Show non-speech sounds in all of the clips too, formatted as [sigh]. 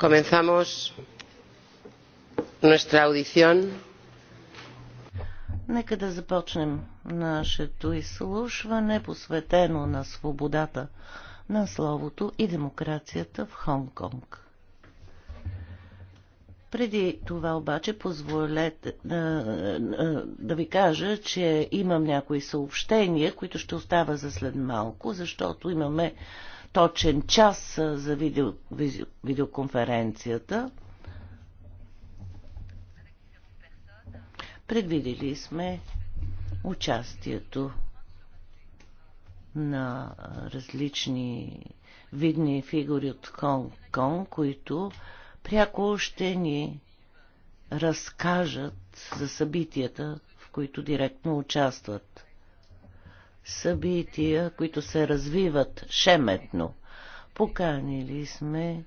Comenzamos nuestra audición. Нека да започнем нашето изслушване, посветено на свободата на словото и демокрацията в Хонг-Конг. Преди това обаче позволете да, да ви кажа, че имам някои съобщения, които ще остава за след малко, защото имаме точен час за видео, видеоконференцията. Предвидели сме участието на различни видни фигури от Хонг-Конг, които пряко ще ни разкажат за събитията, в които директно участват събития, които се развиват шеметно. Поканили сме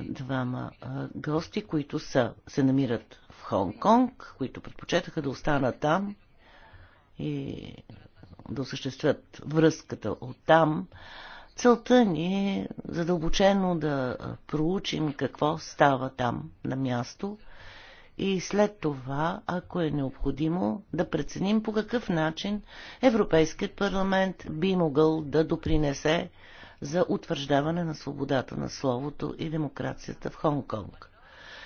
двама гости, които са, се намират в Хонг-Конг, които предпочетаха да останат там и да осъществят връзката от там. Целта ни е задълбочено да проучим какво става там на място – и след това, ако е необходимо, да преценим по какъв начин Европейският парламент би могъл да допринесе за утвърждаване на свободата на словото и демокрацията в Хонг-Конг.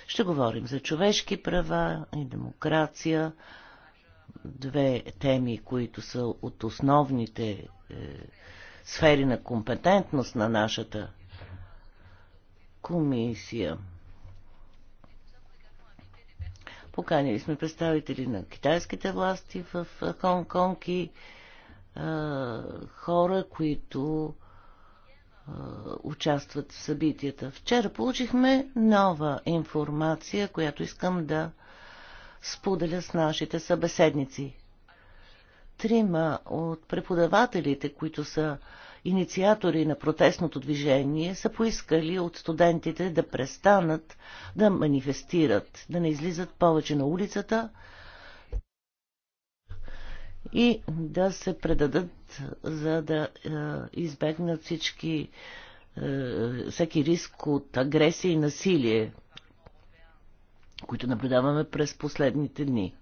Ще говорим за човешки права и демокрация, две теми, които са от основните е, сфери на компетентност на нашата комисия. Поканили сме представители на китайските власти в Хонг-Конг и а, хора, които а, участват в събитията. Вчера получихме нова информация, която искам да споделя с нашите събеседници. Трима от преподавателите, които са инициатори на протестното движение са поискали от студентите да престанат да манифестират, да не излизат повече на улицата и да се предадат, за да е, избегнат всички, е, всеки риск от агресия и насилие, които наблюдаваме през последните дни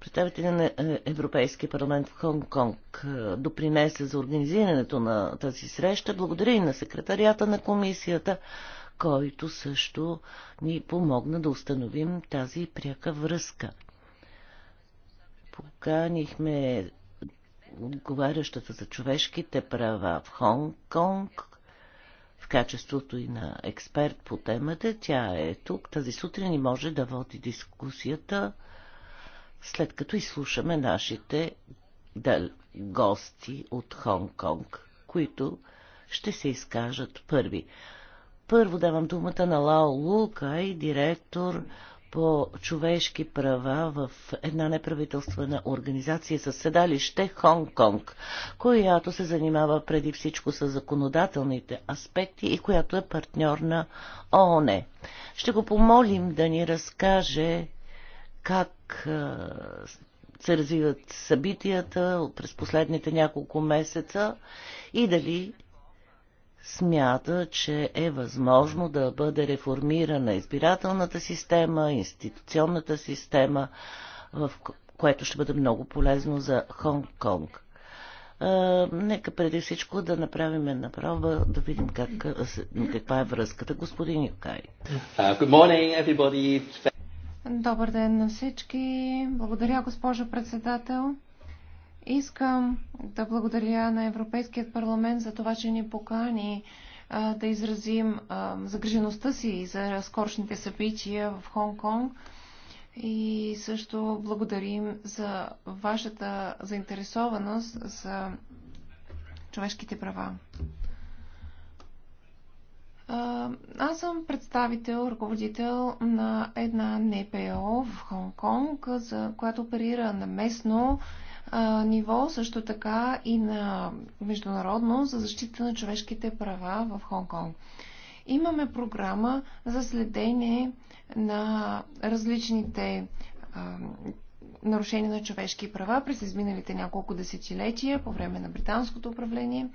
представителя на е, Европейския парламент в Хонг-Конг е, допринесе за организирането на тази среща. Благодаря и на секретарията на комисията, който също ни помогна да установим тази пряка връзка. Поканихме отговарящата за човешките права в Хонг-Конг в качеството и на експерт по темата. Тя е тук тази сутрин и може да води дискусията след като изслушаме нашите гости от Хонг-Конг, които ще се изкажат първи. Първо давам думата на Лао Лукай, директор по човешки права в една неправителствена организация със седалище Хонг-Конг, която се занимава преди всичко с законодателните аспекти и която е партньор на ООН. Ще го помолим да ни разкаже как се развиват събитията през последните няколко месеца и дали смята, че е възможно да бъде реформирана избирателната система, институционната система, в което ще бъде много полезно за Хонг-Конг. Нека преди всичко да направим направа, да видим как, каква е връзката. Господин Юкай. Uh, Добър ден на всички. Благодаря, госпожо председател. Искам да благодаря на Европейският парламент за това, че ни покани да изразим загрижеността си за скорошните събития в Хонг-Конг. И също благодарим за вашата заинтересованост за човешките права. Аз съм представител, ръководител на една НПО в Хонг-Конг, която оперира на местно ниво, също така и на международно за защита на човешките права в Хонг-Конг. Имаме програма за следение на различните а, нарушения на човешки права през изминалите няколко десетилетия по време на британското управление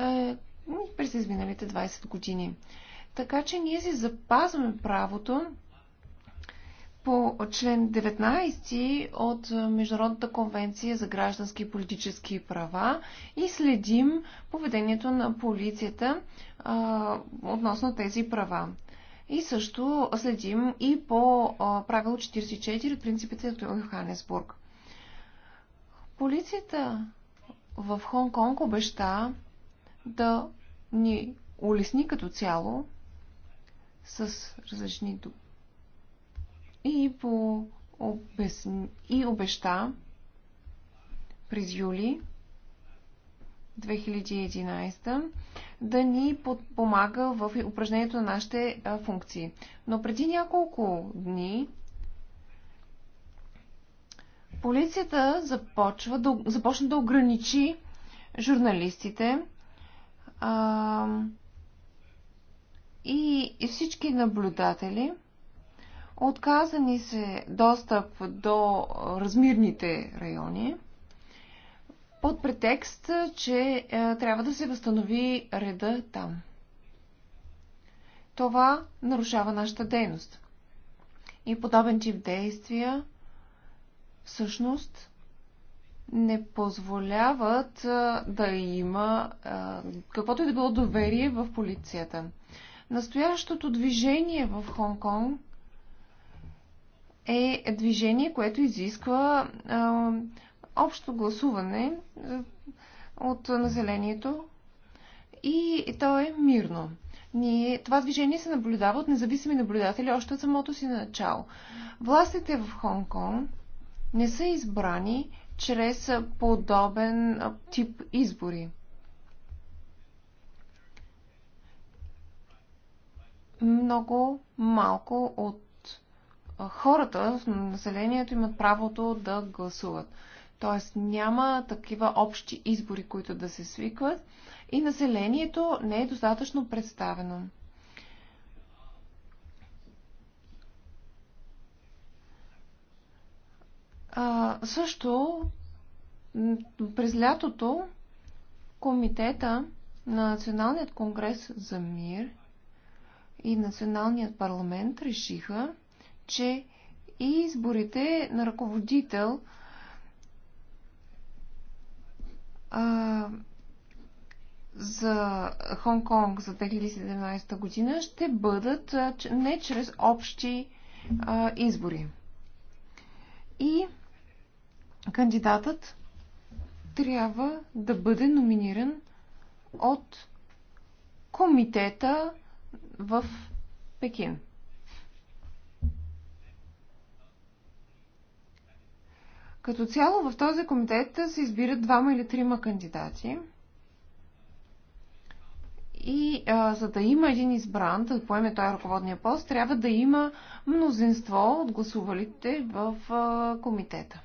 е, през изминалите 20 години. Така че ние си запазваме правото по член 19 от Международната конвенция за граждански и политически права и следим поведението на полицията а, относно тези права. И също следим и по а, правило 44 от принципите от Йоханесбург. Полицията в Хонг-Конг обеща да ни улесни като цяло с различни думи. И, по обясни... и обеща през юли 2011 да ни подпомага в упражнението на нашите функции. Но преди няколко дни полицията започва да, започна да ограничи журналистите а, и, и всички наблюдатели. отказани се достъп до размирните райони под претекст, че е, трябва да се възстанови реда там. Това нарушава нашата дейност. И подобен тип действия всъщност не позволяват да има каквото и да било доверие в полицията. Настоящото движение в Хонг-Конг е движение, което изисква а, общо гласуване от населението и то е мирно. Ние, това движение се наблюдава от независими наблюдатели още от самото си начало. Властите в Хонг-Конг не са избрани чрез подобен тип избори. Много малко от хората в населението имат правото да гласуват. Тоест няма такива общи избори, които да се свикват и населението не е достатъчно представено. А, също през лятото комитета на Националният конгрес за мир и Националният парламент решиха, че и изборите на ръководител а, за Хонг-Конг за 2017 година ще бъдат а, не чрез общи а, избори. И кандидатът трябва да бъде номиниран от комитета в Пекин. Като цяло в този комитет се избират двама или трима кандидати. И а, за да има един избран, да поеме той ръководния пост, трябва да има мнозинство от гласувалите в а, комитета.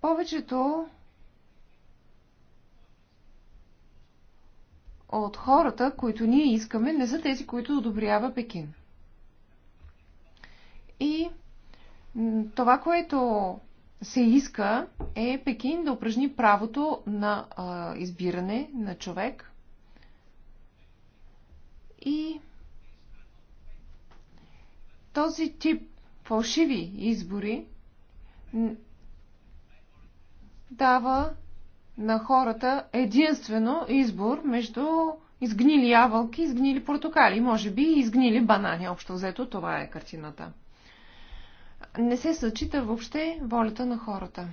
Повечето от хората, които ние искаме, не са тези, които одобрява Пекин. И това, което се иска, е Пекин да упражни правото на а, избиране на човек. И този тип фалшиви избори дава на хората единствено избор между изгнили ябълки, изгнили портокали, може би и изгнили банани. Общо взето това е картината. Не се съчита въобще волята на хората.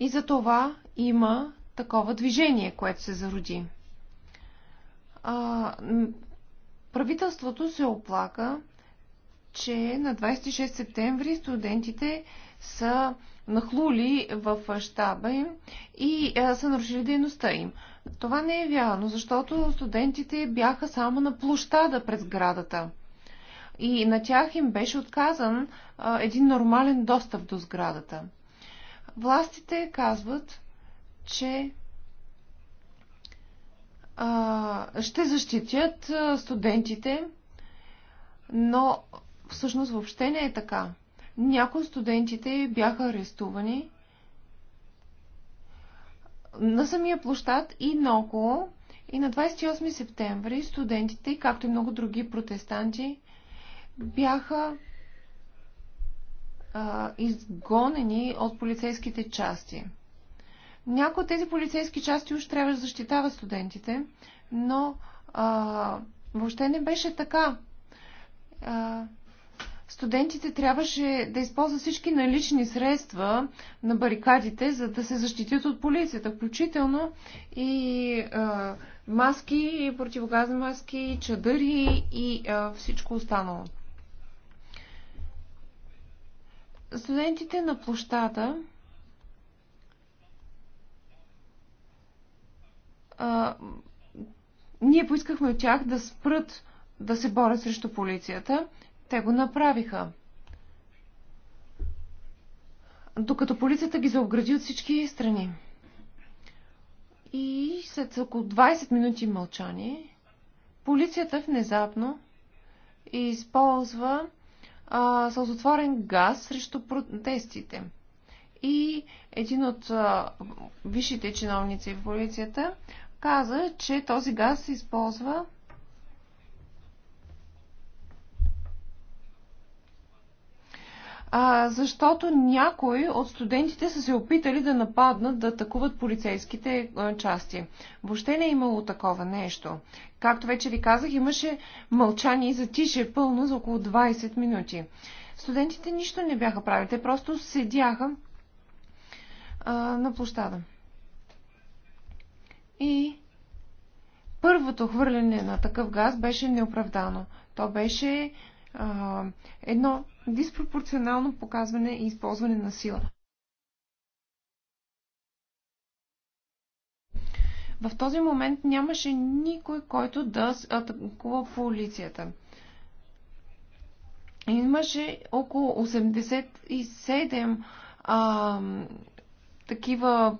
И за това има такова движение, което се зароди. А, правителството се оплака, че на 26 септември студентите са нахлули в щаба им и е, са нарушили дейността им. Това не е вярно, защото студентите бяха само на площада пред сградата. И на тях им беше отказан а, е, един нормален достъп до сградата. Властите казват, че а, ще защитят студентите, но всъщност въобще не е така. Някои студентите бяха арестувани на самия площад и наоколо. И на 28 септември студентите, както и много други протестанти, бяха а, изгонени от полицейските части. Някои от тези полицейски части уж трябва да защитават студентите, но а, въобще не беше така. А, студентите трябваше да използват всички налични средства на барикадите, за да се защитят от полицията, включително и а, маски, противогазни маски, чадъри и а, всичко останало. Студентите на площада а, ние поискахме от тях да спрат да се борят срещу полицията те го направиха. Докато полицията ги заобгради от всички страни. И след около 20 минути мълчание, полицията внезапно използва а, сълзотворен газ срещу протестите. И един от а, висшите чиновници в полицията каза, че този газ се използва а, защото някои от студентите са се опитали да нападнат, да атакуват полицейските а, части. Въобще не е имало такова нещо. Както вече ви казах, имаше мълчание и затише пълно за около 20 минути. Студентите нищо не бяха правили, те просто седяха а, на площада. И първото хвърляне на такъв газ беше неоправдано. То беше а, едно диспропорционално показване и използване на сила. В този момент нямаше никой, който да атакува полицията. Имаше около 87 а, такива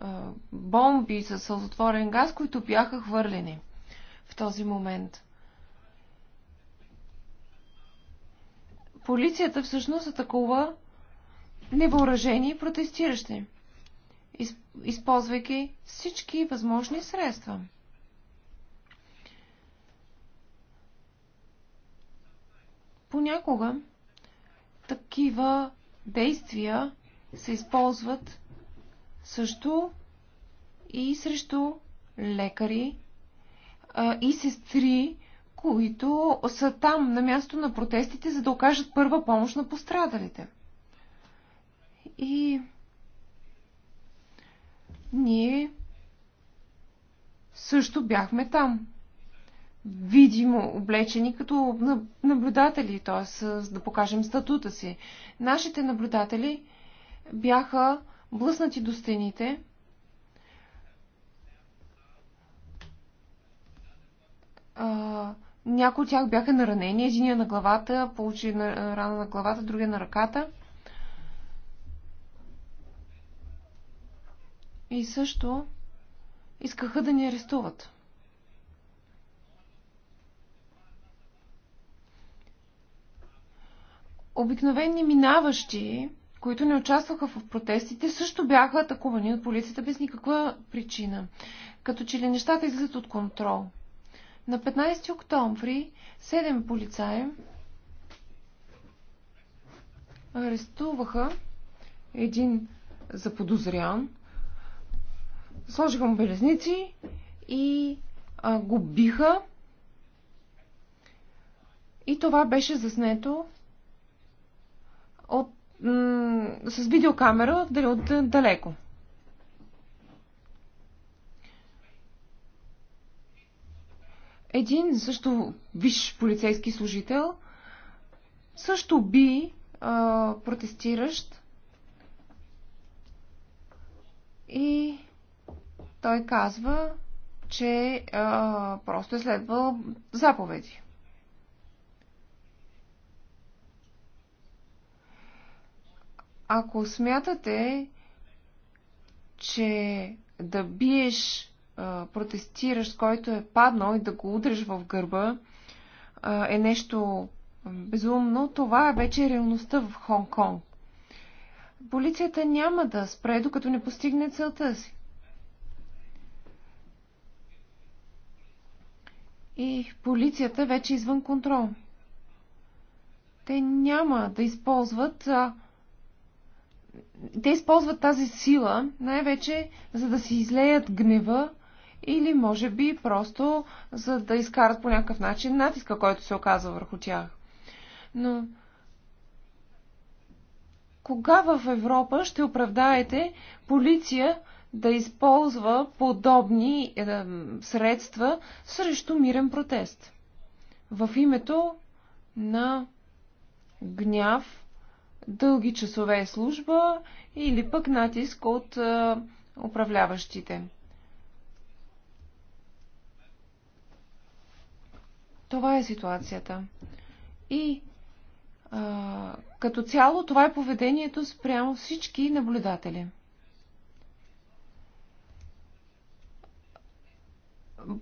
а, бомби с сълзотворен газ, които бяха хвърлени в този момент. полицията всъщност атакува невъоръжени протестиращи, използвайки всички възможни средства. Понякога такива действия се използват също и срещу лекари а, и сестри, които са там на място на протестите, за да окажат първа помощ на пострадалите. И ние също бяхме там. Видимо облечени като наблюдатели, т.е. да покажем статута си. Нашите наблюдатели бяха блъснати до стените. А, някои от тях бяха наранени. Единия на главата, получи рана на главата, другия на ръката. И също искаха да ни арестуват. Обикновени минаващи, които не участваха в протестите, също бяха атакувани от полицията без никаква причина. Като че ли нещата излизат от контрол – на 15 октомври 7 полицаи арестуваха един заподозрян, сложиха му белезници и а, го биха. И това беше заснето от, с видеокамера от, от далеко. един също виш полицейски служител също би а, протестиращ и той казва, че а, просто е следвал заповеди. Ако смятате, че да биеш протестиращ, който е паднал и да го удреш в гърба, е нещо безумно. Това е вече реалността в Хонг-Конг. Полицията няма да спре, докато не постигне целта си. И полицията вече е извън контрол. Те няма да използват. Те използват тази сила най-вече, за да си излеят гнева или може би просто за да изкарат по някакъв начин натиска, който се оказва върху тях. Но кога в Европа ще оправдаете полиция да използва подобни е, средства срещу мирен протест? В името на гняв, дълги часове служба или пък натиск от е, управляващите. Това е ситуацията. И а, като цяло това е поведението спрямо всички наблюдатели.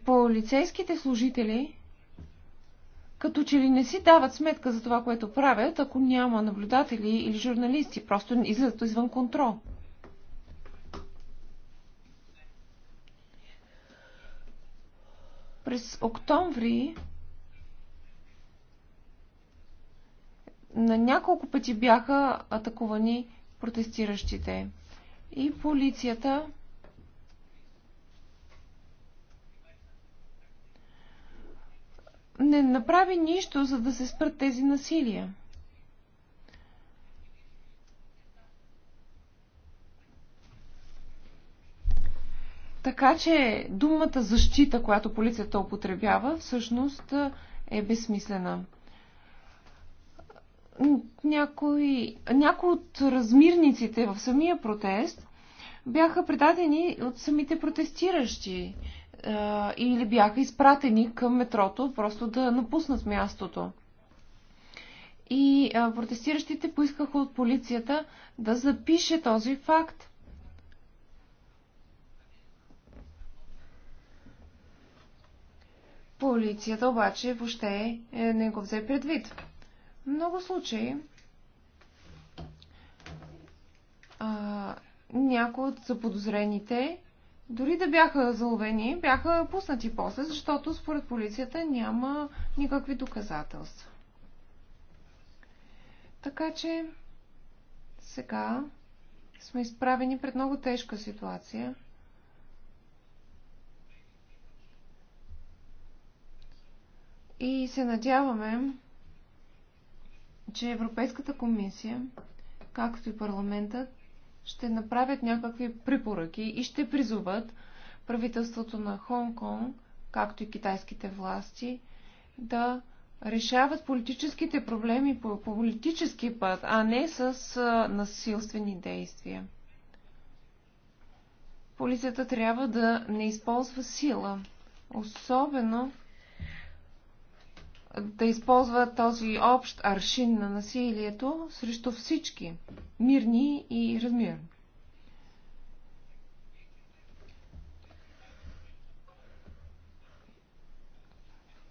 Полицейските служители като че ли не си дават сметка за това, което правят, ако няма наблюдатели или журналисти. Просто излизат извън контрол. През октомври на няколко пъти бяха атакувани протестиращите. И полицията не направи нищо, за да се спрат тези насилия. Така че думата защита, която полицията употребява, всъщност е безсмислена някои, някои от размирниците в самия протест бяха предадени от самите протестиращи е, или бяха изпратени към метрото просто да напуснат мястото. И е, протестиращите поискаха от полицията да запише този факт. Полицията обаче въобще е, не го взе предвид много случаи а, някои от заподозрените, дори да бяха заловени, бяха пуснати после, защото според полицията няма никакви доказателства. Така че сега сме изправени пред много тежка ситуация. И се надяваме, че Европейската комисия, както и парламентът, ще направят някакви препоръки и ще призуват правителството на Хонг-Конг, както и китайските власти, да решават политическите проблеми по политически път, а не с насилствени действия. Полицията трябва да не използва сила, особено да използва този общ аршин на насилието срещу всички, мирни и размирни.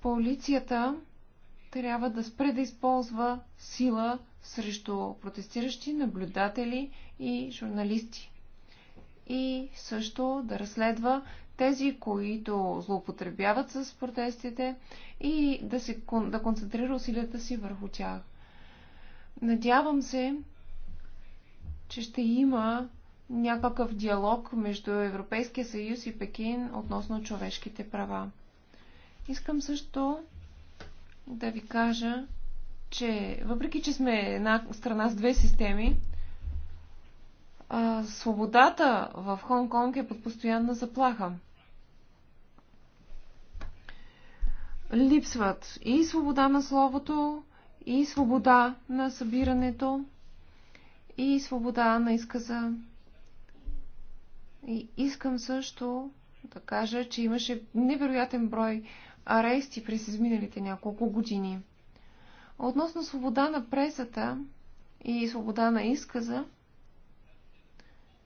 Полицията трябва да спре да използва сила срещу протестиращи, наблюдатели и журналисти. И също да разследва тези, които злоупотребяват с протестите и да, се, да концентрира усилията си върху тях. Надявам се, че ще има някакъв диалог между Европейския съюз и Пекин относно човешките права. Искам също да ви кажа, че въпреки, че сме една страна с две системи, а, свободата в Хонг-Конг е под постоянна заплаха. липсват и свобода на словото, и свобода на събирането, и свобода на изказа. И искам също да кажа, че имаше невероятен брой арести през изминалите няколко години. Относно свобода на пресата и свобода на изказа,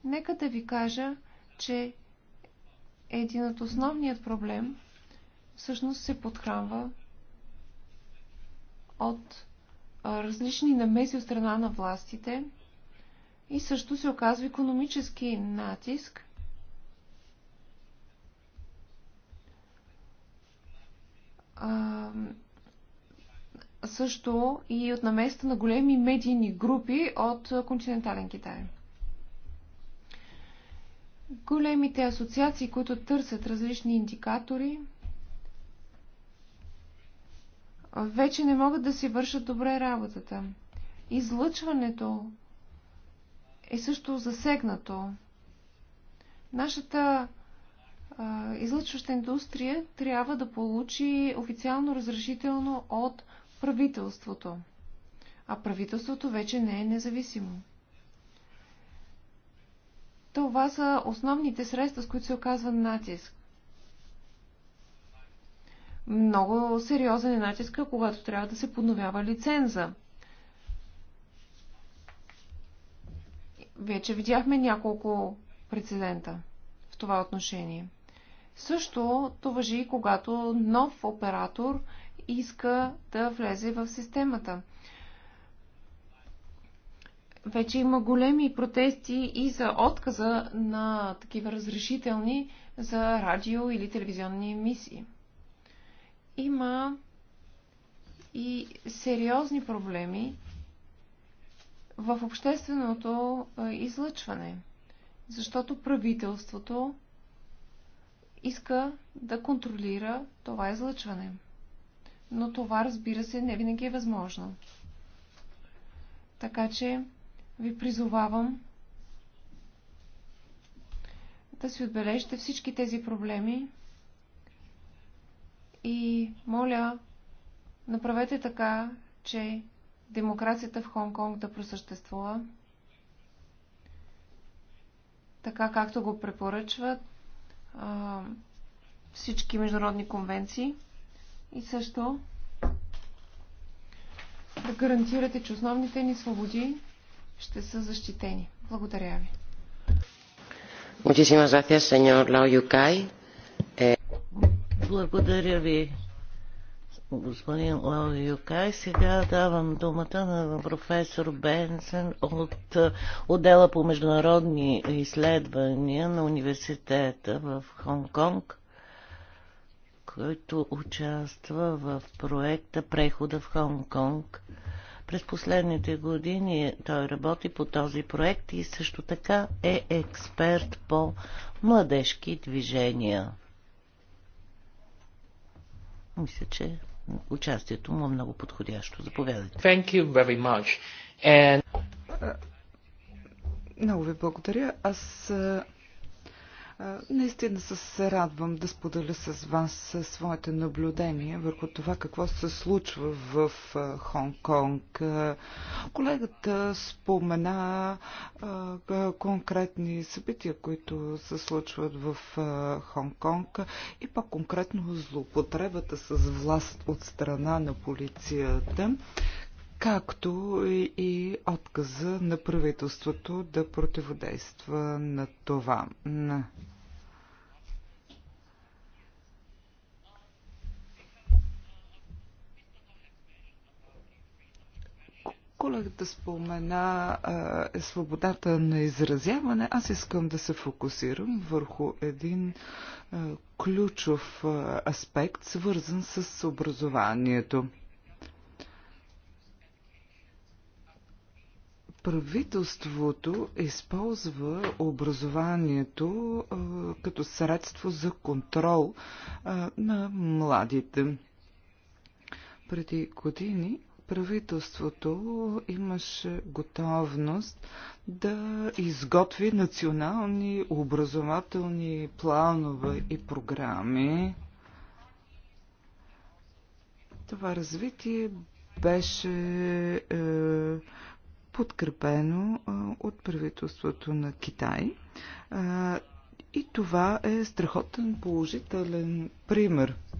нека да ви кажа, че един от основният проблем – всъщност се подхранва от различни намеси от страна на властите и също се оказва економически натиск. А, също и от наместа на големи медийни групи от континентален Китай. Големите асоциации, които търсят различни индикатори, вече не могат да си вършат добре работата. Излъчването е също засегнато. Нашата а, излъчваща индустрия трябва да получи официално разрешително от правителството. А правителството вече не е независимо. Това са основните средства, с които се оказва натиск. Много сериозен е натиска, когато трябва да се подновява лиценза. Вече видяхме няколко прецедента в това отношение. Също то въжи и когато нов оператор иска да влезе в системата. Вече има големи протести и за отказа на такива разрешителни за радио или телевизионни емисии. Има и сериозни проблеми в общественото излъчване, защото правителството иска да контролира това излъчване. Но това, разбира се, не винаги е възможно. Така че ви призовавам да си отбележите всички тези проблеми и моля, направете така, че демокрацията в Хонг-Конг да просъществува, така както го препоръчват а, всички международни конвенции и също да гарантирате, че основните ни свободи ще са защитени. Благодаря ви. Muchísimas gracias, señor Lao Yukai. Благодаря ви, господин Лао Юкай. Сега давам думата на професор Бенсен от отдела по международни изследвания на университета в Хонг-Конг, който участва в проекта Прехода в Хонг-Конг. През последните години той работи по този проект и също така е експерт по младежки движения. Мисля, че участието му е много подходящо. Заповядайте. Thank you very much. And... Е, много ви благодаря. Аз е, Наистина се радвам да споделя с вас своите наблюдения върху това какво се случва в Хонг-Конг. Колегата спомена конкретни събития, които се случват в Хонг-Конг и по-конкретно злоупотребата с власт от страна на полицията както и отказа на правителството да противодейства на това. Колегата спомена а, е свободата на изразяване. Аз искам да се фокусирам върху един а, ключов а, аспект, свързан с образованието. Правителството използва образованието а, като средство за контрол а, на младите. Преди години правителството имаше готовност да изготви национални образователни планове и програми. Това развитие беше е, подкрепено е, от правителството на Китай. Е, и това е страхотен положителен пример –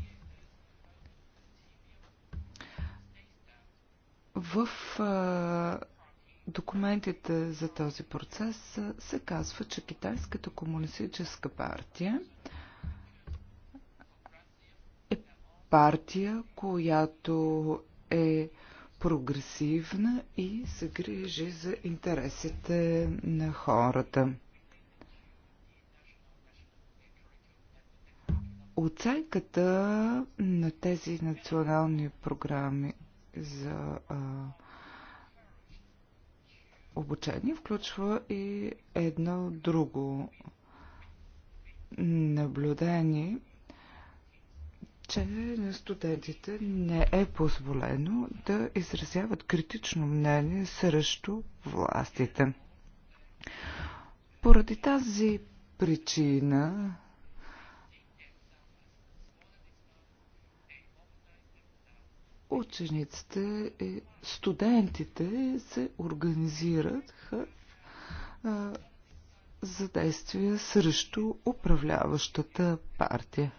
В документите за този процес се казва, че Китайската комунистическа партия е партия, която е прогресивна и се грижи за интересите на хората. Оценката на тези национални програми за а, обучение включва и едно друго наблюдение, че на студентите не е позволено да изразяват критично мнение срещу властите. Поради тази причина учениците и студентите се организират за действия срещу управляващата партия.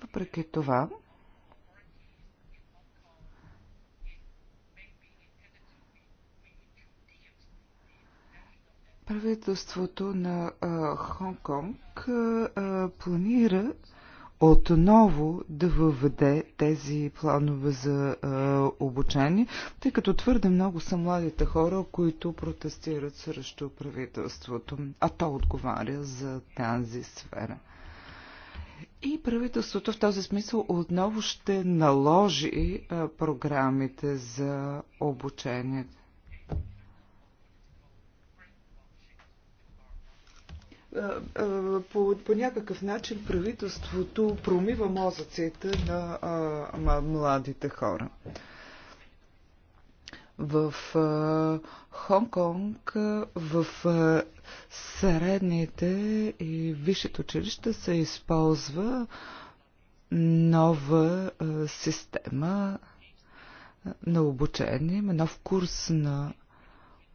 Въпреки това, Правителството на Хонг-Конг планира отново да въведе тези планове за а, обучение, тъй като твърде много са младите хора, които протестират срещу правителството, а то отговаря за тази сфера. И правителството в този смисъл отново ще наложи а, програмите за обучението. по, по някакъв начин правителството промива мозъците на а, младите хора. В Хонг-Конг, в а, средните и висшето училище се използва нова а, система на обучение, нов курс на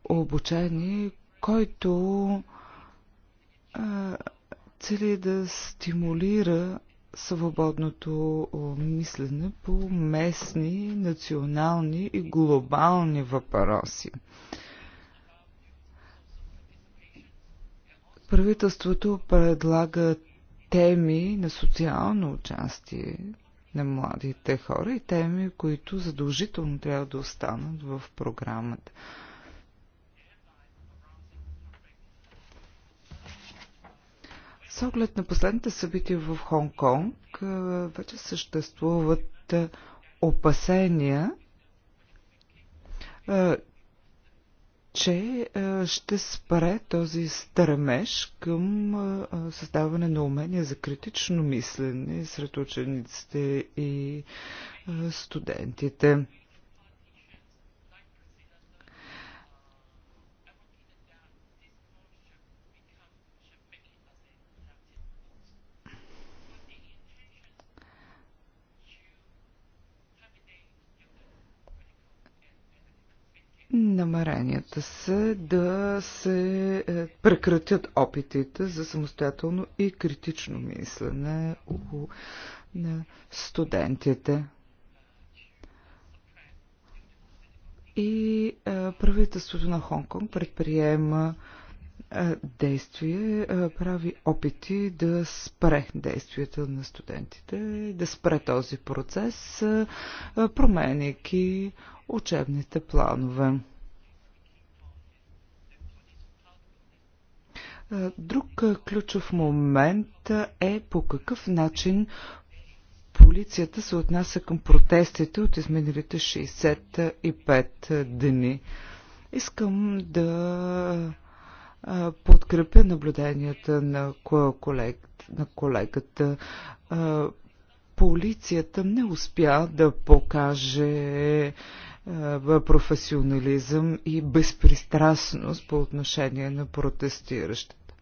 обучение, който цели да стимулира свободното мислене по местни, национални и глобални въпроси. Правителството предлага теми на социално участие на младите хора и теми, които задължително трябва да останат в програмата. С оглед на последните събития в Хонг-Конг вече съществуват опасения, че ще спре този стремеж към създаване на умения за критично мислене сред учениците и студентите. намеренията са да се е, прекратят опитите за самостоятелно и критично мислене у на студентите. И е, правителството на Хонконг предприема е, действие, прави опити да спре действията на студентите, да спре този процес, променяйки учебните планове. Друг ключов момент е по какъв начин полицията се отнася към протестите от изминалите 65 дни. Искам да подкрепя наблюденията на, колегата. на колегата. Полицията не успя да покаже е, професионализъм и безпристрастност по отношение на протестиращите.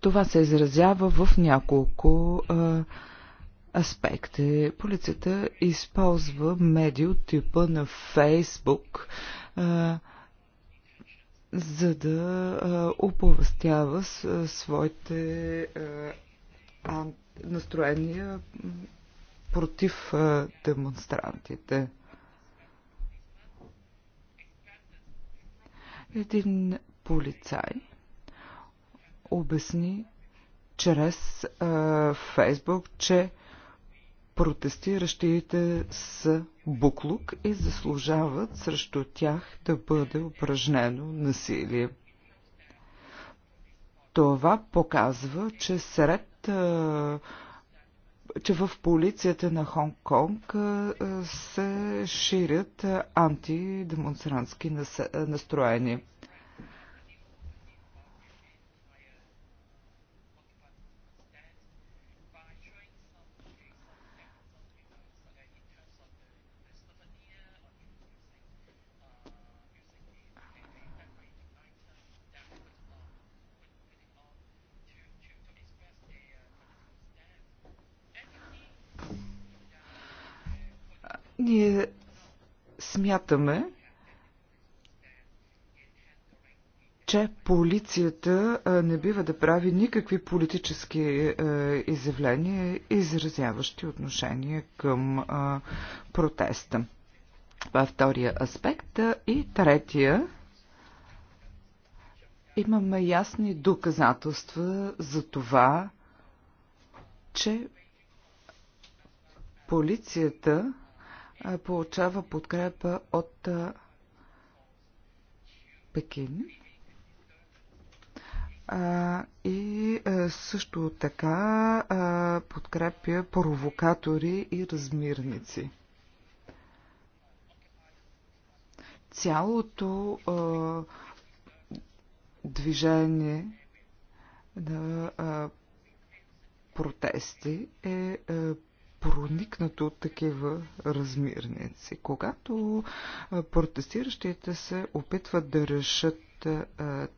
Това се изразява в няколко а, е, аспекти. Полицията използва медии от типа на Фейсбук, а, е, за да а, оповестява своите а, настроения против демонстрантите. Един полицай обясни чрез а, Фейсбук, че протестиращите са буклук и заслужават срещу тях да бъде упражнено насилие. Това показва, че сред а, че в полицията на Хонг-Конг се ширят антидемонстрантски настроения. Смятаме, че полицията не бива да прави никакви политически е, изявления, изразяващи отношение към протеста. Това е втория аспект. И третия. Имаме ясни доказателства за това, че полицията получава подкрепа от Пекин. и също така подкрепя провокатори и размирници. Цялото движение на протести е проникнато от такива размирници. Когато протестиращите се опитват да решат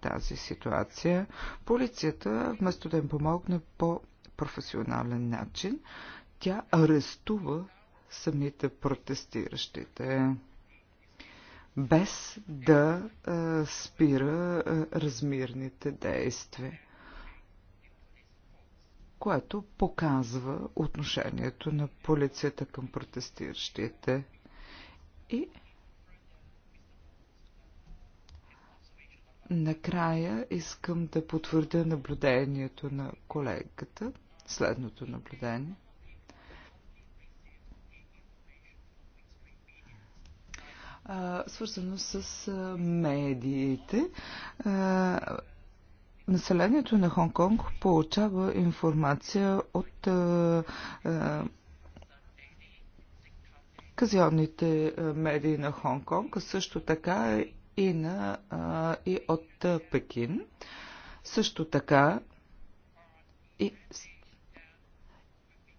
тази ситуация, полицията, вместо да им помогне по професионален начин, тя арестува самите протестиращите, без да спира размирните действия което показва отношението на полицията към протестиращите. И накрая искам да потвърдя наблюдението на колегата, следното наблюдение. свързано с медиите. Населението на Хонг-Конг получава информация от е, е, казионните е, медии на Хонг-Конг, също така и, на, и от Пекин. Също така и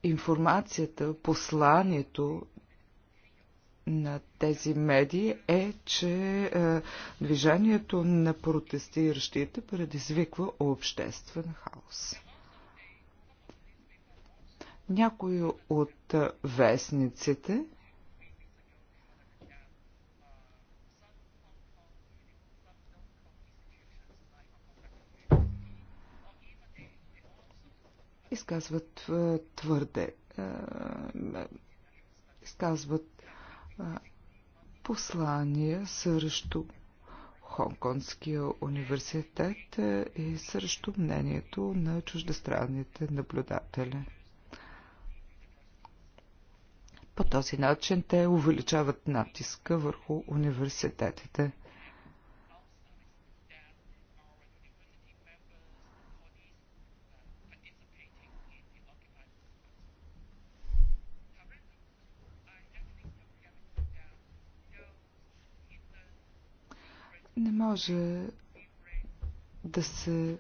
информацията, посланието на тези медии е, че е, движението на протестиращите предизвиква обществен хаос. Някои от вестниците изказват е, твърде е, изказват послание срещу Хонконгския университет е, и срещу мнението на чуждестранните наблюдатели. По този начин те увеличават натиска върху университетите. може да се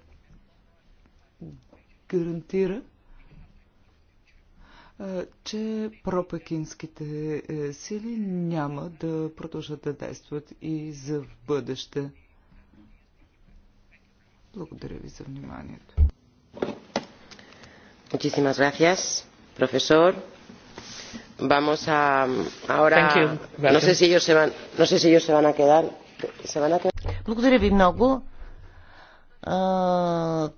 гарантира, че пропекинските е, сили няма да продължат да действат и за в бъдеще. Благодаря ви за вниманието. Muchísimas gracias, profesor. Vamos a ahora. No sé si ellos se van, no sé si ellos se van a quedar. ¿Se van a quedar? Благодаря ви много. А,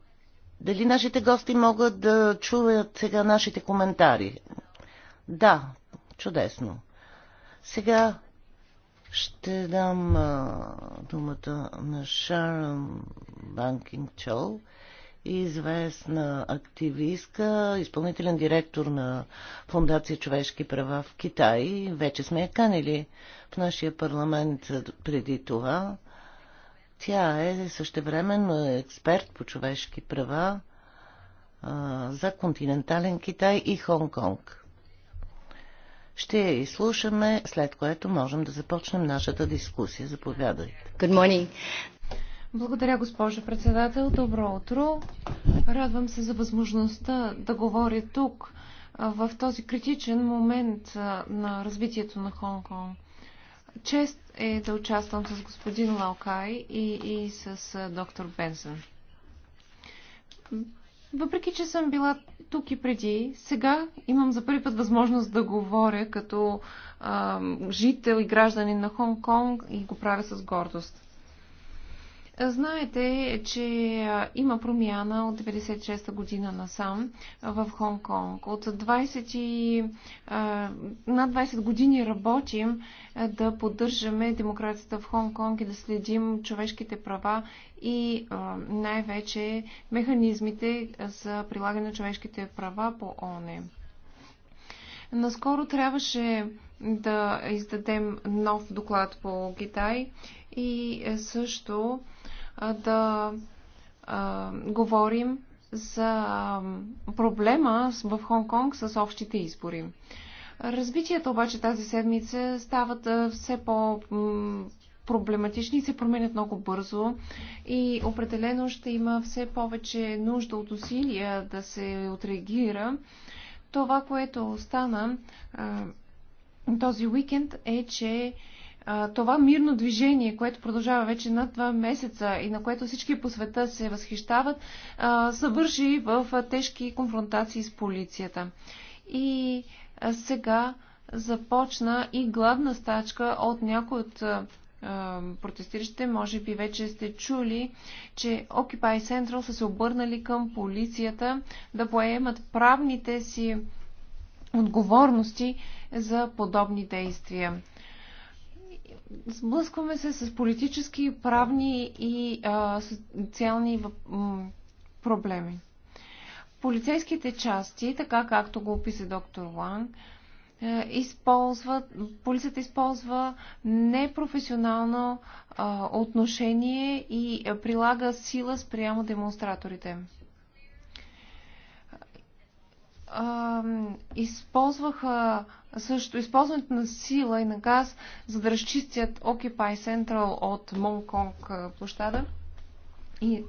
дали нашите гости могат да чуят сега нашите коментари? Да, чудесно. Сега ще дам а, думата на Шарън Банкинг Чол, известна активистка, изпълнителен директор на Фундация Човешки права в Китай. Вече сме я канили в нашия парламент преди това. Тя е същевременно експерт по човешки права а, за континентален Китай и Хонг-Конг. Ще я изслушаме, след което можем да започнем нашата дискусия. Заповядайте. Good morning. Благодаря, госпожо председател. Добро утро. Радвам се за възможността да говоря тук в този критичен момент на развитието на Хонг-Конг. Чест е да участвам с господин Лаукай и, и с доктор Бенсън. Въпреки, че съм била тук и преди, сега имам за първи път възможност да говоря като а, жител и гражданин на Хонг Конг и го правя с гордост. Знаете, че има промяна от 96-та година насам в Хонг-Конг. От 20 и, над 20 години работим да поддържаме демокрацията в Хонг-Конг и да следим човешките права и най-вече механизмите за прилагане на човешките права по ОНЕ. Наскоро трябваше да издадем нов доклад по Китай и също да а, говорим за проблема в Хонг-Конг с общите избори. Развитията обаче тази седмица стават все по- проблематични и се променят много бързо и определено ще има все повече нужда от усилия да се отреагира. Това, което стана този уикенд е, че това мирно движение, което продължава вече над два месеца и на което всички по света се възхищават, съвърши в тежки конфронтации с полицията. И сега започна и главна стачка от някои от протестиращите. Може би вече сте чули, че Occupy Central са се обърнали към полицията да поемат правните си отговорности за подобни действия сблъскваме се с политически, правни и а, социални проблеми. Полицейските части, така както го описа доктор Ланг, е, използват, полицията използва непрофесионално а, отношение и прилага сила спрямо демонстраторите а, използваха също използването на сила и на газ, за да разчистят Occupy Central от Монконг площада. И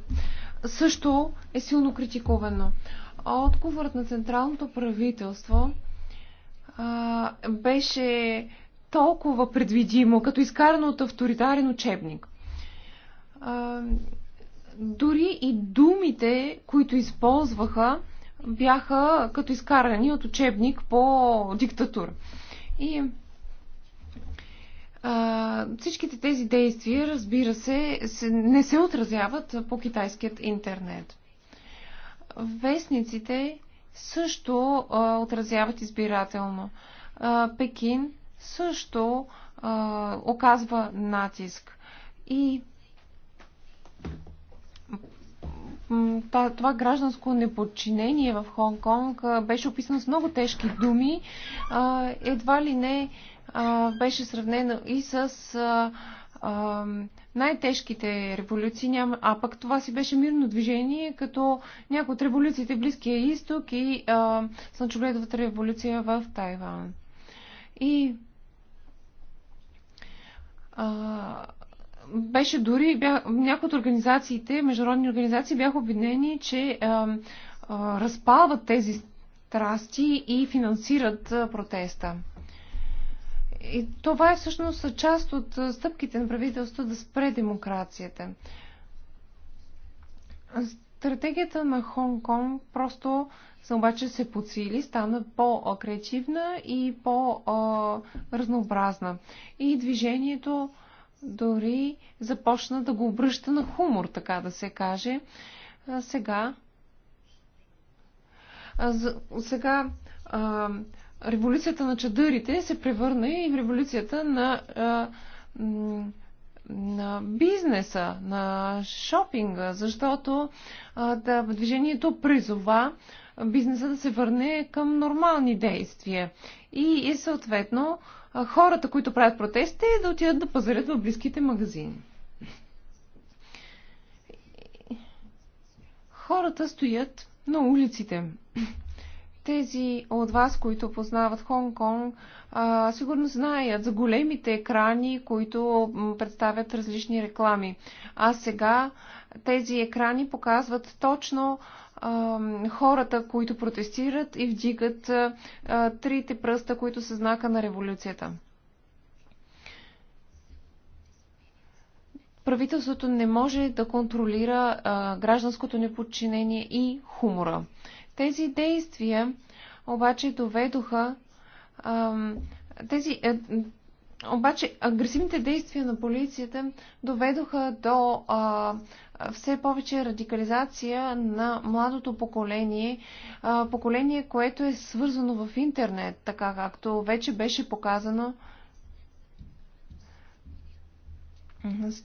също е силно критиковано. Отговорът на централното правителство а, беше толкова предвидимо, като изкарано от авторитарен учебник. А, дори и думите, които използваха, бяха като изкарани от учебник по диктатура. И а, всичките тези действия, разбира се, се, не се отразяват по китайският интернет. Вестниците също а, отразяват избирателно. А, Пекин също а, оказва натиск. И това гражданско неподчинение в Хонг-Конг беше описано с много тежки думи. Едва ли не беше сравнено и с най-тежките революции, а пък това си беше мирно движение, като някои от революциите в Близкия изток и Санчогледовата революция в Тайван. И а, беше дори, някои от организациите, международни организации бяха обвинени, че а, а, разпалват тези страсти и финансират а, протеста. И това е всъщност част от стъпките на правителството да спре демокрацията. Стратегията на Хонг-Конг просто обаче се подсили, стана по-креативна и по-разнообразна. И движението дори започна да го обръща на хумор, така да се каже. А, сега. А, за, сега. А, революцията на чадърите се превърна и в революцията на. А, на бизнеса, на шопинга, защото а, да, движението призова бизнеса да се върне към нормални действия. И, и съответно хората, които правят протести, да отидат да пазарят в близките магазини. Хората стоят на улиците. Тези от вас, които познават Хонг-Конг, сигурно знаят за големите екрани, които представят различни реклами. А сега тези екрани показват точно хората, които протестират и вдигат а, трите пръста, които са знака на революцията. Правителството не може да контролира а, гражданското неподчинение и хумора. Тези действия обаче доведоха тези, е, обаче агресивните действия на полицията доведоха до а, все повече радикализация на младото поколение, а, поколение, което е свързано в интернет, така както вече беше показано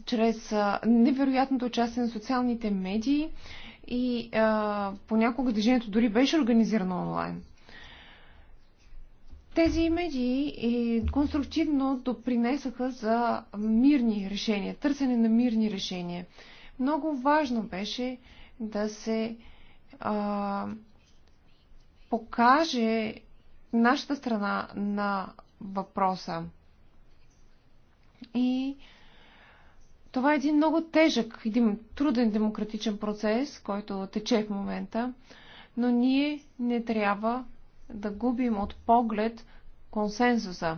чрез а, невероятното участие на социалните медии и а, понякога движението дори беше организирано онлайн. Тези медии конструктивно допринесаха за мирни решения, търсене на мирни решения. Много важно беше да се а, покаже нашата страна на въпроса. И това е един много тежък, един труден демократичен процес, който тече в момента, но ние не трябва да губим от поглед консенсуса.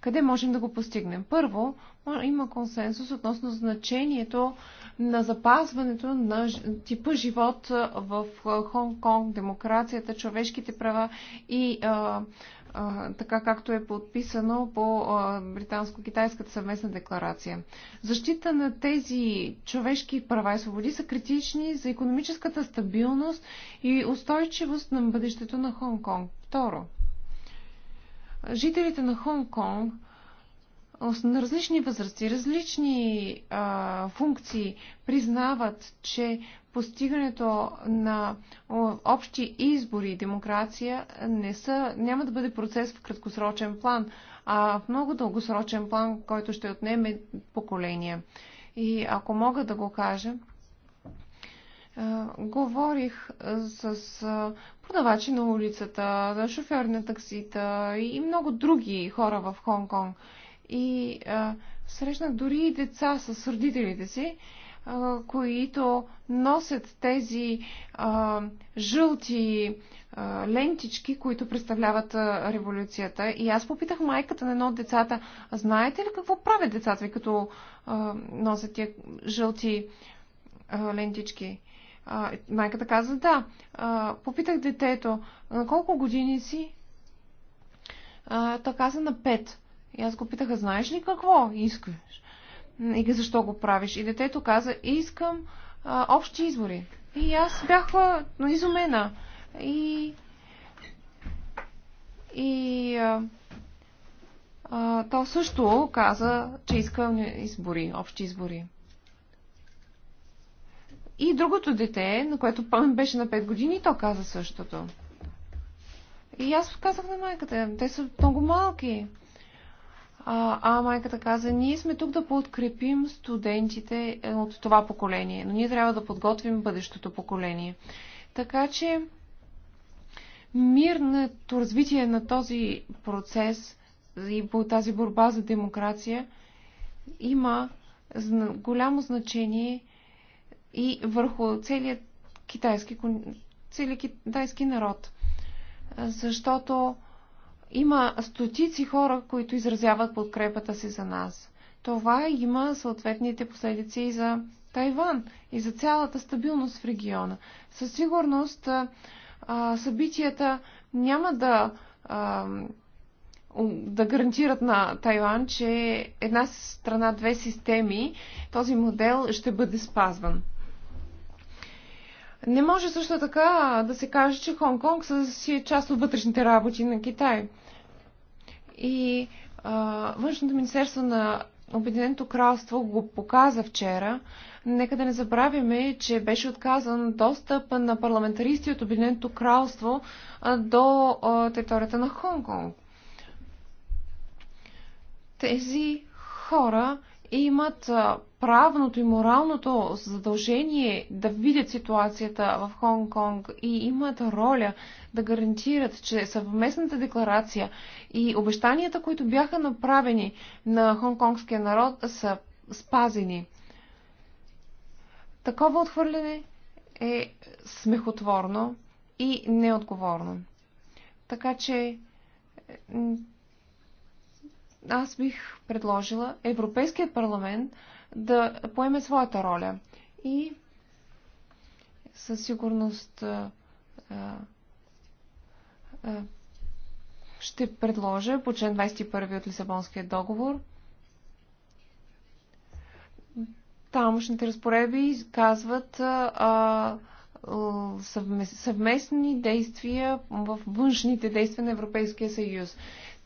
Къде можем да го постигнем? Първо, има консенсус относно значението на запазването на типа живот в Хонг-Конг, демокрацията, човешките права и а, а, така както е подписано по британско-китайската съвместна декларация. Защита на тези човешки права и свободи са критични за економическата стабилност и устойчивост на бъдещето на Хонг-Конг. Второ, жителите на Хонг-Конг на различни възрасти, различни а, функции признават, че постигането на общи избори и демокрация не са, няма да бъде процес в краткосрочен план, а в много дългосрочен план, който ще отнеме поколения. И ако мога да го кажа, е, говорих с е, продавачи на улицата, шофьори на таксита и много други хора в Хонг-Конг. И а, е, срещнах дори и деца с родителите си, а, които носят тези а, жълти а, лентички, които представляват а, революцията. И аз попитах майката на едно от децата, знаете ли какво правят децата ви, като а, носят тия жълти а, лентички? А, майката каза да. А, попитах детето, на колко години си? А, та каза на пет. И аз го питаха, знаеш ли какво искаш? И защо го правиш? И детето каза, искам а, общи избори. И аз бях но изумена. И, и а, а, то също каза, че иска избори, общи избори. И другото дете, на което Пълн беше на 5 години, то каза същото. И аз казах на майката, те са много малки. А, а майката каза, ние сме тук да подкрепим студентите е, от това поколение, но ние трябва да подготвим бъдещото поколение. Така че мирното развитие на този процес и по тази борба за демокрация има голямо значение – и върху целият китайски, целият китайски народ. Защото има стотици хора, които изразяват подкрепата си за нас. Това има съответните последици и за Тайван, и за цялата стабилност в региона. Със сигурност събитията няма да, да гарантират на Тайван, че една страна, две системи, този модел ще бъде спазван. Не може също така да се каже, че Хонг-Конг си е част от вътрешните работи на Китай. И а, Външното министерство на Обединеното кралство го показа вчера. Нека да не забравяме, че беше отказан достъп на парламентаристи от Обединеното кралство до територията на Хонг-Конг. Тези хора имат правното и моралното задължение да видят ситуацията в Хонг-Конг и имат роля да гарантират, че съвместната декларация и обещанията, които бяха направени на хонг-конгския народ, са спазени. Такова отхвърляне е смехотворно и неотговорно. Така че аз бих предложила Европейският парламент да поеме своята роля. И със сигурност а, а, ще предложа по член 21 от Лисабонския договор тамошните разпореби казват а, съвместни действия в външните действия на Европейския съюз.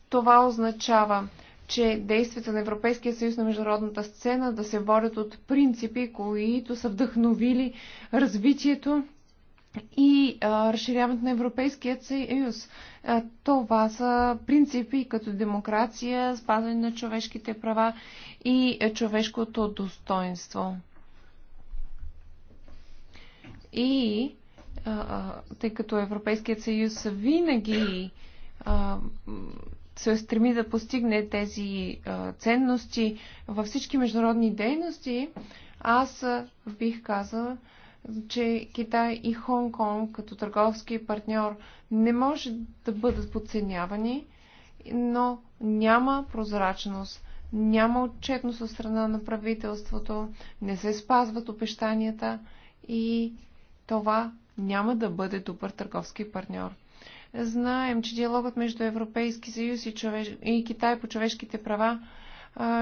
Това означава че действията на Европейския съюз на международната сцена да се водят от принципи, които са вдъхновили развитието и а, разширяването на Европейския съюз. А, това са принципи като демокрация, спазване на човешките права и човешкото достоинство. И а, тъй като Европейският съюз винаги а, се стреми да постигне тези ценности във всички международни дейности, аз бих казала, че Китай и Хонг Конг като търговски партньор не може да бъдат подценявани, но няма прозрачност, няма отчетност от страна на правителството, не се спазват обещанията и това няма да бъде добър търговски партньор. Знаем, че диалогът между Европейски съюз и, човеш... и Китай по човешките права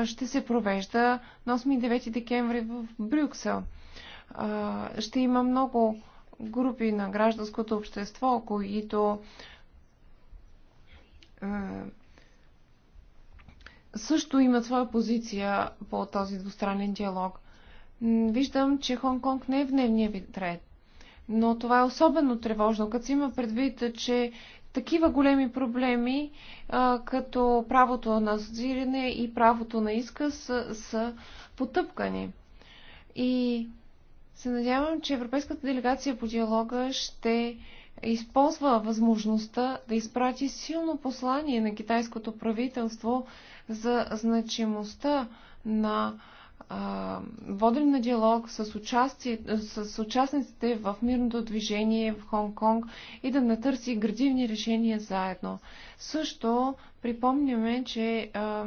ще се провежда на 8 и 9 декември в Брюксел. Ще има много групи на гражданското общество, които също имат своя позиция по този двустранен диалог. Виждам, че Хонг-Конг не е в дневния ред. Но това е особено тревожно, като се има предвид, че такива големи проблеми, а, като правото на задиране и правото на изказ са, са потъпкани. И се надявам, че Европейската делегация по диалога ще използва възможността да изпрати силно послание на китайското правителство за значимостта на а, на диалог с, участие, с участниците в мирното движение в Хонг-Конг и да натърси градивни решения заедно. Също припомняме, че а,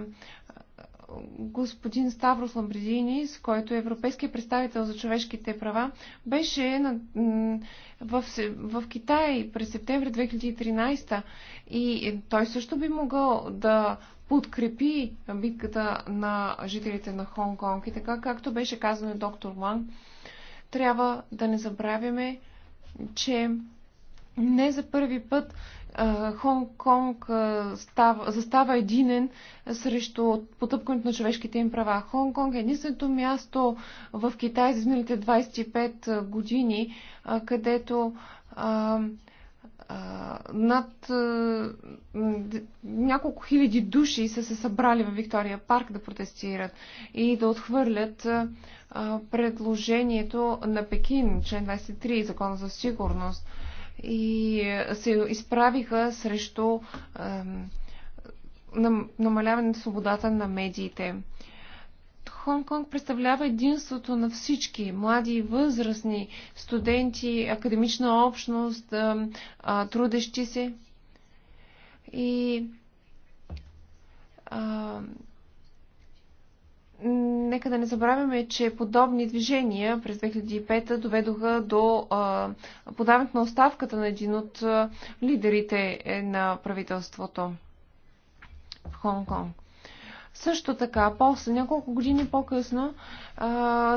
господин Ставрос Ламбридинис, който е европейски представител за човешките права, беше на, в, в Китай през септември 2013 и той също би могъл да подкрепи битката на жителите на Хонг-Конг. И така, както беше казано доктор Ман, трябва да не забравяме, че не за първи път Хонг-Конг застава единен срещу потъпкането на човешките им права. Хонг-Конг е единственото място в Китай за изминалите 25 години, където над няколко хиляди души са се събрали в Виктория парк да протестират и да отхвърлят предложението на Пекин, член 23, закон за сигурност. И се изправиха срещу намаляване на свободата на медиите. Хонг-Конг представлява единството на всички млади и възрастни, студенти, академична общност, трудещи се. И а, нека да не забравяме, че подобни движения през 2005 доведоха до а, подаването на оставката на един от лидерите е, на правителството в Хонг-Конг. Също така, после, няколко години по-късно,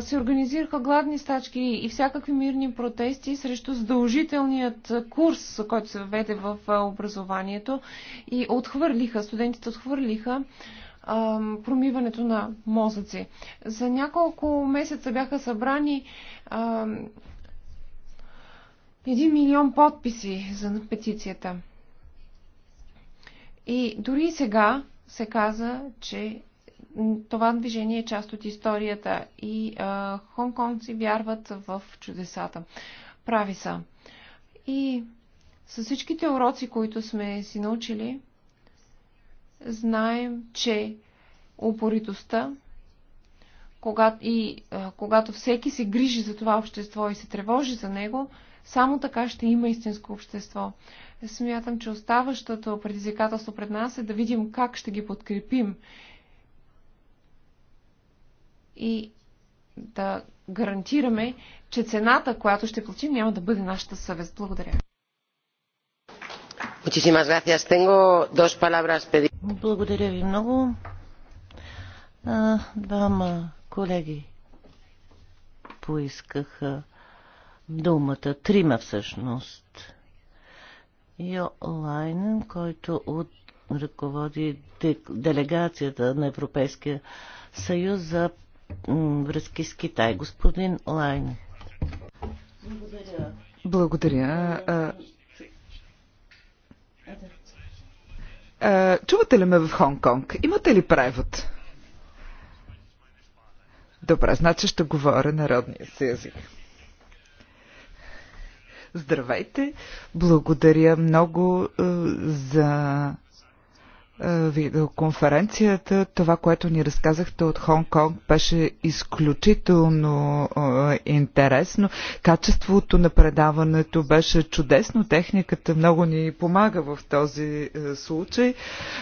се организираха гладни стачки и всякакви мирни протести срещу задължителният курс, който се введе в образованието и отхвърлиха, студентите отхвърлиха промиването на мозъци. За няколко месеца бяха събрани един милион подписи за петицията. И дори сега се каза, че това движение е част от историята и а, хонконгци вярват в чудесата. Прави са. И с всичките уроци, които сме си научили, знаем, че упоритостта когато, и а, когато всеки се грижи за това общество и се тревожи за него, само така ще има истинско общество. Смятам, че оставащото предизвикателство пред нас е да видим как ще ги подкрепим и да гарантираме, че цената, която ще платим, няма да бъде нашата съвест. Благодаря. Благодаря ви много. Двама колеги поискаха думата. Трима всъщност. Йо Лайнен, който от ръководи делегацията на Европейския съюз за връзки с Китай. Господин Лайн. Благодаря. Благодаря. чувате ли ме в Хонг-Конг? Имате ли превод? Добре, значи ще говоря народния си език. Здравейте! Благодаря много е, за е, видеоконференцията. Това, което ни разказахте от Хонг-Конг, беше изключително е, интересно. Качеството на предаването беше чудесно. Техниката много ни помага в този е, случай.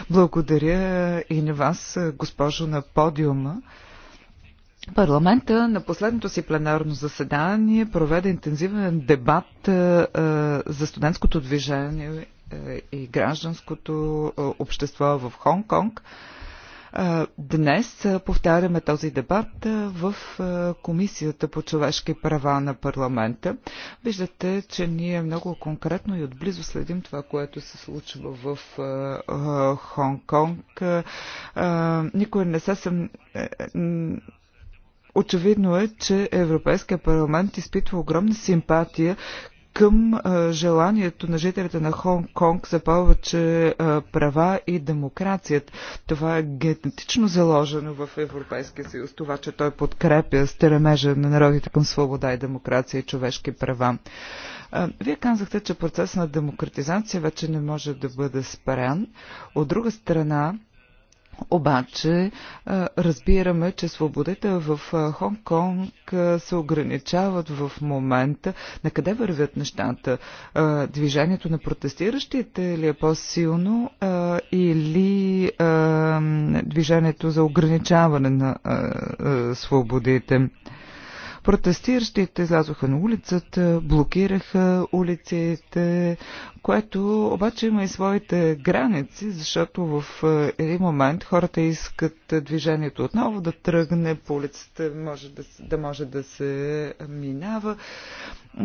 Благодаря и на вас, е, госпожо на подиума. Парламента на последното си пленарно заседание проведе интензивен дебат а, е, е, за студентското движение е, и гражданското общество в Хонг-Конг. Днес повтаряме този дебат в Комисията по човешки права на парламента. Виждате, че ние много конкретно и отблизо следим това, което се случва в Хонг-Конг. Никой не се съм Очевидно е, че Европейския парламент изпитва огромна симпатия към а, желанието на жителите на Хонг Конг за повече а, права и демокрацият. Това е генетично заложено в Европейския съюз, това, че той подкрепя стремежа на народите към свобода и демокрация и човешки права. А, вие казахте, че процес на демократизация вече не може да бъде спрян. От друга страна, обаче е, разбираме, че свободите в е, Хонг-Конг е, се ограничават в момента. На къде вървят нещата? Движението на протестиращите ли е по-силно или движението за ограничаване на свободите? Протестиращите излязоха на улицата, блокираха улиците, което обаче има и своите граници, защото в е, един момент хората искат е, движението отново да тръгне по улицата, може да, да може да се е, минава.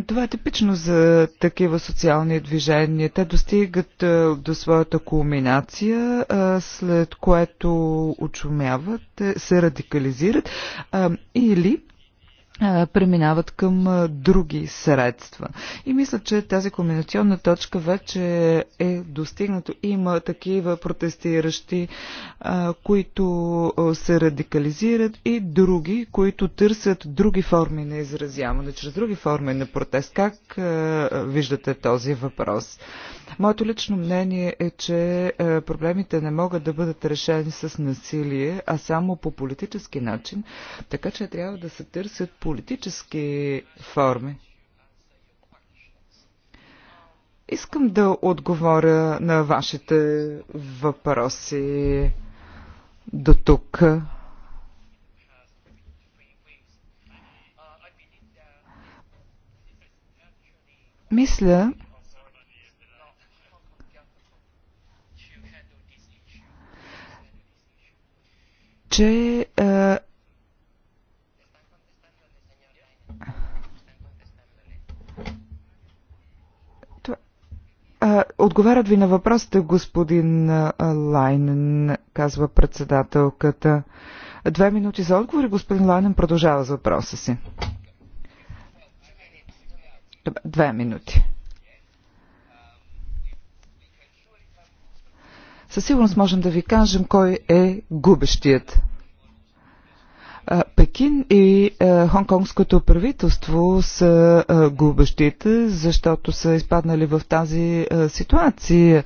Това е типично за такива социални движения. Те достигат до своята кулминация, след което очумяват, се радикализират или преминават към други средства. И мисля, че тази комбинационна точка вече е достигнато. Има такива протестиращи, които се радикализират и други, които търсят други форми на изразяване, чрез други форми на протест. Как виждате този въпрос? Моето лично мнение е, че е, проблемите не могат да бъдат решени с насилие, а само по политически начин, така че трябва да се търсят политически форми. Искам да отговоря на вашите въпроси до тук. Мисля, че е, е, отговарят ви на въпросите, господин е, Лайнен, казва председателката. Две минути за отговор и господин Лайнен продължава с въпроса си. Две минути. Със сигурност можем да ви кажем кой е губещият. Пекин и хонконгското правителство са губещите, защото са изпаднали в тази ситуация.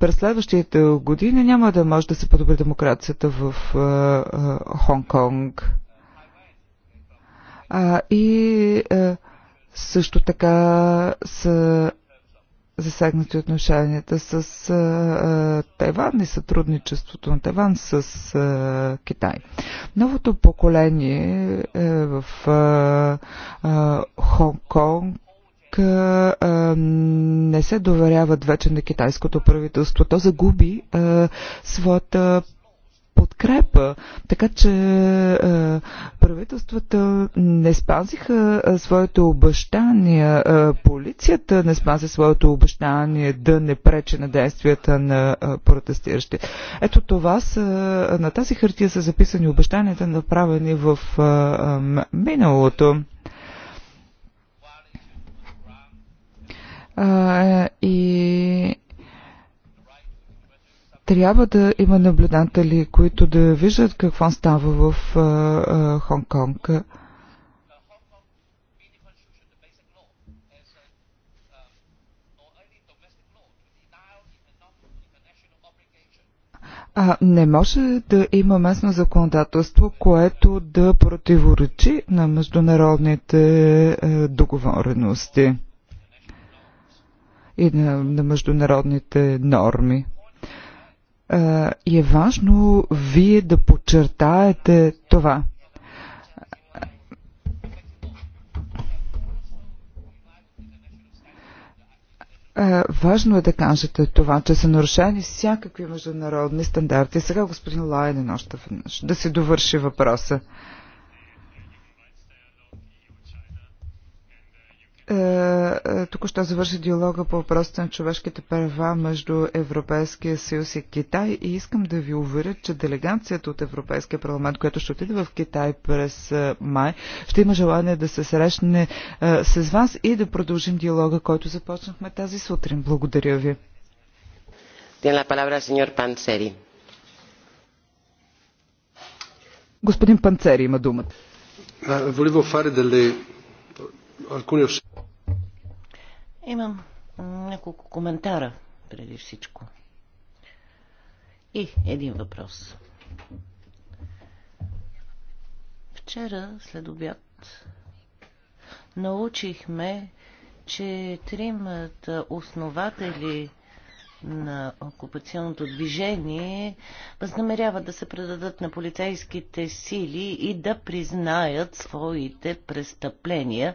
През следващите години няма да може да се подобри демокрацията в Хонконг. И също така са засегнати отношенията с а, Тайван и сътрудничеството на Тайван с а, Китай. Новото поколение е в Хонг-Конг не се доверяват вече на китайското правителство. То загуби а, своята подкрепа. Така че е, правителствата не спазиха е, своето обещание, е, полицията не спази своето обещание да не пречи на действията на протестиращи. Ето това са, на тази хартия са записани обещанията, направени в миналото. и трябва да има наблюдатели, които да виждат какво става в Хонг-Конг. А, не може да има местно законодателство, което да противоречи на международните е, договорености и на, на международните норми и е важно вие да подчертаете това. Важно е да кажете това, че са нарушени всякакви международни стандарти. Сега господин Лайден още веднъж да се довърши въпроса. Току-що завърши диалога по въпросите на човешките права между Европейския съюз и Китай и искам да ви уверя, че делегацията от Европейския парламент, която ще отиде в Китай през май, ще има желание да се срещне с вас и да продължим диалога, който започнахме тази сутрин. Благодаря ви. Господин Панцери има думата. Volevo fare delle alcune osservazioni. Имам няколко коментара преди всичко. И един въпрос. Вчера след обяд научихме, че тримата основатели на окупационното движение възнамеряват да се предадат на полицейските сили и да признаят своите престъпления,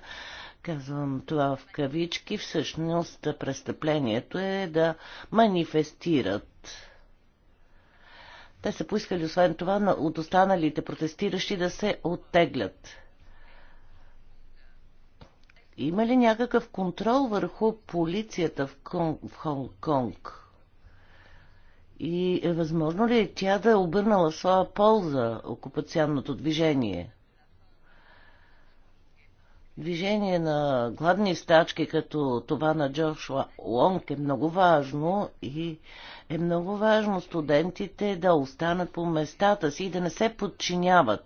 Казвам това в кавички. Всъщност престъплението е да манифестират. Те са поискали освен това от останалите протестиращи да се оттеглят. Има ли някакъв контрол върху полицията в, Кон... в Хонг-Конг? И е възможно ли тя да е обърнала своя полза окупационното движение? движение на гладни стачки, като това на Джошуа Лонг е много важно и е много важно студентите да останат по местата си и да не се подчиняват.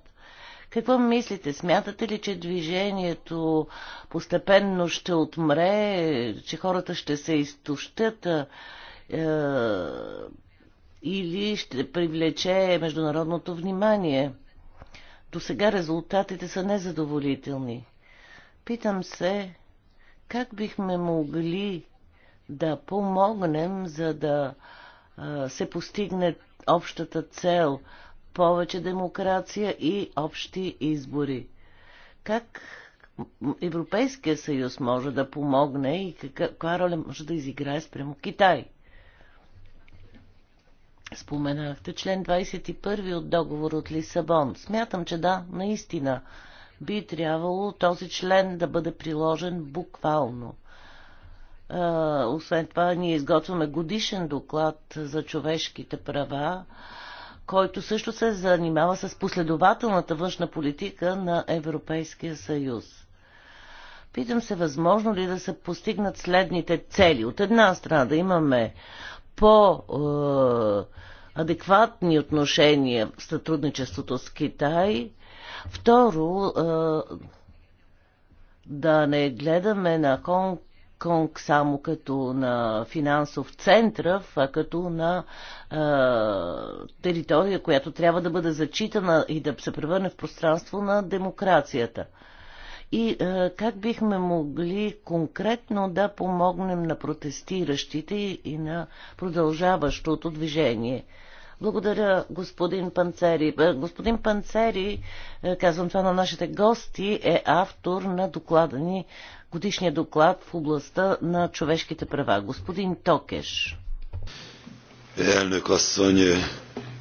Какво мислите? Смятате ли, че движението постепенно ще отмре, че хората ще се изтощат е, или ще привлече международното внимание? До сега резултатите са незадоволителни. Питам се, как бихме могли да помогнем, за да а, се постигне общата цел повече демокрация и общи избори. Как Европейския съюз може да помогне и каква роля може да изиграе спрямо Китай? Споменахте член 21 от договор от Лисабон. Смятам, че да, наистина би трябвало този член да бъде приложен буквално. Освен това, ние изготвяме годишен доклад за човешките права, който също се занимава с последователната външна политика на Европейския съюз. Питам се, възможно ли да се постигнат следните цели. От една страна да имаме по-адекватни отношения в сътрудничеството с Китай – Второ, да не гледаме на Хонг Конг само като на финансов център, а като на е, територия, която трябва да бъде зачитана и да се превърне в пространство на демокрацията. И е, как бихме могли конкретно да помогнем на протестиращите и на продължаващото движение? Благодаря, господин Панцери. Е, господин Панцери, е, казвам това на нашите гости, е автор на доклада ни, годишния доклад в областта на човешките права. Господин Токеш. Елнök asszony,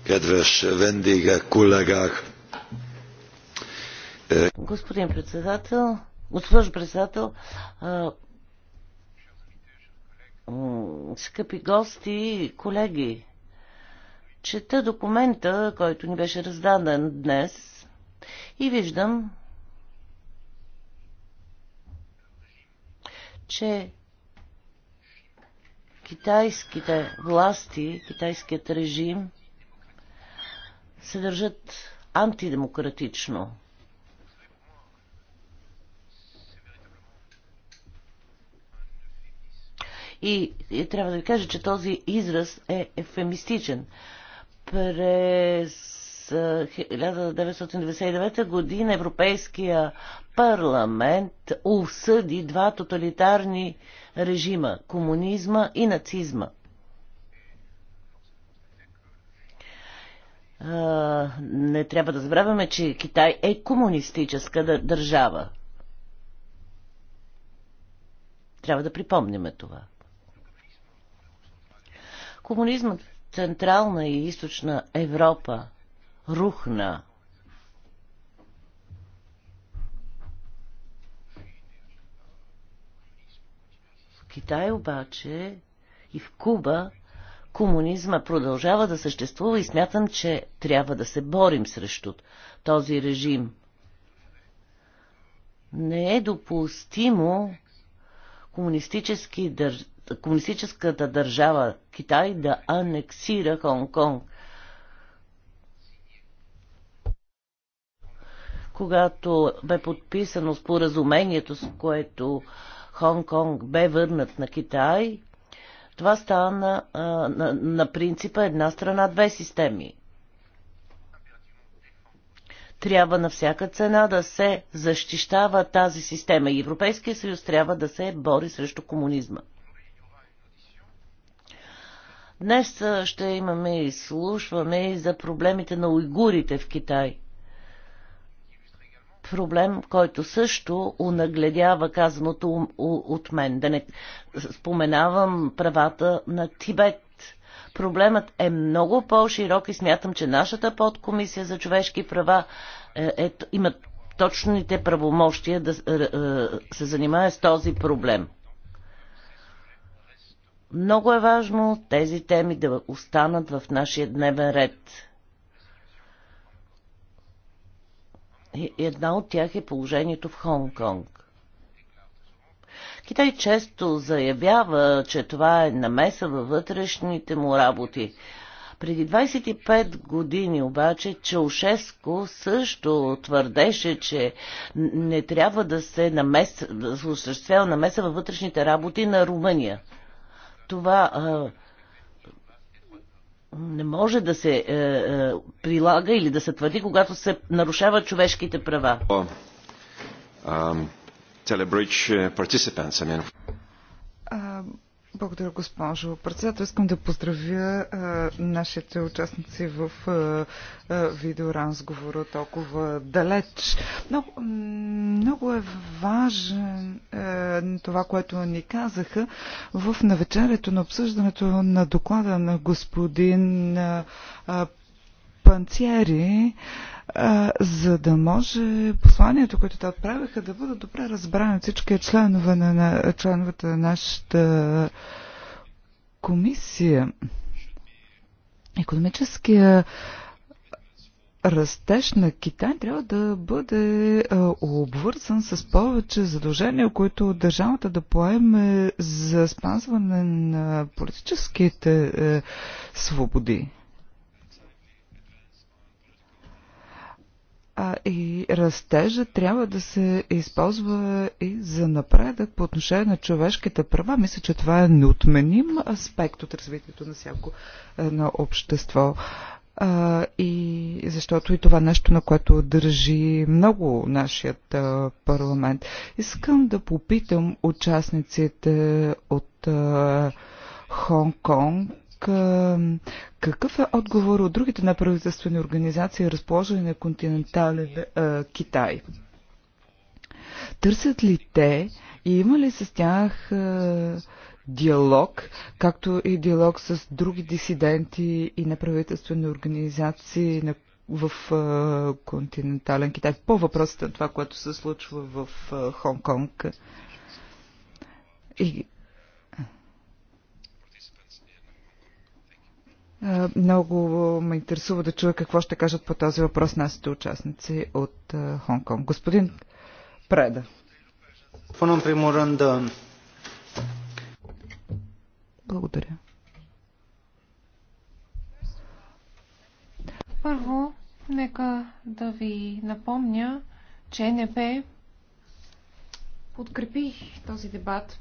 kedves vendégek, kollégák! Е, господин председател, госпожо председател, скъпи гости, колеги, Чета документа, който ни беше раздаден днес и виждам, че китайските власти, китайският режим се държат антидемократично. И, и трябва да ви кажа, че този израз е ефемистичен. През 1999 година Европейския парламент осъди два тоталитарни режима комунизма и нацизма. Не трябва да забравяме, че Китай е комунистическа държава. Трябва да припомняме това. Комунизмът Централна и източна Европа рухна. В Китай обаче и в Куба комунизма продължава да съществува и смятам, че трябва да се борим срещу този режим. Не е допустимо комунистически държави комунистическата държава Китай да анексира Хонг-Конг. Когато бе подписано споразумението, с което Хонг-Конг бе върнат на Китай, това стана а, на, на принципа една страна, две системи. Трябва на всяка цена да се защищава тази система. Европейския съюз трябва да се бори срещу комунизма. Днес ще имаме и слушваме и за проблемите на уйгурите в Китай. Проблем, който също унагледява казаното от мен. Да не споменавам правата на Тибет. Проблемът е много по-широк и смятам, че нашата подкомисия за човешки права е, е, има точните правомощия да е, е, се занимае с този проблем. Много е важно тези теми да останат в нашия дневен ред. Една от тях е положението в Хонг-Конг. Китай често заявява, че това е намеса във вътрешните му работи. Преди 25 години обаче Челшеско също твърдеше, че не трябва да се намес, да се осъществява намеса във вътрешните работи на Румъния това не може да се е, е, прилага или да се твърди, когато се нарушават човешките права. Um, uh, I mean. Благодаря, госпожо председател. Искам да поздравя а, нашите участници в а, а, видеоразговора толкова далеч. Но много е важен а, това, което ни казаха в навечерието на обсъждането на доклада на господин а, Панциери. А, за да може посланието, които те отправиха, да бъдат добре разбрани от всички членове на, на членовете на нашата комисия. Економическия растеж на Китай трябва да бъде а, обвързан с повече задължения, които държавата да поеме за спазване на политическите е, свободи. А, и растежа трябва да се използва и за напредък по отношение на човешките права. Мисля, че това е неотменим аспект от развитието на всяко едно общество. А, и защото и това е нещо, на което държи много нашият а, е, парламент. Искам да попитам участниците от е, Хонг-Конг какъв е отговор от другите неправителствени организации, разположени на континентален Китай? Търсят ли те и има ли с тях диалог, както и диалог с други дисиденти и неправителствени организации на в континентален Китай. По въпросите на това, което се случва в Хонг-Конг. И Много ме интересува да чуя какво ще кажат по този въпрос нашите участници от Хонг-Конг. Господин Преда. Благодаря. Първо, нека да ви напомня, че НП подкрепи този дебат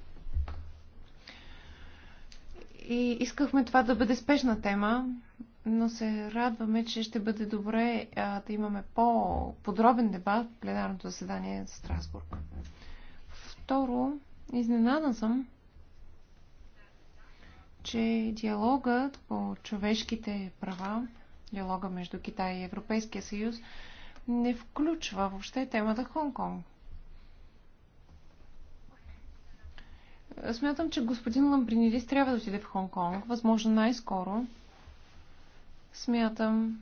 и искахме това да бъде спешна тема, но се радваме, че ще бъде добре а, да имаме по-подробен дебат в пленарното заседание в Страсбург. Второ, изненадан съм, че диалогът по човешките права, диалога между Китай и Европейския съюз, не включва въобще темата Хонг-Конг. Смятам, че господин Ламбринидис трябва да отиде в Хонг-Конг, възможно най-скоро. Смятам,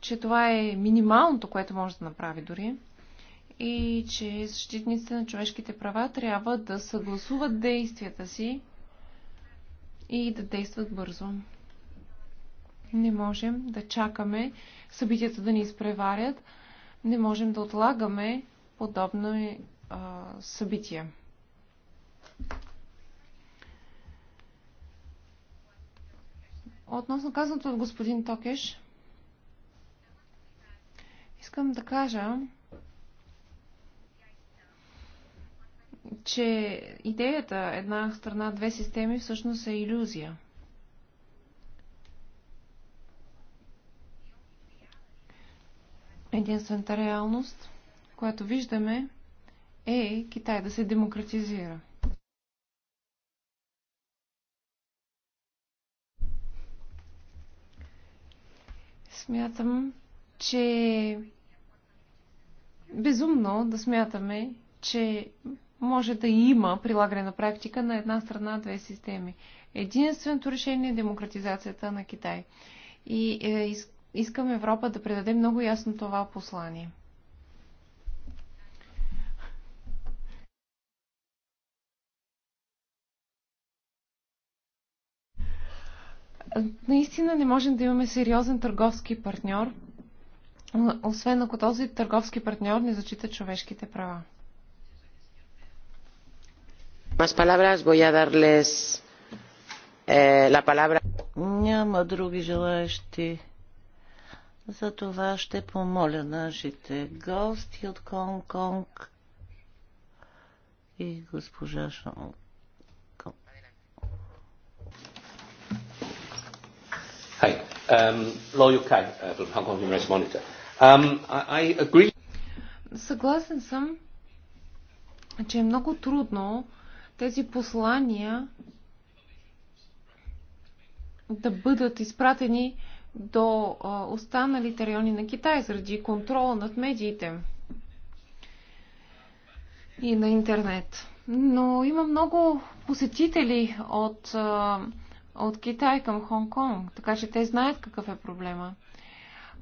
че това е минималното, което може да направи дори. И че защитниците на човешките права трябва да съгласуват действията си и да действат бързо. Не можем да чакаме събитията да ни изпреварят. Не можем да отлагаме подобно събитие. Относно казаното от господин Токеш, искам да кажа, че идеята една страна, две системи всъщност е иллюзия. Единствената реалност, която виждаме, е Китай да се демократизира – Смятам, че безумно да смятаме, че може да има прилагане на практика на една страна две системи. Единственото решение е демократизацията на Китай. И е, искам Европа да предаде много ясно това послание. наистина не можем да имаме сериозен търговски партньор, освен ако този търговски партньор не зачита човешките права. Más palabras, voy a darles eh, la palabra. Няма други желаящи. това ще помоля нашите гости от Конг-Конг и госпожа Шонг Um, Лою Кай, uh, from Hong Kong Human Rights Monitor. Um, I, I agree... Съгласен съм, че е много трудно тези послания да бъдат изпратени до останалите райони на Китай заради контрола над медиите и на интернет. Но има много посетители от от Китай към Хонг-Конг, така че те знаят какъв е проблема.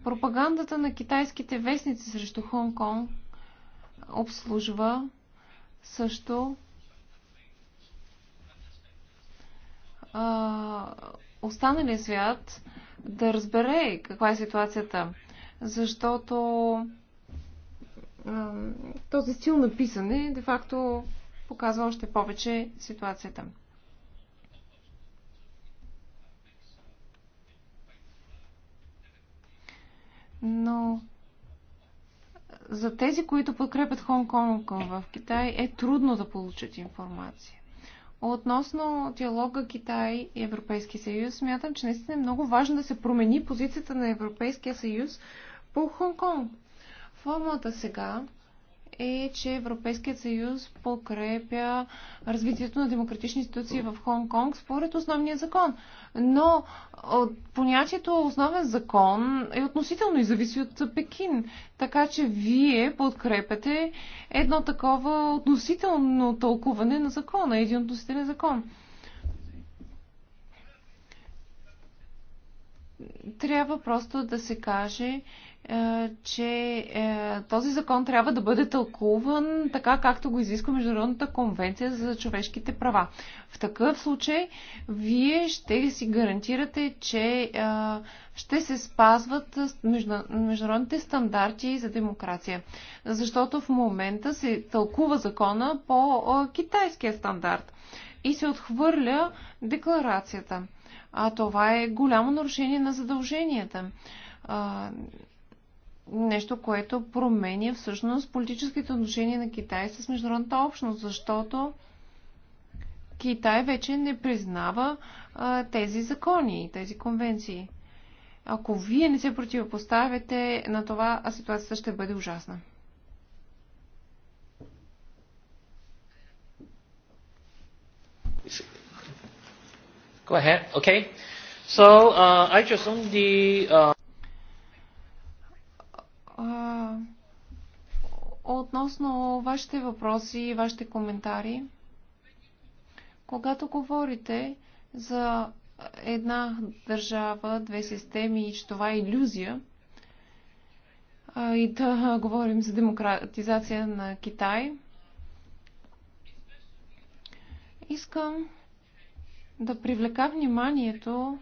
Пропагандата на китайските вестници срещу Хонг-Конг обслужва също а, останалия свят да разбере каква е ситуацията, защото а, този стил на писане де-факто показва още повече ситуацията. но за тези, които подкрепят Хонг-Конг в Китай, е трудно да получат информация. Относно диалога Китай и Европейски съюз, смятам, че наистина е много важно да се промени позицията на Европейския съюз по Хонг-Конг. Формулата сега е, че Европейският съюз покрепя развитието на демократични институции в Хонг-Конг според основния закон. Но понятието основен закон е относително и зависи от Пекин. Така че вие подкрепяте едно такова относително тълкуване на закона, един относителен закон. Трябва просто да се каже, е, че е, този закон трябва да бъде тълкуван така, както го изисква Международната конвенция за човешките права. В такъв случай, вие ще си гарантирате, че е, ще се спазват международните стандарти за демокрация. Защото в момента се тълкува закона по китайския стандарт и се отхвърля декларацията. А това е голямо нарушение на задълженията нещо, което променя всъщност политическите отношения на Китай с международната общност, защото Китай вече не признава а, тези закони, и тези конвенции. Ако вие не се противопоставяте на това, а ситуацията ще бъде ужасна. Go ahead. Okay. So uh, I just only, uh относно вашите въпроси и вашите коментари. Когато говорите за една държава, две системи и че това е иллюзия, и да говорим за демократизация на Китай, искам да привлека вниманието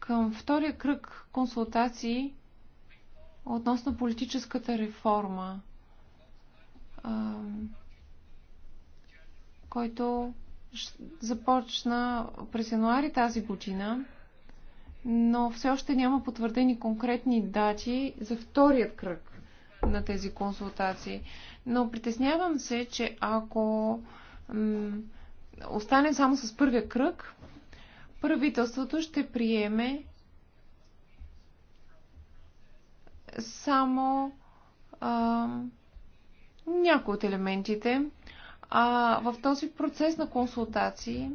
към втория кръг консултации относно политическата реформа, който започна през януари тази година, но все още няма потвърдени конкретни дати за вторият кръг на тези консултации. Но притеснявам се, че ако остане само с първия кръг, правителството ще приеме само а, някои от елементите. А в този процес на консултации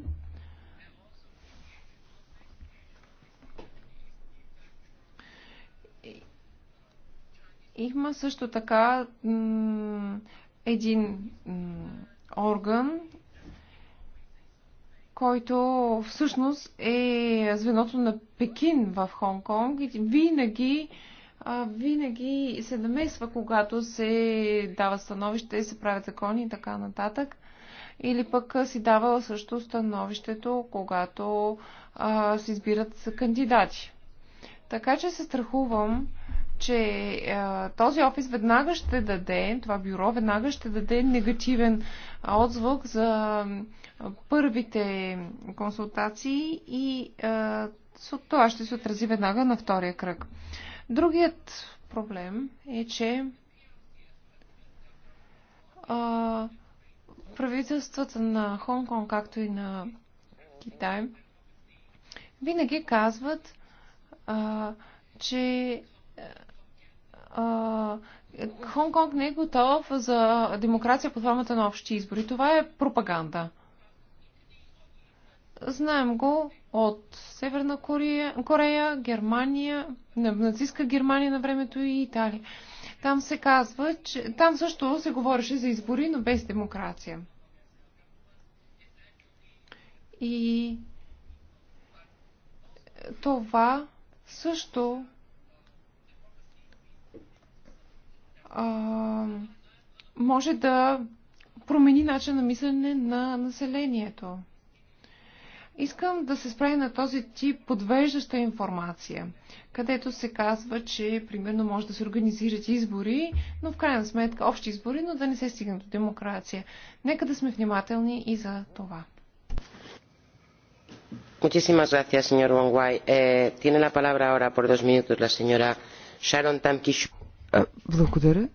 има също така един орган, който всъщност е звеното на Пекин в Хонг-Конг и винаги винаги се намесва, когато се дава становище, се правят закони и така нататък. Или пък си дава също становището, когато а, се избират кандидати. Така че се страхувам, че а, този офис веднага ще даде, това бюро веднага ще даде негативен отзвук за първите консултации и а, това ще се отрази веднага на втория кръг. Другият проблем е, че а, правителствата на Хонг-Конг, както и на Китай, винаги казват, а, че Хонг-Конг не е готов за демокрация под формата на общи избори. Това е пропаганда. Знаем го от Северна Корея, Корея Германия, нацистска Германия на времето и Италия. Там се казва, че там също се говореше за избори, но без демокрация. И това също а, може да промени начин на мислене на населението. Искам да се спре на този тип подвеждаща информация, където се казва, че примерно може да се организират избори, но в крайна сметка общи избори, но да не се стигне до демокрация. Нека да сме внимателни и за това. Muchísimas gracias, señor Wongwai. Eh, tiene la palabra ahora por dos minutos la señora Sharon Tamkish. Благодаря.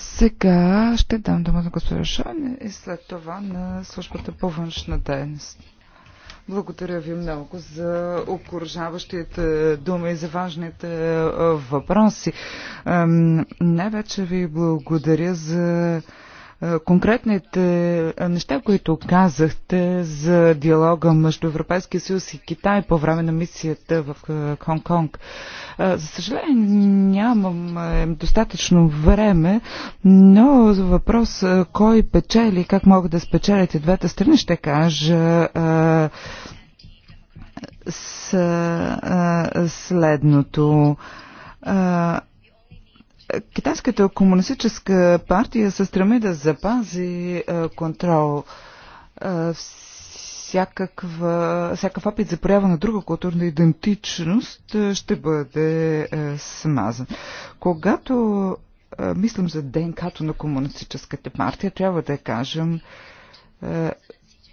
Сега ще дам дума на господин Шон и след това на службата по външна дейност. Благодаря ви много за окоръжаващите думи и за важните въпроси. Най-вече ви благодаря за е, конкретните е, неща, които казахте за диалога между Европейския съюз и Китай по време на мисията в е, Хонг-Конг. За съжаление нямам достатъчно време, но за въпрос кой печели, как могат да спечелят и двете страни, ще кажа с следното Китайската комунистическа партия се стреми да запази е, контрол. Е, всякаква, всякакъв опит за проява на друга културна идентичност е, ще бъде смазан. Когато мислим за ДНК-то на комунистическата партия, трябва да кажем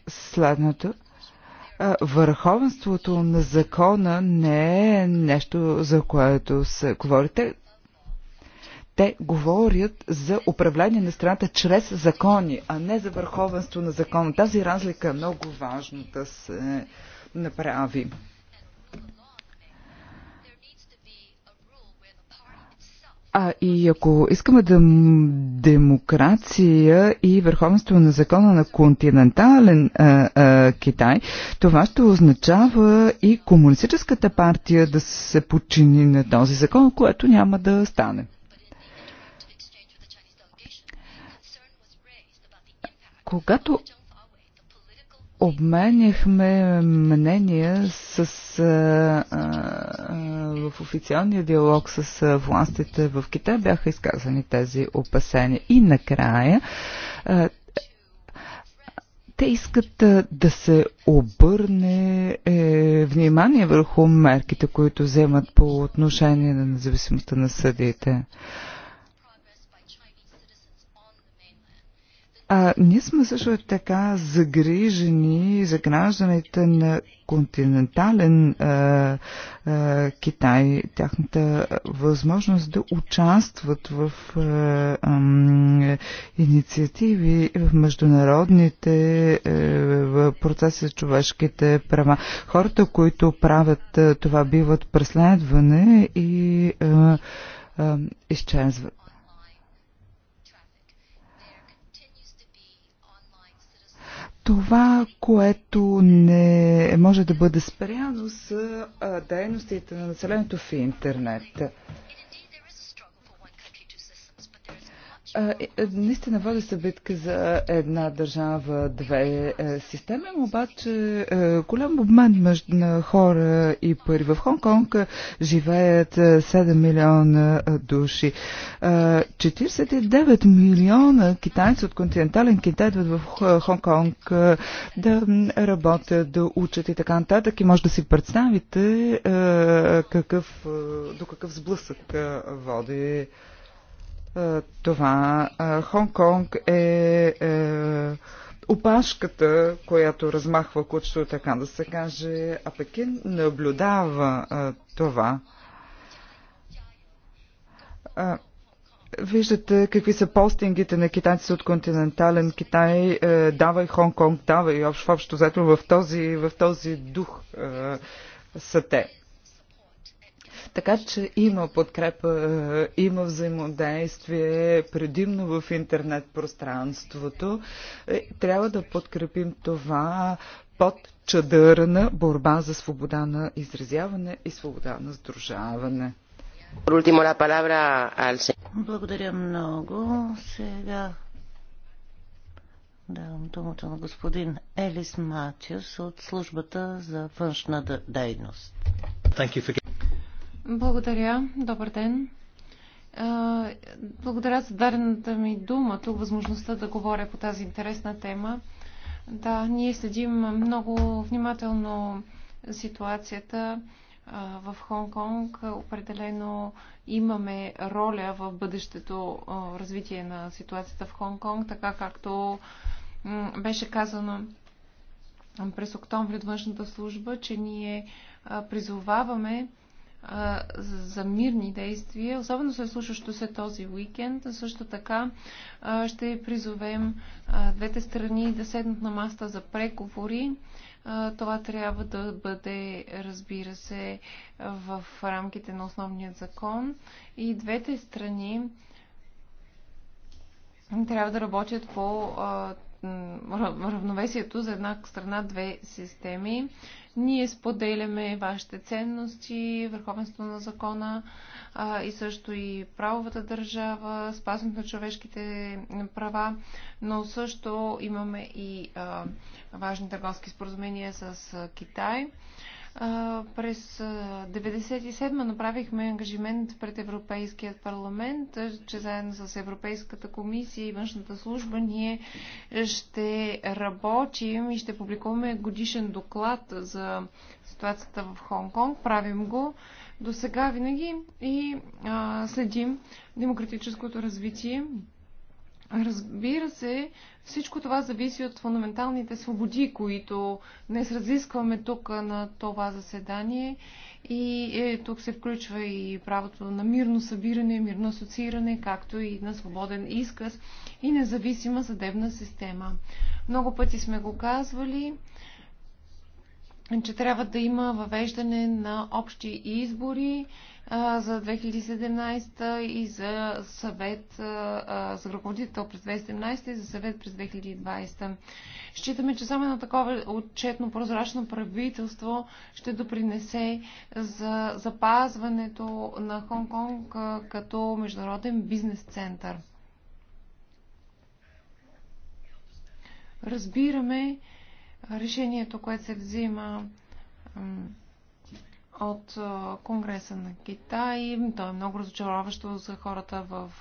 следното – върховенството на закона не е нещо, за което се говорите. Те говорят за управление на страната чрез закони, а не за върховенство на закона. Тази разлика е много важно да се направи. А и ако искаме да демокрация и върховенство на закона на континентален а, а, Китай, това ще означава и комунистическата партия да се подчини на този закон, което няма да стане. Когато обменяхме мнения с, а, а, в официалния диалог с а, властите в Китай, бяха изказани тези опасения. И накрая а, те искат а, да се обърне е, внимание върху мерките, които вземат по отношение на независимостта на съдиите. А, А, ние сме също така загрижени за гражданите на континентален а, а, Китай, тяхната възможност да участват в а, а, инициативи в международните а, е, в процеси за човешките права. Хората, които правят а, това, биват преследване и а, а, изчезват. Това, което не може да бъде спряно са дейностите на населението в интернет. Е, е, наистина води се битка за една държава, две е, системи, обаче голям обмен между на хора и пари. В Хонг-Конг живеят 7 милиона души. 49 милиона китайци от континентален Китай идват в Хонг-Конг да работят, да учат и така нататък. И може да си представите какъв, до какъв сблъсък води е, това е, Хонг-Конг е, е опашката, която размахва кучето, така да се каже, а Пекин наблюдава е, това. Е, виждате какви са постингите на китайците от континентален Китай. Е, давай Хонг-Конг, давай. Общо, общо, взето в този, в този дух е, са те. Така че има подкрепа, е, има взаимодействие, предимно в интернет пространството. Е, трябва да подкрепим това под чадъра на борба за свобода на изразяване и свобода на сдружаване. Благодаря много. Сега давам думата на господин Елис Матиус от службата за външна дейност. Благодаря. Добър ден. Благодаря за дадената ми дума, тук възможността да говоря по тази интересна тема. Да, ние следим много внимателно ситуацията в Хонг-Конг. Определено имаме роля в бъдещето развитие на ситуацията в Хонг-Конг, така както беше казано през октомври от външната служба, че ние призоваваме за мирни действия, особено се случващо се този уикенд. Също така ще призовем двете страни да седнат на маста за преговори. Това трябва да бъде, разбира се, в рамките на основният закон. И двете страни трябва да работят по равновесието за една страна две системи. Ние споделяме вашите ценности, върховенство на закона а, и също и правовата държава, спазването на човешките права, но също имаме и а, важни търговски споразумения с Китай. А, през 1997 направихме ангажимент пред Европейският парламент, че заедно с Европейската комисия и външната служба ние ще работим и ще публикуваме годишен доклад за ситуацията в Хонг-Конг. Правим го до сега винаги и а, следим демократическото развитие Разбира се, всичко това зависи от фундаменталните свободи, които днес разискваме тук на това заседание. И е, тук се включва и правото на мирно събиране, мирно асоцииране, както и на свободен изказ и независима съдебна система. Много пъти сме го казвали че трябва да има въвеждане на общи избори а, за 2017 и за съвет а, за ръководител през 2017 и за съвет през 2020. Считаме, че само едно такова отчетно прозрачно правителство ще допринесе за запазването на Хонг-Конг като международен бизнес център. Разбираме, решението, което се взима от Конгреса на Китай. То е много разочароващо за хората в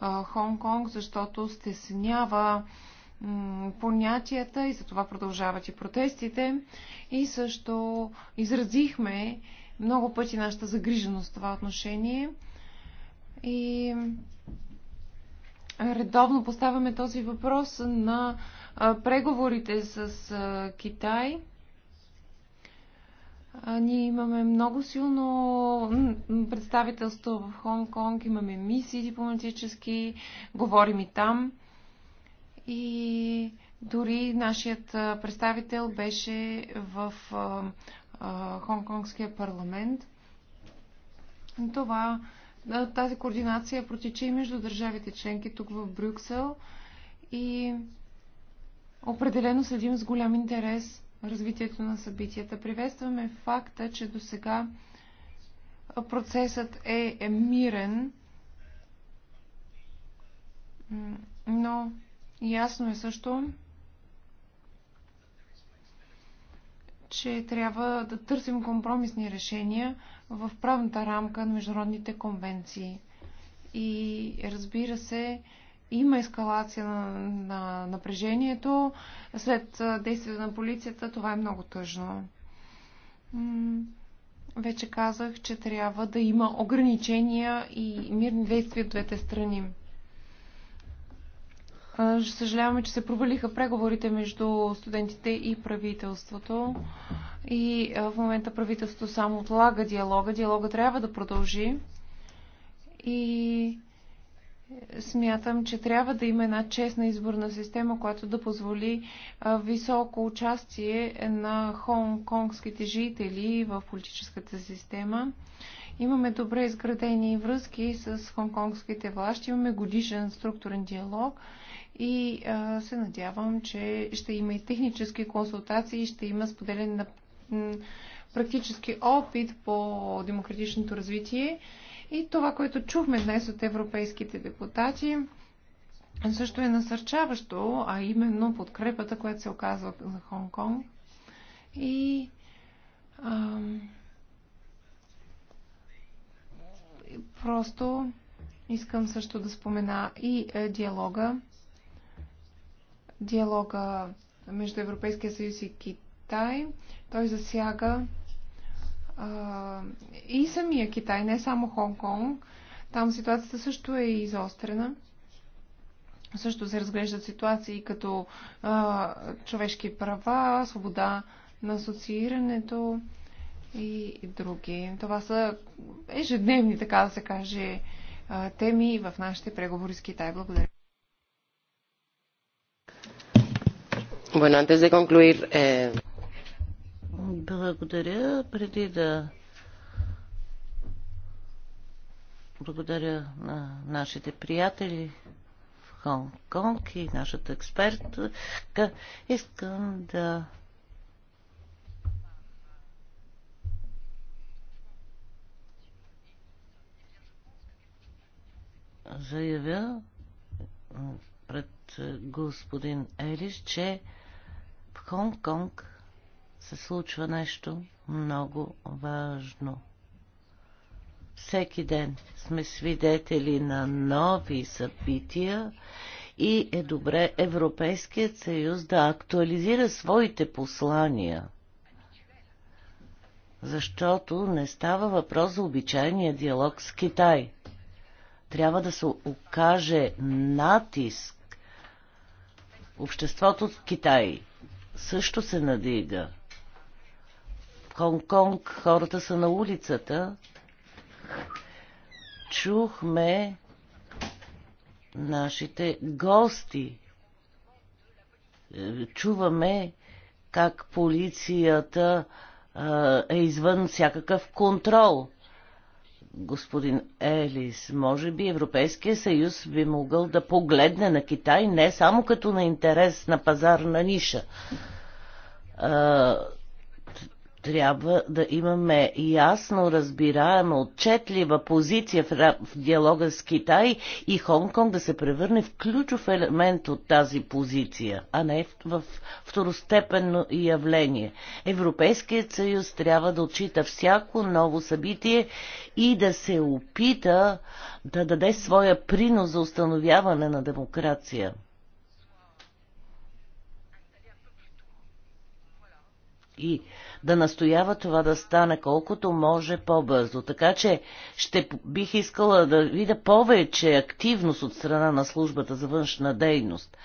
Хонг-Конг, защото стеснява понятията и за това продължават и протестите. И също изразихме много пъти нашата загриженост в това отношение. И редовно поставяме този въпрос на преговорите с Китай ние имаме много силно представителство в Хонг-Конг, имаме мисии дипломатически, говорим и там. И дори нашият представител беше в Хонг-Конгския парламент. Това, тази координация протича и между държавите членки тук в Брюксел. И Определено следим с голям интерес развитието на събитията. Приветстваме факта, че до сега процесът е, е мирен, но ясно е също, че трябва да търсим компромисни решения в правната рамка на международните конвенции. И разбира се, има ескалация на, на напрежението. След действието на полицията това е много тъжно. Вече казах, че трябва да има ограничения и мирни действия от двете страни. Съжаляваме, че се провалиха преговорите между студентите и правителството. И в момента правителството само отлага диалога. Диалога трябва да продължи. И смятам, че трябва да има една честна изборна система, която да позволи високо участие на хонконгските жители в политическата система. Имаме добре изградени връзки с хонконгските власти, имаме годишен структурен диалог и а, се надявам, че ще има и технически консултации, ще има споделен на практически опит по демократичното развитие. И това, което чухме днес от европейските депутати, също е насърчаващо, а именно подкрепата, която се оказва за Хонг-Конг. И ам, просто искам също да спомена и е, диалога. Диалога между Европейския съюз и Китай. Той засяга и самия Китай, не само Хонг-Конг. Там ситуацията също е изострена. Също се разглеждат ситуации като а, човешки права, свобода на асоциирането и, и други. Това са ежедневни, така да се каже, а, теми в нашите преговори с Китай. Благодаря. Bueno, antes de concluir, eh... Благодаря. Преди да благодаря на нашите приятели в Хонг-Конг и нашата експертка, искам да заявя пред господин Елиш, че в Хонг-Конг се случва нещо много важно. Всеки ден сме свидетели на нови събития и е добре Европейският съюз да актуализира своите послания. Защото не става въпрос за обичайния диалог с Китай. Трябва да се окаже натиск. Обществото в Китай също се надига. Хонг-Конг хората са на улицата. Чухме нашите гости. Чуваме как полицията е извън всякакъв контрол. Господин Елис, може би Европейския съюз би могъл да погледне на Китай не само като на интерес на пазарна ниша трябва да имаме ясно разбираема, отчетлива позиция в диалога с Китай и Хонг-Конг да се превърне в ключов елемент от тази позиция, а не в второстепенно явление. Европейският съюз трябва да отчита всяко ново събитие и да се опита да даде своя принос за установяване на демокрация. и да настоява това да стане колкото може по-бързо. Така че ще бих искала да видя повече активност от страна на службата за външна дейност.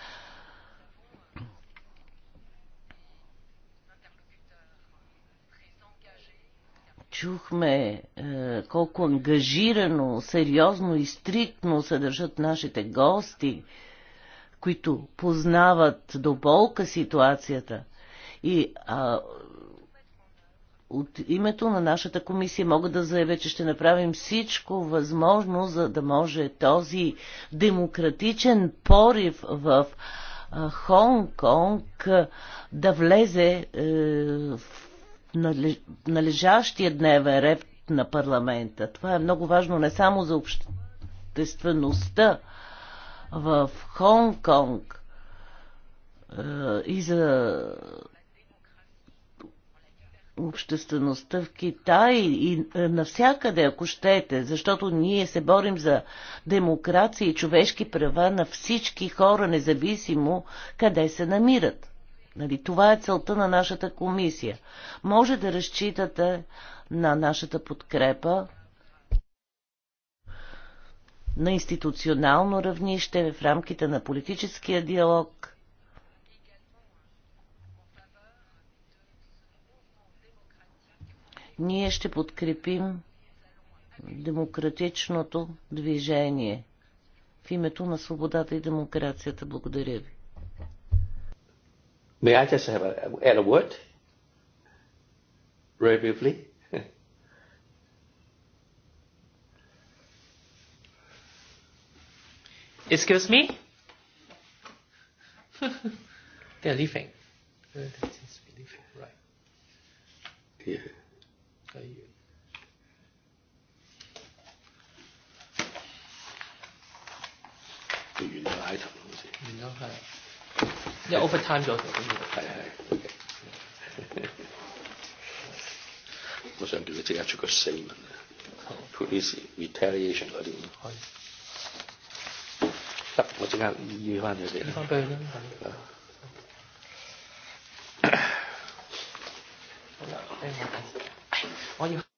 чухме е, колко ангажирано, сериозно и стриктно се държат нашите гости, които познават до болка ситуацията. И а, от името на нашата комисия мога да заявя, че ще направим всичко възможно, за да може този демократичен порив в Хонг-Конг да влезе е, в належащия дневен ред на парламента. Това е много важно не само за обществеността в Хонг-Конг е, и за обществеността в Китай и е, навсякъде, ако щете, защото ние се борим за демокрация и човешки права на всички хора, независимо къде се намират. Нали, това е целта на нашата комисия. Може да разчитате на нашата подкрепа на институционално равнище в рамките на политическия диалог – Ние ще подкрепим демократичното движение в името на свободата и демокрацията. Благодаря ви. May I just have a, add a word? Very briefly? [laughs] Excuse me? [laughs] They're leaving. [laughs] Right. Yeah. تخيل 對原來喺頭腦先，原來係，因為 overtime 咗，係係。我想叫佢即刻出個 statement 啊，police retaliation 嗰啲。係。得，我即刻醫翻佢哋。醫翻俾佢啦，係。好啦，誒我。哎，我有。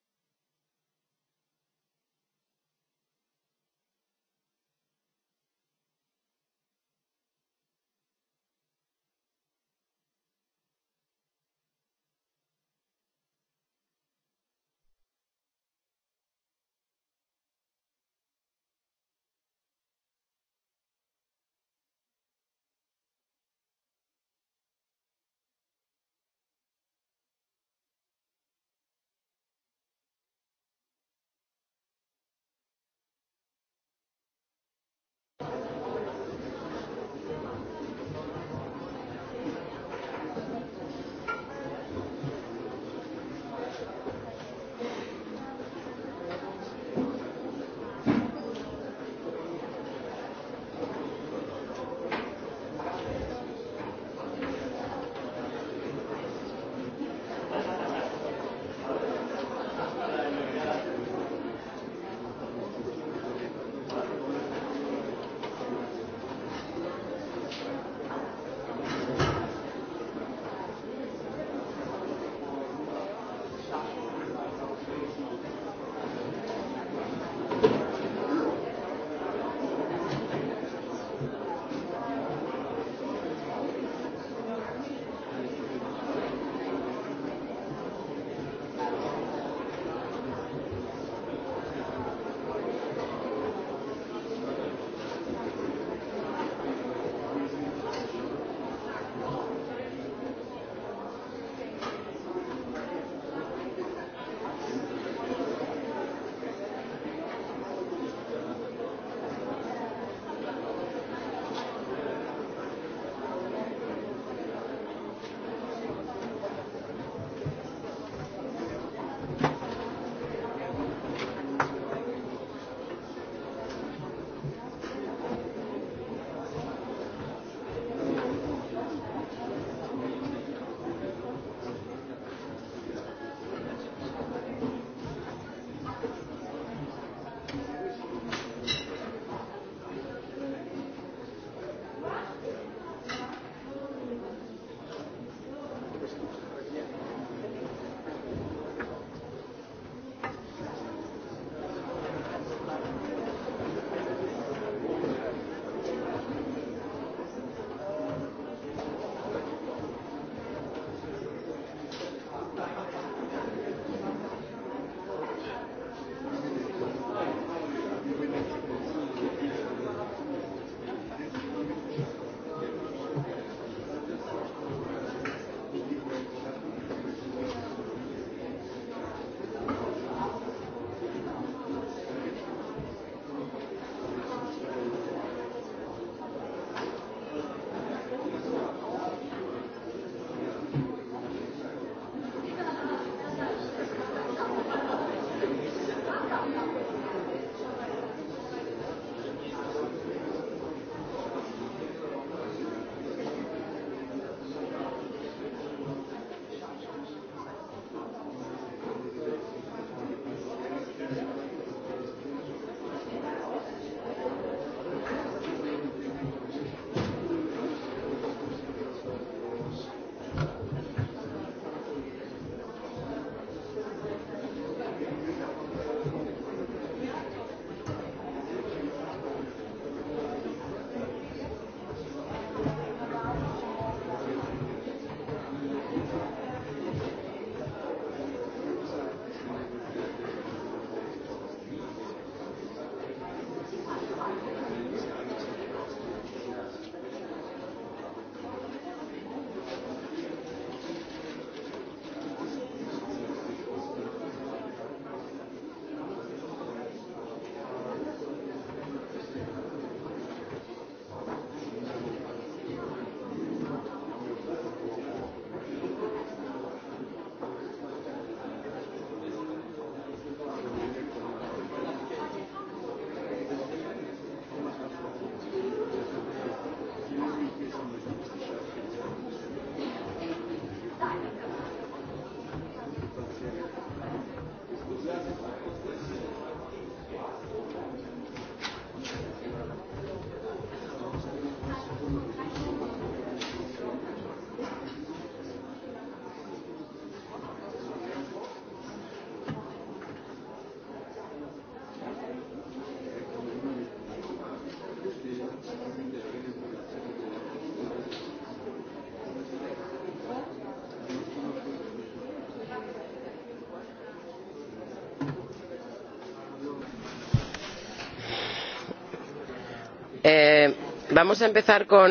Vamos a empezar con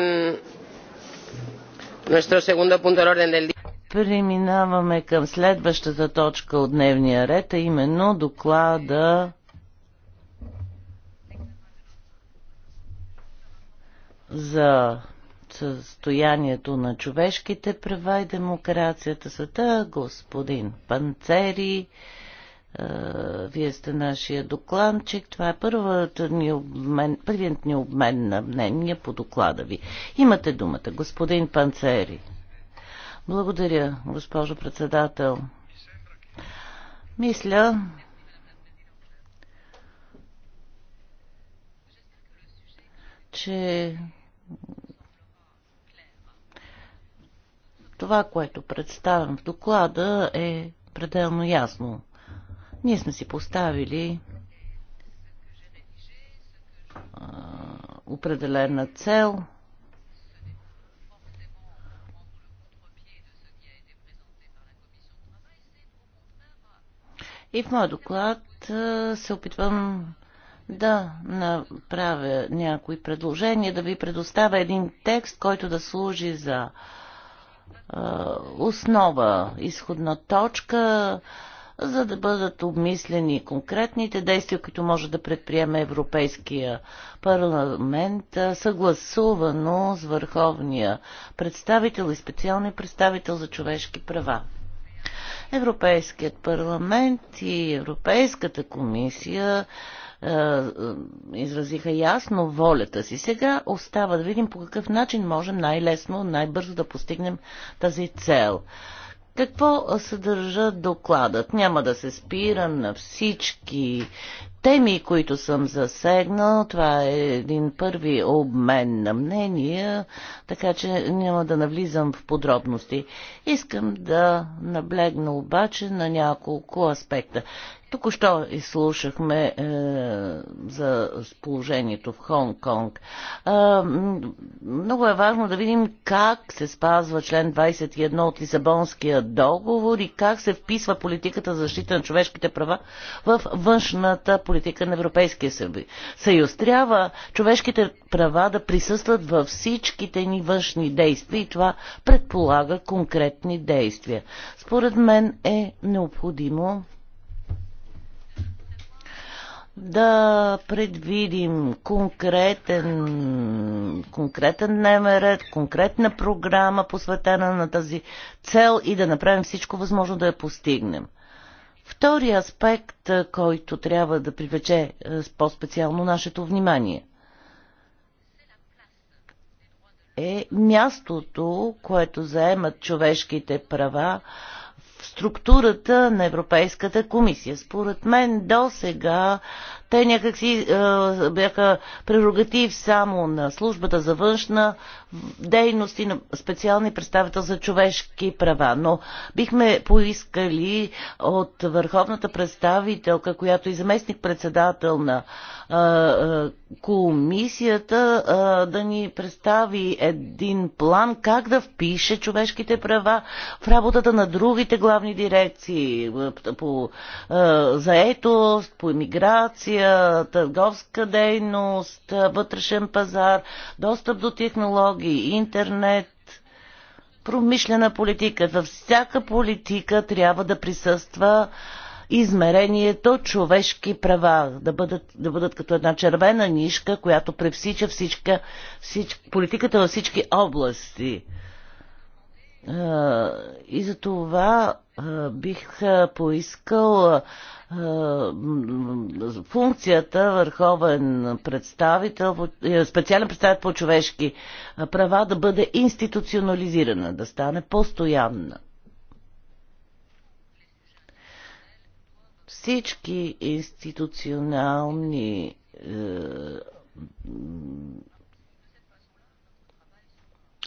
nuestro segundo punto del orden del día. Преминаваме към следващата точка от дневния ред, а именно доклада за състоянието на човешките права и демокрацията света, господин Панцери. Вие сте нашия докладчик. Това е първата ни обмен, първият ни обмен на мнение по доклада ви. Имате думата, господин Панцери. Благодаря, госпожо председател. Мисля, че това, което представям в доклада, е пределно ясно. Ние сме си поставили определена цел. И в моя доклад се опитвам да направя някои предложения, да ви предоставя един текст, който да служи за основа, изходна точка, за да бъдат обмислени конкретните действия, които може да предприеме Европейския парламент, съгласувано с Върховния представител и специалния представител за човешки права. Европейският парламент и Европейската комисия изразиха ясно волята си. Сега остава да видим по какъв начин можем най-лесно, най-бързо да постигнем тази цел. Какво съдържа докладът? Няма да се спирам на всички теми, които съм засегнал. Това е един първи обмен на мнения, така че няма да навлизам в подробности. Искам да наблегна обаче на няколко аспекта. Току-що изслушахме е, за положението в Хонг-Конг. Е, много е важно да видим как се спазва член 21 от Лисабонския договор и как се вписва политиката за защита на човешките права в външната политика на Европейския съюз. Трябва човешките права да присъстват във всичките ни външни действия и това предполага конкретни действия. Според мен е необходимо да предвидим конкретен, конкретен дневен ред, конкретна програма, посветена на тази цел и да направим всичко възможно да я постигнем. Втори аспект, който трябва да привлече по-специално нашето внимание е мястото, което заемат човешките права структурата на Европейската комисия. Според мен до сега те някакси е, бяха прерогатив само на службата за външна дейност и на специални представител за човешки права. Но бихме поискали от върховната представителка, която и е заместник председател на е, е, комисията, е, да ни представи един план как да впише човешките права в работата на другите главни дирекции е, по е, заетост, по иммиграция, индустрия, търговска дейност, вътрешен пазар, достъп до технологии, интернет, промишлена политика. Във всяка политика трябва да присъства измерението човешки права, да бъдат, да бъдат като една червена нишка, която превсича всичка, всич, политиката във всички области. И за това бих поискал функцията върховен представител, е, специален представител по човешки права да бъде институционализирана, да стане постоянна. Всички институционални е,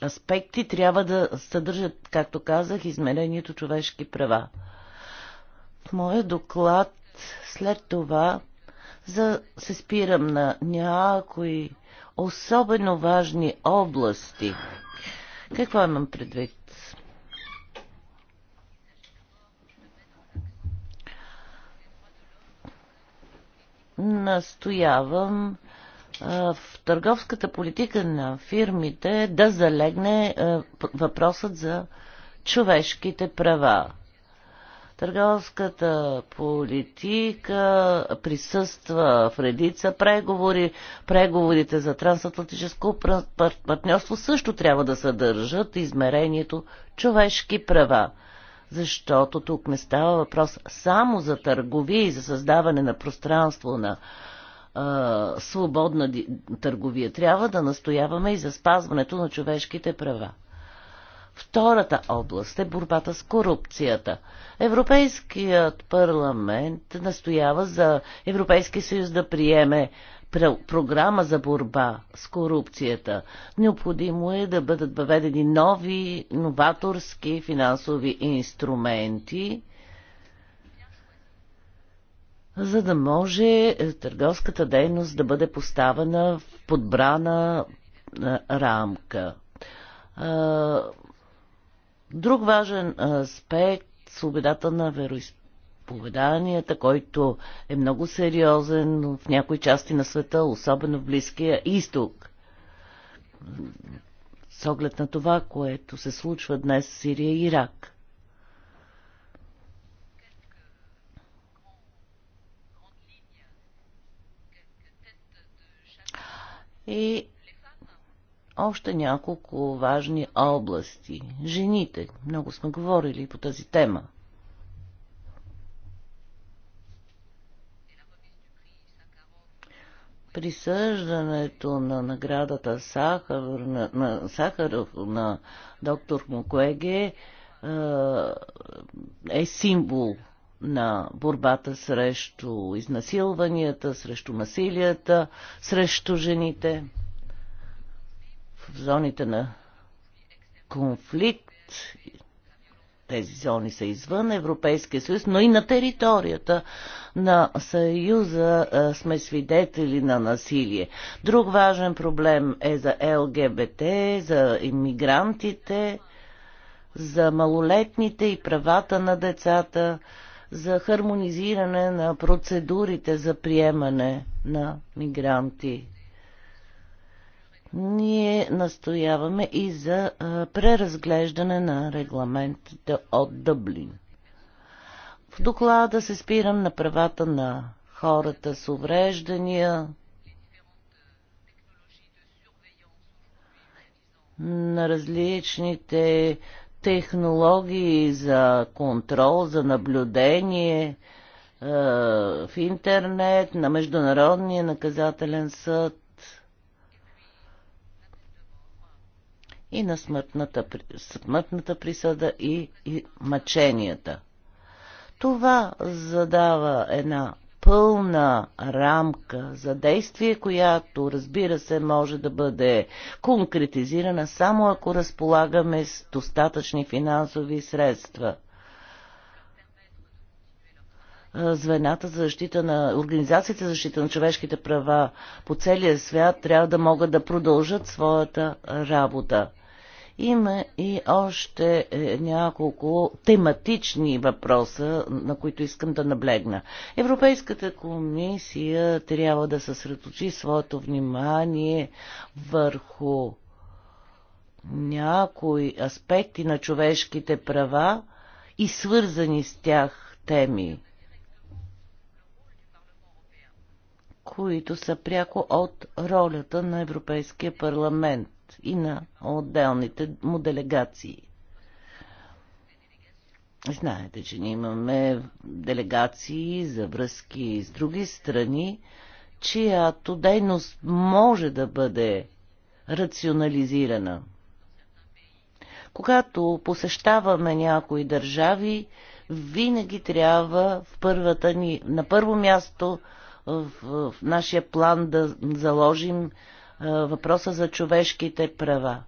аспекти трябва да съдържат, както казах, измерението човешки права. В моя доклад след това за, се спирам на някои особено важни области. Какво имам предвид? Настоявам в търговската политика на фирмите да залегне въпросът за човешките права. Търговската политика присъства в редица преговори. Преговорите за трансатлантическо партньорство също трябва да съдържат измерението човешки права. Защото тук не става въпрос само за търговия и за създаване на пространство на а, свободна търговия. Трябва да настояваме и за спазването на човешките права. Втората област е борбата с корупцията. Европейският парламент настоява за Европейски съюз да приеме програма за борба с корупцията. Необходимо е да бъдат въведени нови, новаторски финансови инструменти, за да може е, търговската дейност да бъде поставена в подбрана е, рамка. Е, друг важен аспект свободата на вероисповеданията, който е много сериозен в някои части на света, особено в Близкия изток. С оглед на това, което се случва днес в Сирия и Ирак. и още няколко важни области. Жените. Много сме говорили по тази тема. присъждането на наградата Сахар, на, на Сахаров на доктор Мукуеге е, е символ на борбата срещу изнасилванията, срещу насилията, срещу жените в зоните на конфликт. Тези зони са извън Европейския съюз, но и на територията на Съюза сме свидетели на насилие. Друг важен проблем е за ЛГБТ, за иммигрантите, за малолетните и правата на децата за хармонизиране на процедурите за приемане на мигранти. Ние настояваме и за преразглеждане на регламентите от Дъблин. В доклада се спирам на правата на хората с увреждания, на различните технологии за контрол, за наблюдение е, в интернет, на Международния наказателен съд и на смъртната, смъртната присъда и, и мъченията. Това задава една пълна рамка за действие, която, разбира се, може да бъде конкретизирана само ако разполагаме с достатъчни финансови средства звената за защита на Организацията за защита на човешките права по целия свят трябва да могат да продължат своята работа. Има и още е, няколко тематични въпроса, на които искам да наблегна. Европейската комисия трябва да съсредоточи своето внимание върху някои аспекти на човешките права и свързани с тях теми, които са пряко от ролята на Европейския парламент и на отделните му делегации. Знаете, че ние имаме делегации за връзки с други страни, чиято дейност може да бъде рационализирана. Когато посещаваме някои държави, винаги трябва в първата ни, на първо място в, в нашия план да заложим въпроса за човешките права.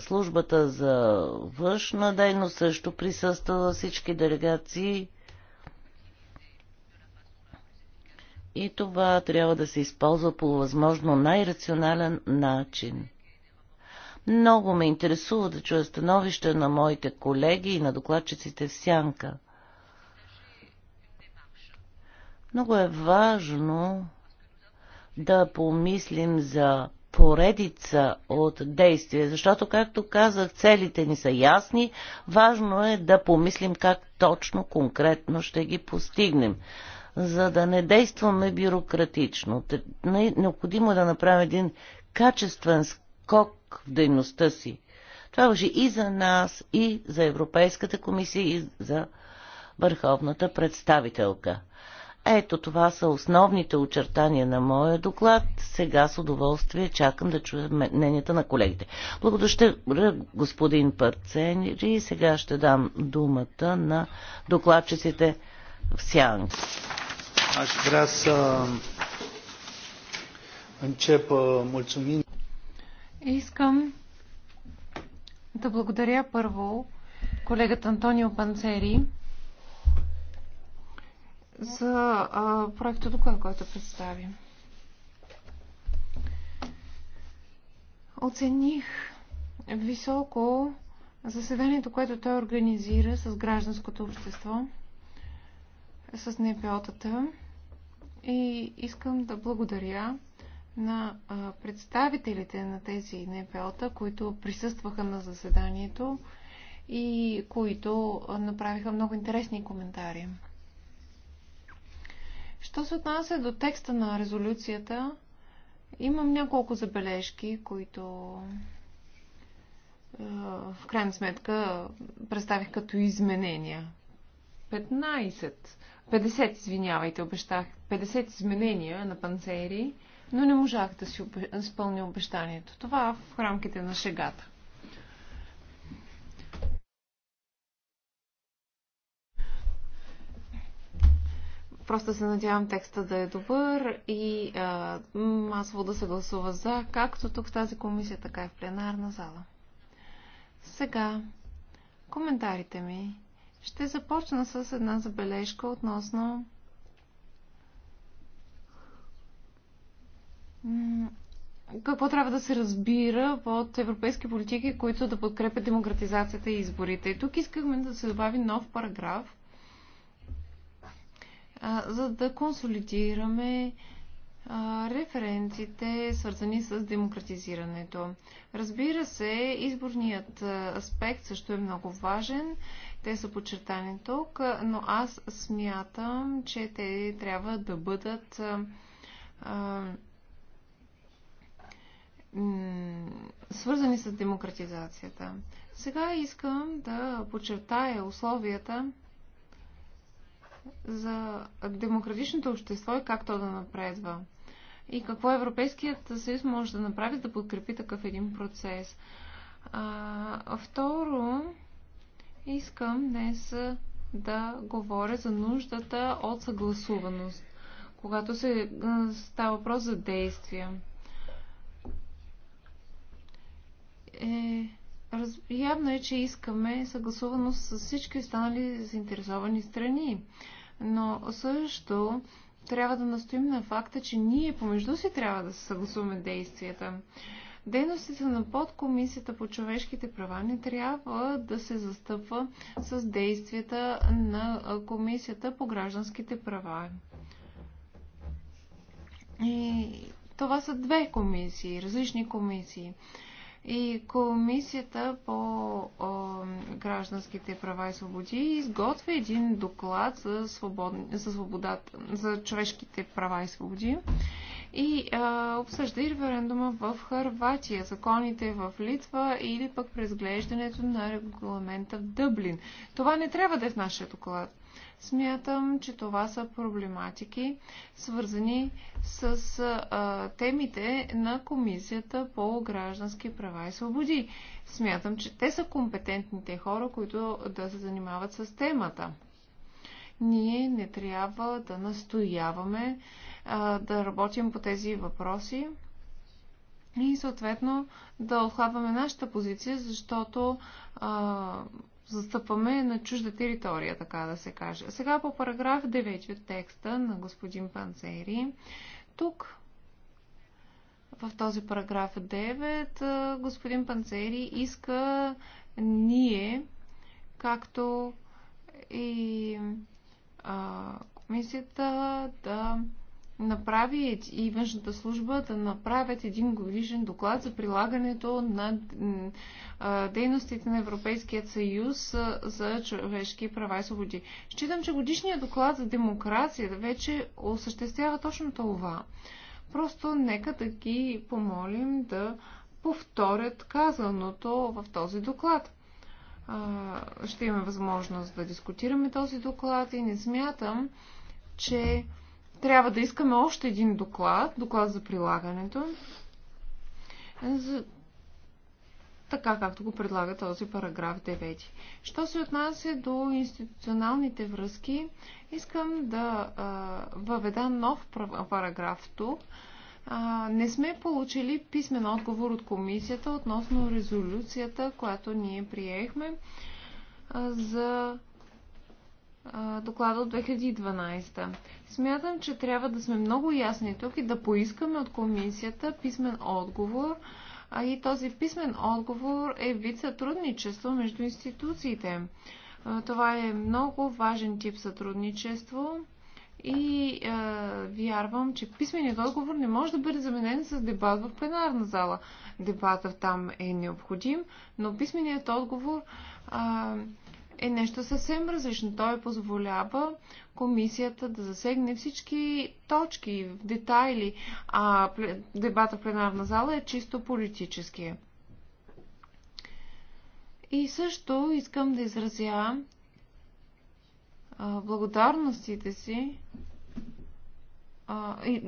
Службата за външна дейност също присъства всички делегации. И това трябва да се използва по възможно най-рационален начин. Много ме интересува да чуя становище на моите колеги и на докладчиците в Сянка. Много е важно да помислим за поредица от действия, защото, както казах, целите ни са ясни. Важно е да помислим как точно, конкретно ще ги постигнем, за да не действаме бюрократично. Необходимо е да направим един качествен скок в дейността си. Това въжи и за нас, и за Европейската комисия, и за Върховната представителка. Ето това са основните очертания на моя доклад. Сега с удоволствие чакам да чуя мненията на колегите. Благодаря господин и Сега ще дам думата на докладчиците в Сянг. Аз вrea Искам да благодаря първо колегата Антонио Панцери, за проекта доклад, който представим. Оцених високо заседанието, което той организира с гражданското общество, с НПО-тата и искам да благодаря на представителите на тези НПО-та, които присъстваха на заседанието и които направиха много интересни коментари. Що се отнася до текста на резолюцията, имам няколко забележки, които е, в крайна сметка представих като изменения. 15, 50, извинявайте, обещах 50 изменения на панцери, но не можах да си изпълня обещанието. Това в рамките на шегата. Просто се надявам текста да е добър и а, масово да се гласува за, както тук в тази комисия, така и в пленарна зала. Сега, коментарите ми. Ще започна с една забележка относно какво трябва да се разбира от европейски политики, които да подкрепят демократизацията и изборите. И тук искахме да се добави нов параграф, за да консолидираме референците, свързани с демократизирането. Разбира се, изборният аспект също е много важен. Те са подчертани тук, но аз смятам, че те трябва да бъдат а, свързани с демократизацията. Сега искам да подчертая условията, за демократичното общество и как то да напредва. И какво Европейският съюз може да направи, за да подкрепи такъв един процес. А, второ, искам днес да говоря за нуждата от съгласуваност, когато се става въпрос за действия. Е, раз, явно е, че искаме съгласуваност с всички останали заинтересовани страни но също трябва да настоим на факта, че ние помежду си трябва да се съгласуваме действията. Дейностите на подкомисията по човешките права не трябва да се застъпва с действията на комисията по гражданските права. И това са две комисии, различни комисии и Комисията по гражданските права и свободи изготви един доклад за, свобод... за, свободата... за човешките права и свободи и е, обсъжда и референдума в Харватия, законите в Литва или пък презглеждането на регламента в Дъблин. Това не трябва да е в нашия доклад. Смятам, че това са проблематики, свързани с а, темите на Комисията по граждански права и свободи. Смятам, че те са компетентните хора, които да се занимават с темата. Ние не трябва да настояваме а, да работим по тези въпроси и съответно да отхлабваме нашата позиция, защото а, застъпваме на чужда територия, така да се каже. Сега по параграф 9 от текста на господин Панцери. Тук в този параграф 9 господин Панцери иска ние, както и а, комисията, да направи и външната служба да направят един годишен доклад за прилагането на дейностите на Европейският съюз за човешки права и свободи. Считам, че годишният доклад за демокрация вече осъществява точно това. Просто нека да ги помолим да повторят казаното в този доклад. Ще имаме възможност да дискутираме този доклад и не смятам, че трябва да искаме още един доклад, доклад за прилагането, за... така както го предлага този параграф 9. Що се отнася до институционалните връзки, искам да а, въведа нов параграф тук. А, не сме получили писмен отговор от комисията относно резолюцията, която ние приехме а, за доклада от 2012. Смятам, че трябва да сме много ясни тук и да поискаме от комисията писмен отговор. А и този писмен отговор е вид сътрудничество между институциите. Това е много важен тип сътрудничество и е, вярвам, че писменият отговор не може да бъде заменен с дебат в пленарна зала. Дебатът там е необходим, но писменият отговор е, е нещо съвсем различно. Той позволява комисията да засегне всички точки, детайли, а дебата в пленарна зала е чисто политически. И също искам да изразя благодарностите си.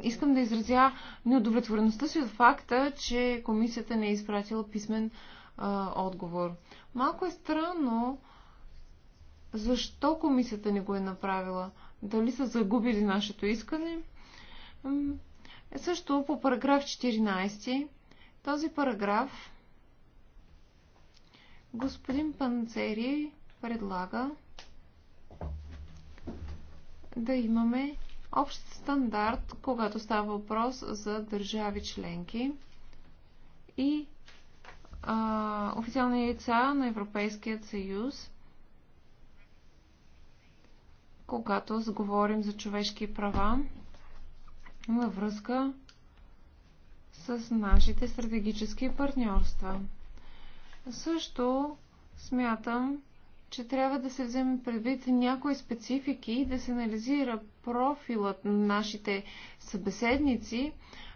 Искам да изразя неудовлетвореността си от факта, че комисията не е изпратила писмен отговор. Малко е странно, защо комисията не го е направила? Дали са загубили нашето искане? Е също по параграф 14. Този параграф господин Панцери предлага да имаме общ стандарт, когато става въпрос за държави членки и а, официални яйца на Европейският съюз когато говорим за човешки права във връзка с нашите стратегически партньорства. Също смятам, че трябва да се вземе предвид някои специфики и да се анализира профилът на нашите събеседници,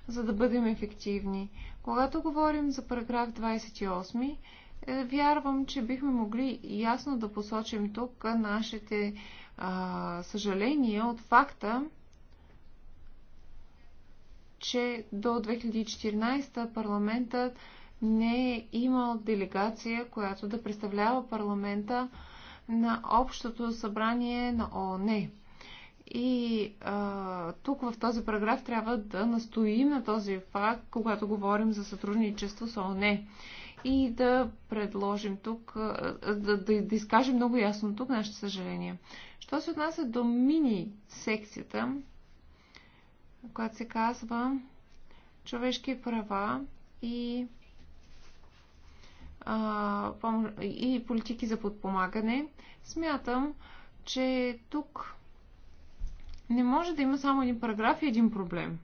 за да бъдем ефективни. Когато говорим за параграф 28, е, вярвам, че бихме могли ясно да посочим тук нашите а, съжаление от факта, че до 2014 парламентът не е имал делегация, която да представлява парламента на Общото събрание на ООН. И а, тук в този параграф трябва да настоим на този факт, когато говорим за сътрудничество с ООН и да предложим тук, да, да, да изкажем много ясно тук нашите съжаления. Що се отнася до мини секцията, която се казва човешки права и, а, и политики за подпомагане, смятам, че тук не може да има само един параграф и един проблем.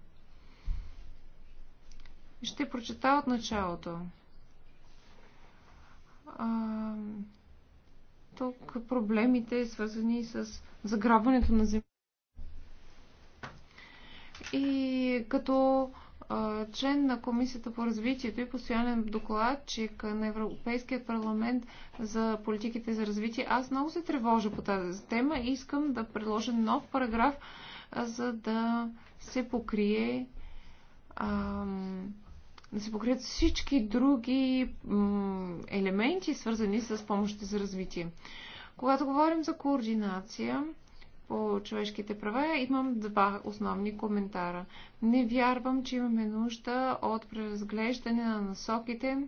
Ще прочета от началото тук проблемите, свързани с заграбването на земя. И като член на Комисията по развитието и постоянен докладчик на Европейския парламент за политиките за развитие, аз много се тревожа по тази тема и искам да предложа нов параграф, за да се покрие ам, да се покрият всички други елементи, свързани с помощите за развитие. Когато говорим за координация по човешките права, имам два основни коментара. Не вярвам, че имаме нужда от преразглеждане на насоките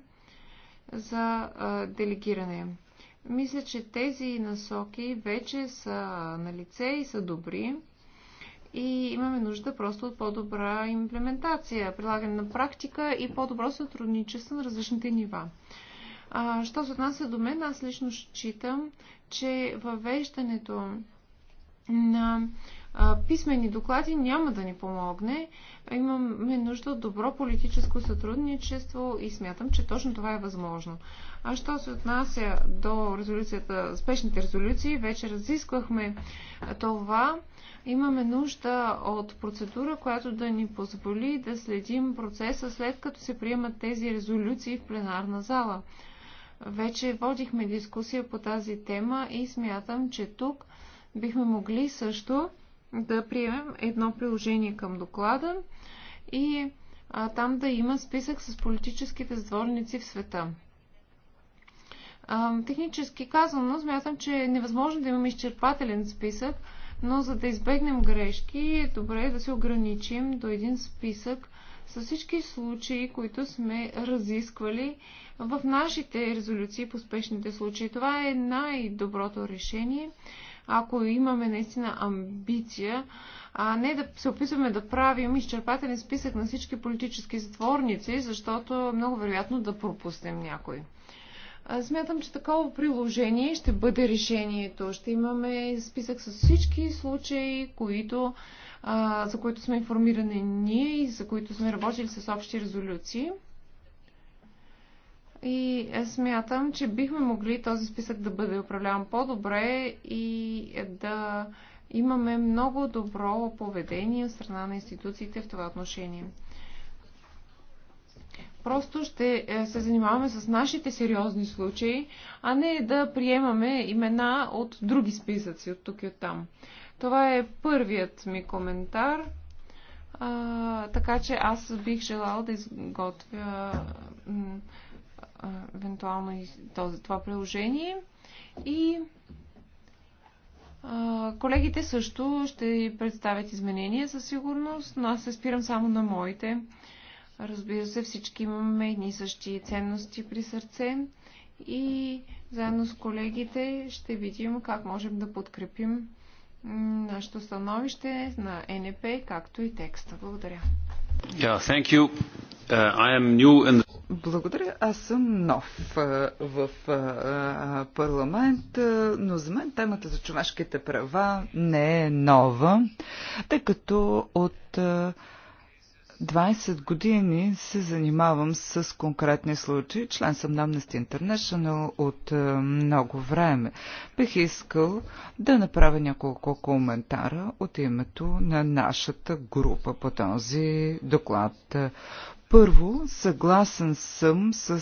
за делегиране. Мисля, че тези насоки вече са на лице и са добри и имаме нужда просто от по-добра имплементация, прилагане на практика и по-добро сътрудничество на различните нива. А, що се отнася до мен, аз лично считам, че въвеждането на писмени доклади няма да ни помогне. Имаме нужда от добро политическо сътрудничество и смятам, че точно това е възможно. А що се отнася до резолюцията, спешните резолюции, вече разисквахме това. Имаме нужда от процедура, която да ни позволи да следим процеса след като се приемат тези резолюции в пленарна зала. Вече водихме дискусия по тази тема и смятам, че тук бихме могли също да приемем едно приложение към доклада и а, там да има списък с политическите затворници в света. А, технически казано, смятам, че е невъзможно да имаме изчерпателен списък, но за да избегнем грешки, е добре да се ограничим до един списък с всички случаи, които сме разисквали в нашите резолюции по спешните случаи. Това е най-доброто решение ако имаме наистина амбиция, а не да се опитваме да правим изчерпателен списък на всички политически затворници, защото е много вероятно да пропуснем някой. Смятам, че такова приложение ще бъде решението. Ще имаме списък с всички случаи, които, за които сме информирани ние и за които сме работили с общи резолюции. И смятам, че бихме могли този списък да бъде управляван по-добре и да имаме много добро поведение от страна на институциите в това отношение. Просто ще е, се занимаваме с нашите сериозни случаи, а не да приемаме имена от други списъци от тук и от там. Това е първият ми коментар. А, така че аз бих желала да изготвя евентуално и този, това приложение. И а, колегите също ще представят изменения със сигурност, но аз се спирам само на моите. Разбира се, всички имаме едни същи ценности при сърце и заедно с колегите ще видим как можем да подкрепим нашето становище на НП, както и текста. Благодаря. Uh, Благодаря. Аз съм нов в парламент, но за мен темата за човешките права не е нова, тъй като от 20 години се занимавам с конкретни случаи. Член съм на Amnesty International от е, много време. Бих искал да направя няколко коментара от името на нашата група по този доклад. Първо, съгласен съм с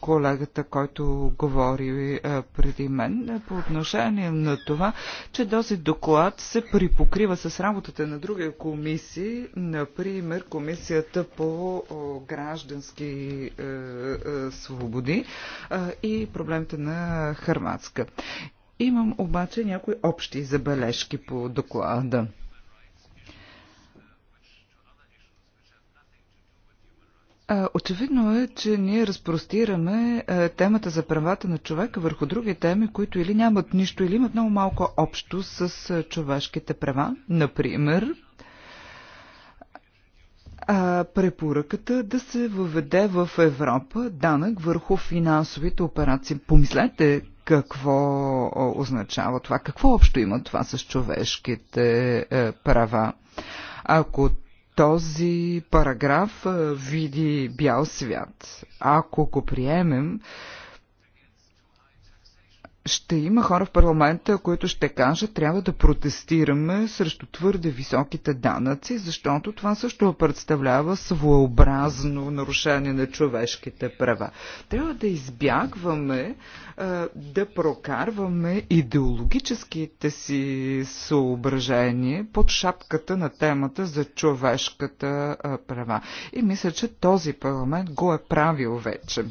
колегата, който говори преди мен, по отношение на това, че този доклад се припокрива с работата на други комисии, например Комисията по граждански е, е, свободи и проблемите на Харватска. Имам обаче някои общи забележки по доклада. Очевидно е, че ние разпростираме темата за правата на човека върху други теми, които или нямат нищо, или имат много малко общо с човешките права. Например, препоръката да се въведе в Европа данък върху финансовите операции. Помислете какво означава това, какво общо има това с човешките права. Ако този параграф види бял свят. Ако го приемем, ще има хора в парламента, които ще кажат, трябва да протестираме срещу твърде високите данъци, защото това също представлява своеобразно нарушение на човешките права. Трябва да избягваме е, да прокарваме идеологическите си съображения под шапката на темата за човешката е, права. И мисля, че този парламент го е правил вече.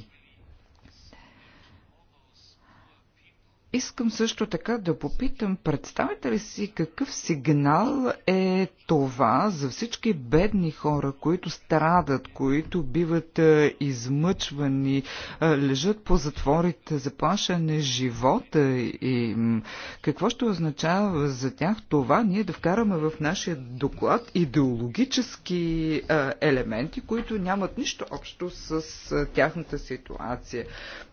Искам също така да попитам, представете ли си какъв сигнал е това за всички бедни хора, които страдат, които биват измъчвани, лежат по затворите, заплашане живота и какво ще означава за тях това ние да вкараме в нашия доклад идеологически елементи, които нямат нищо общо с тяхната ситуация.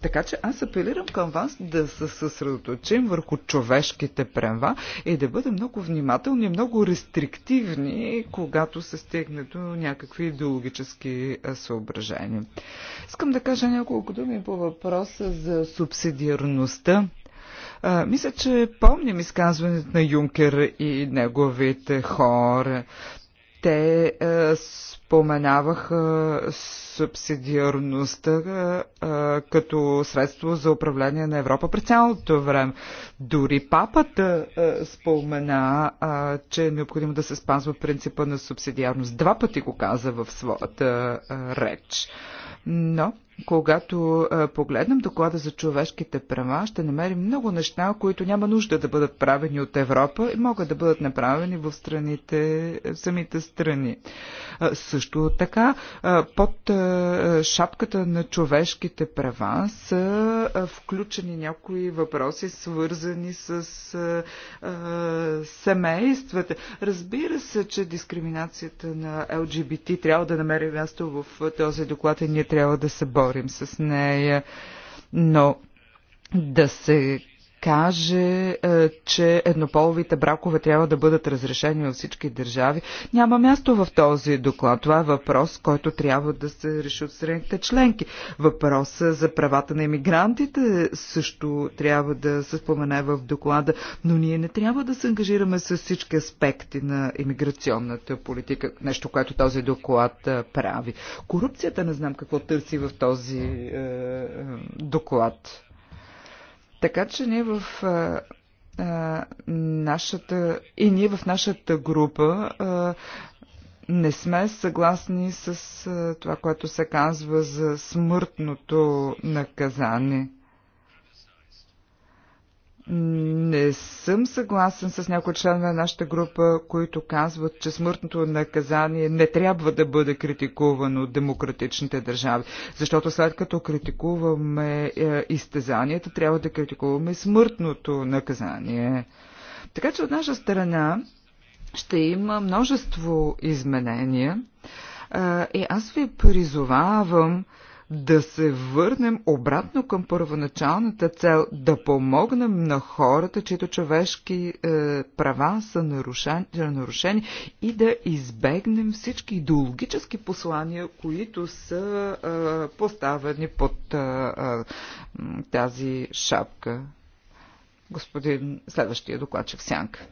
Така че аз апелирам към вас да се съсредоточите съсредоточим върху човешките права и да бъдем много внимателни, много рестриктивни, когато се стигне до някакви идеологически съображения. Искам да кажа няколко думи по въпроса за субсидиарността. А, мисля, че помним изказването на Юнкер и неговите хора. Те е, споменаваха субсидиарността е, като средство за управление на Европа през цялото време. Дори папата е, спомена, е, че е необходимо да се спазва принципа на субсидиарност. Два пъти го каза в своята е, реч. Но когато погледнем доклада за човешките права, ще намерим много неща, които няма нужда да бъдат правени от Европа и могат да бъдат направени в страните, е, в самите страни. Също така, под шапката на човешките права са включени някои въпроси, свързани с семействата. Разбира се, че дискриминацията на ЛГБТ трябва да намери място в този доклад и ние трябва да се борим борим с нея, но да се каже, е, че еднополовите бракове трябва да бъдат разрешени във всички държави, няма място в този доклад. Това е въпрос, който трябва да се реши от страните членки. Въпроса за правата на емигрантите също трябва да се спомене в доклада, но ние не трябва да се ангажираме с всички аспекти на иммиграционната политика, нещо, което този доклад е, прави. Корупцията не знам какво търси в този е, е доклад. Така че ние в а, нашата и ние в нашата група а, не сме съгласни с а, това, което се казва за смъртното наказание. Не съм съгласен с някои членове на нашата група, които казват, че смъртното наказание не трябва да бъде критикувано от демократичните държави. Защото след като критикуваме е, изтезанията, трябва да критикуваме смъртното наказание. Така че от наша страна ще има множество изменения. Е, и аз ви призовавам да се върнем обратно към първоначалната цел, да помогнем на хората, чието човешки е, права са нарушени, нарушени и да избегнем всички идеологически послания, които са е, поставени под е, е, тази шапка. Господин, следващия докладчик Сянка.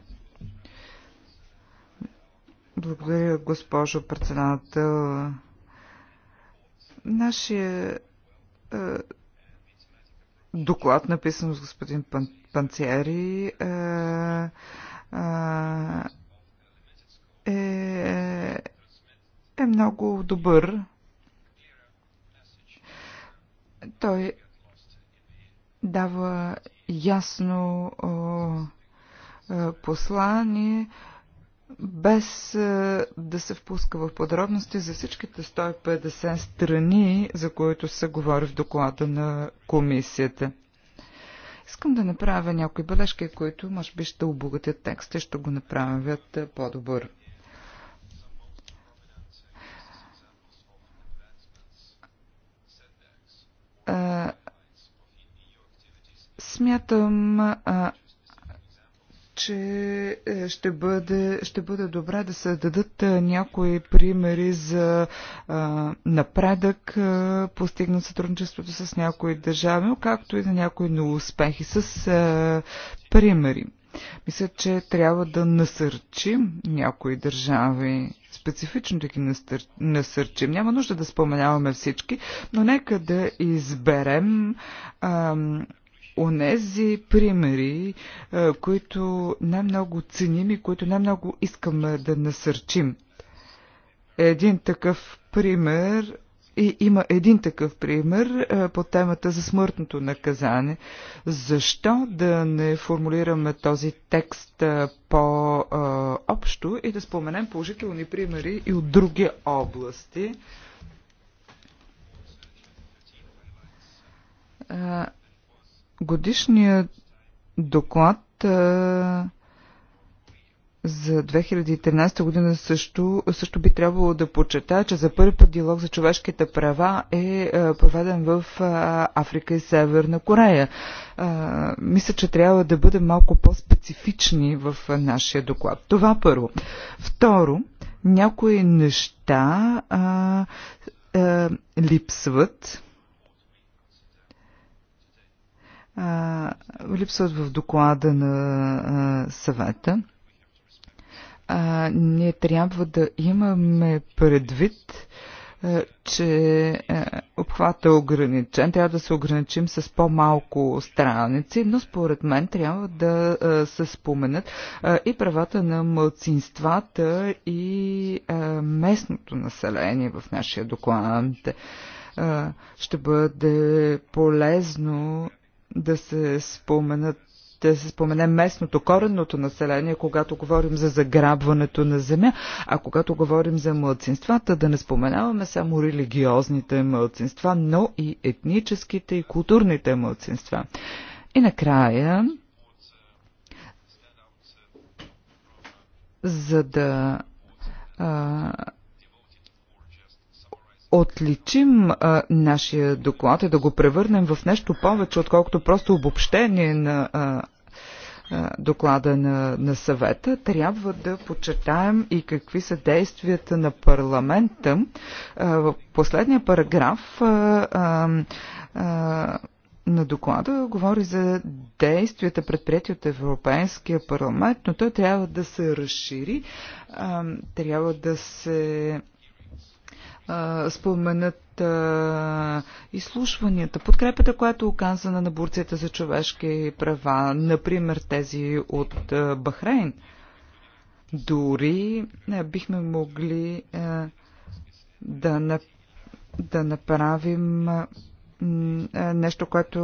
Благодаря, госпожо председател. Нашия е, доклад, написан с господин Пан, Панциери, е, е, е, е много добър. Той дава ясно е, е послание без е, да се впуска в подробности за всичките 150 страни, за които се говори в доклада на комисията. Искам да направя някои бележки, които може би ще обогатят текста и ще го направят е, по-добър. Е, смятам, че е, ще бъде, ще бъде добре да се дадат е, някои примери за а, е, напредък, а, постигнат сътрудничеството с някои държави, както и за някои неуспехи с а, примери. Мисля, че трябва да насърчим някои държави, специфично да ги насърчим. Няма нужда да споменаваме всички, но нека да изберем А, онези примери, е, които най-много ценим и които най-много искаме да насърчим. Един такъв пример и има един такъв пример е, по темата за смъртното наказание. Защо да не формулираме този текст е, по-общо и да споменем положителни примери и от други области? Годишният доклад а, за 2013 година също, също би трябвало да почета, че за първи път диалог за човешките права е проведен в Африка и Северна Корея. Мисля, че трябва да бъдем малко по-специфични в нашия доклад. Това първо. Второ, някои неща а, а, липсват липсват в доклада на а, съвета. А, ние трябва да имаме предвид, а, че а, обхватът е ограничен. Трябва да се ограничим с по-малко страници, но според мен трябва да а, се споменат а, и правата на мълцинствата и а, местното население в нашия доклад ще бъде полезно да се споменат да се спомене местното, коренното население, когато говорим за заграбването на земя, а когато говорим за младсинствата, да не споменаваме само религиозните младсинства, но и етническите и културните младсинства. И накрая, за да а, отличим а, нашия доклад и да го превърнем в нещо повече, отколкото просто обобщение на а, а, доклада на, на съвета, трябва да почетаем и какви са действията на парламента. А, в последния параграф а, а, на доклада говори за действията предприяти от Европейския парламент, но той трябва да се разшири, трябва да се споменат изслушванията, подкрепата, която е оказана на борцията за човешки права, например тези от Бахрейн. Дори бихме могли да, да направим е, нещо, което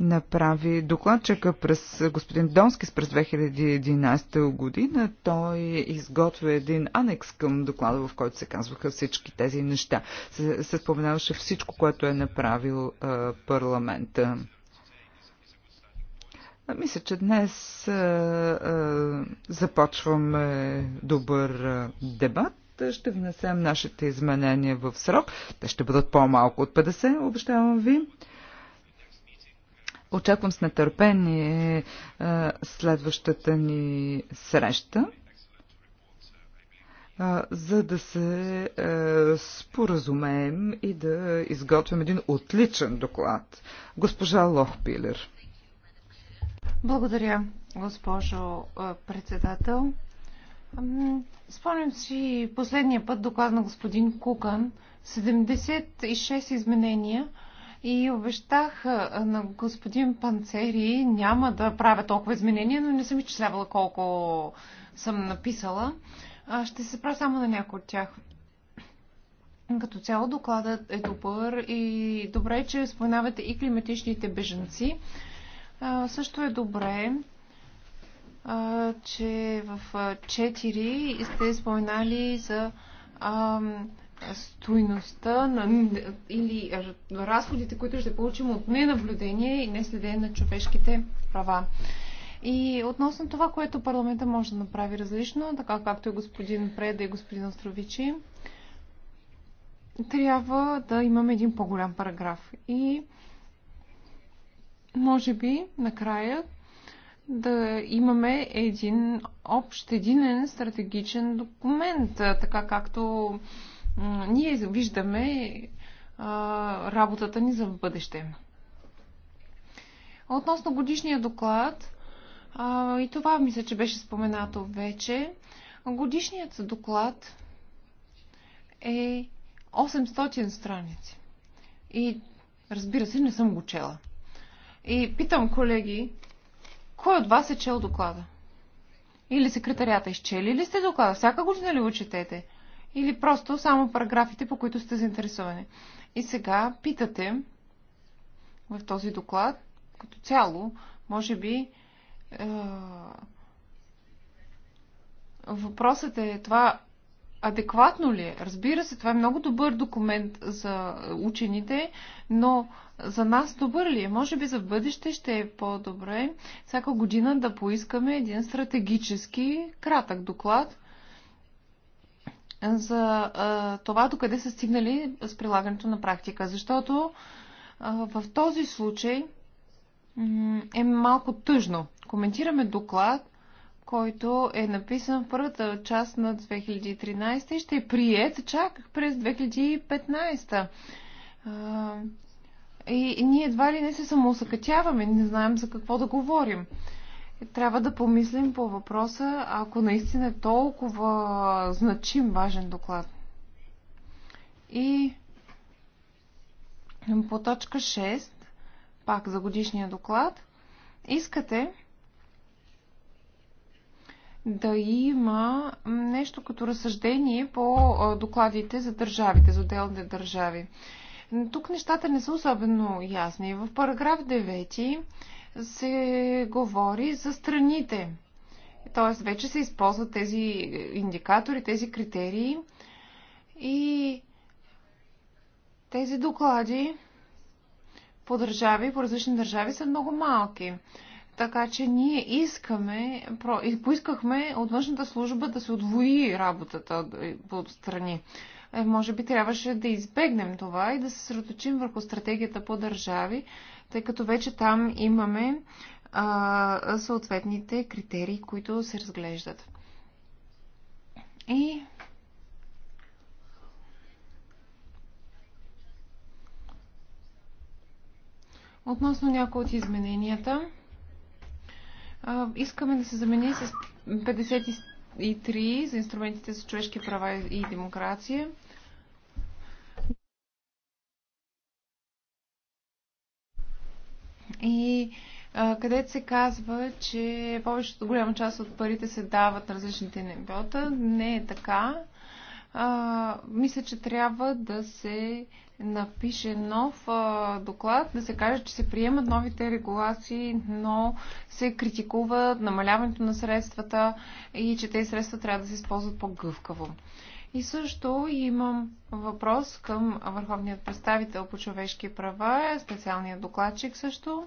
направи докладчика през господин Донски през 2011 година. Той изготвя един анекс към доклада, в който се казваха всички тези неща. Се, споменаваше всичко, което е направил парламента. Мисля, че днес започваме добър дебат ще внесем нашите изменения в срок. Те ще бъдат по-малко от 50, обещавам ви. Очаквам с нетърпение следващата ни среща за да се споразумеем и да изготвим един отличен доклад. Госпожа Лохпилер. Благодаря, госпожо председател. Спомням си последния път доклад на господин Кукан. 76 изменения и обещах на господин Панцери няма да правя толкова изменения, но не съм изчислявала колко съм написала. Ще се правя само на някои от тях. Като цяло докладът е добър и добре, е, че споменавате и климатичните беженци. Също е добре, а, че в 4 сте споменали за а, стойността на, или разходите, които ще получим от ненаблюдение и неследение на човешките права. И относно това, което парламента може да направи различно, така както и господин Преда и господин Островичи, трябва да имаме един по-голям параграф. И може би накрая да имаме един общ, единен стратегичен документ, така както ние виждаме работата ни за бъдеще. Относно годишния доклад, и това мисля, че беше споменато вече, годишният доклад е 800 страници. И разбира се, не съм го чела. И питам колеги, кой от вас е чел доклада? Или секретарята изчели ли сте доклада? Всяка година ли учетете? Или просто само параграфите, по които сте заинтересовани? И сега питате в този доклад, като цяло, може би, е... въпросът е това адекватно ли е? Разбира се, това е много добър документ за учените, но за нас добър ли е? Може би за бъдеще ще е по-добре всяка година да поискаме един стратегически кратък доклад за а, това докъде са стигнали с прилагането на практика. Защото а, в този случай е малко тъжно. Коментираме доклад, който е написан в първата част на 2013 и ще е прият чак през 2015. И, и ние едва ли не се самоусъкътяваме, не знаем за какво да говорим. Трябва да помислим по въпроса, ако наистина е толкова значим, важен доклад. И по точка 6, пак за годишния доклад, искате да има нещо като разсъждение по докладите за държавите, за отделните държави. Тук нещата не са особено ясни. В параграф 9 се говори за страните. Тоест, вече се използват тези индикатори, тези критерии и тези доклади по държави, по различни държави са много малки. Така че ние искаме, поискахме от външната служба да се отвои работата по страни. Е, може би трябваше да избегнем това и да се съсредоточим върху стратегията по държави, тъй като вече там имаме а, съответните критерии, които се разглеждат. И Относно някои от измененията, искаме да се замени с 53 за инструментите за човешки права и демокрация. и където се казва, че повечето голяма част от парите се дават на различните небота. Не е така. А, мисля, че трябва да се напише нов а, доклад, да се каже, че се приемат новите регулации, но се критикува намаляването на средствата и че тези средства трябва да се използват по-гъвкаво. И също имам въпрос към Върховният представител по човешки права, специалният докладчик също.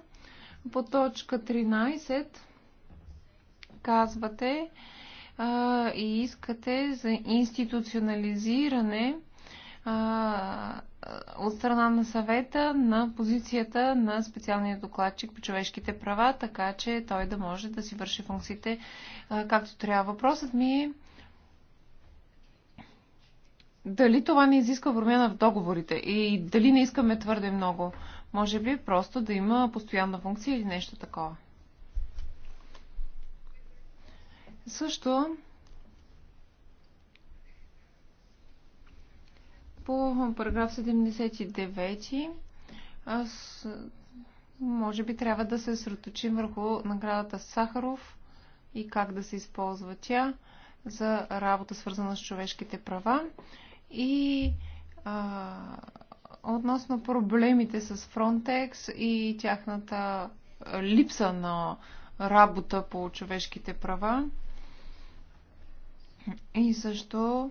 По точка 13 казвате а, и искате за институционализиране а, от страна на съвета на позицията на специалния докладчик по човешките права, така че той да може да си върши функциите а, както трябва. Въпросът ми е дали това не изисква промяна в договорите и дали не искаме твърде много. Може би просто да има постоянна функция или нещо такова. Също по параграф 79 аз, може би трябва да се сръточим върху наградата Сахаров и как да се използва тя за работа свързана с човешките права и а, относно проблемите с Frontex и тяхната липса на работа по човешките права и също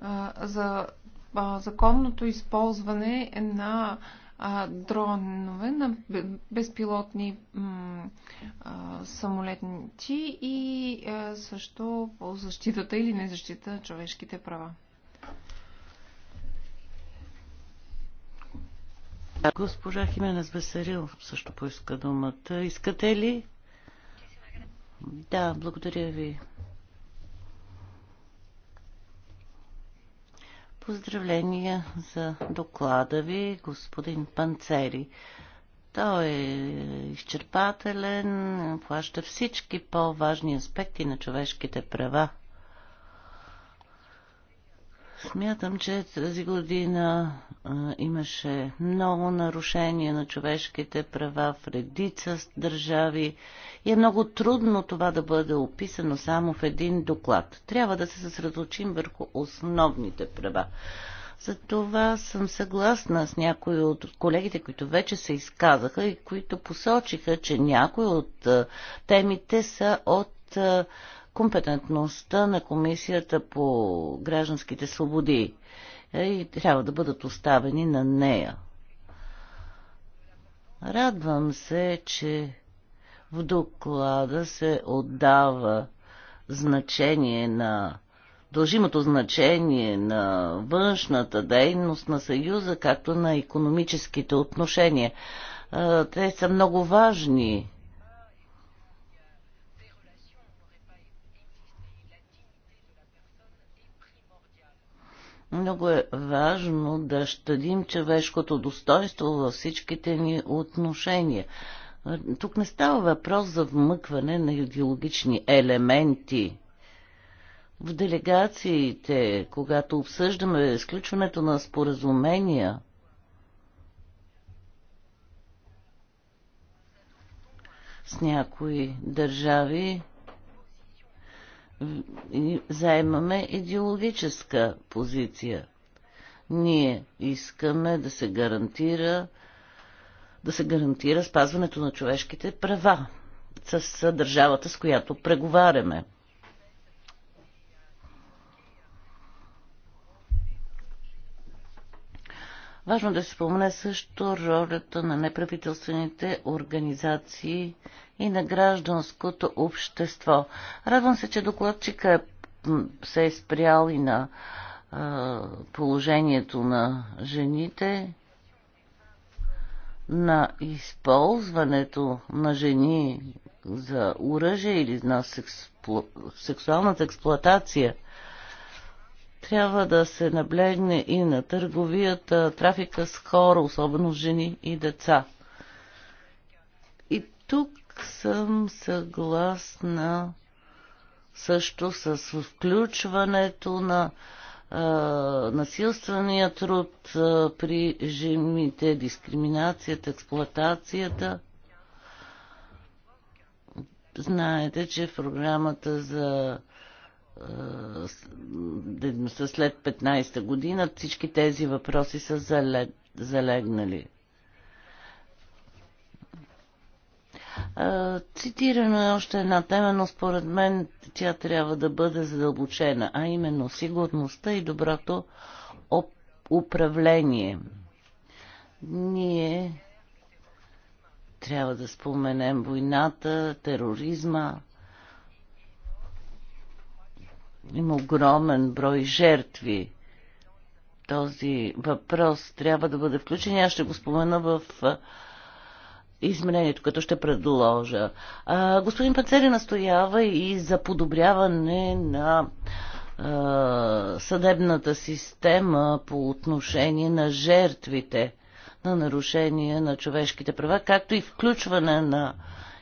а, за а, законното използване на а, дронове, на безпилотни а, самолетници и а, също по защитата или незащита на човешките права. Госпожа Хименес Бесерил също поиска думата. Искате ли? Да, благодаря ви. Поздравления за доклада ви, господин Панцери. Той е изчерпателен, плаща всички по-важни аспекти на човешките права. Смятам, че тази година а, имаше много нарушения на човешките права в редица държави и е много трудно това да бъде описано само в един доклад. Трябва да се съсредоточим върху основните права. Затова съм съгласна с някои от колегите, които вече се изказаха и които посочиха, че някои от темите са от компетентността на Комисията по гражданските свободи е, и трябва да бъдат оставени на нея. Радвам се, че в доклада се отдава значение на дължимото значение на външната дейност на Съюза, както на економическите отношения. Е, те са много важни Много е важно да щадим човешкото достоинство във всичките ни отношения. Тук не става въпрос за вмъкване на идеологични елементи. В делегациите, когато обсъждаме изключването на споразумения, с някои държави, заемаме идеологическа позиция. Ние искаме да се гарантира да се гарантира спазването на човешките права с държавата, с която преговаряме. Важно да се спомне също ролята на неправителствените организации и на гражданското общество. Радвам се, че докладчика се е спрял и на а, положението на жените, на използването на жени за оръжие или на секспло... сексуалната експлоатация. Трябва да се наблегне и на търговията, трафика с хора, особено с жени и деца. И тук съм съгласна също с включването на а, насилствения труд а, при жените, дискриминацията, експлоатацията. Знаете, че в програмата за след 15-та година всички тези въпроси са залегнали. Цитирано е още една тема, но според мен тя трябва да бъде задълбочена, а именно сигурността и доброто управление. Ние трябва да споменем войната, тероризма. Има огромен брой жертви. Този въпрос трябва да бъде включен. Аз ще го спомена в изменението, като ще предложа. А, господин Пацери настоява и за подобряване на а, съдебната система по отношение на жертвите на нарушения на човешките права, както и включване на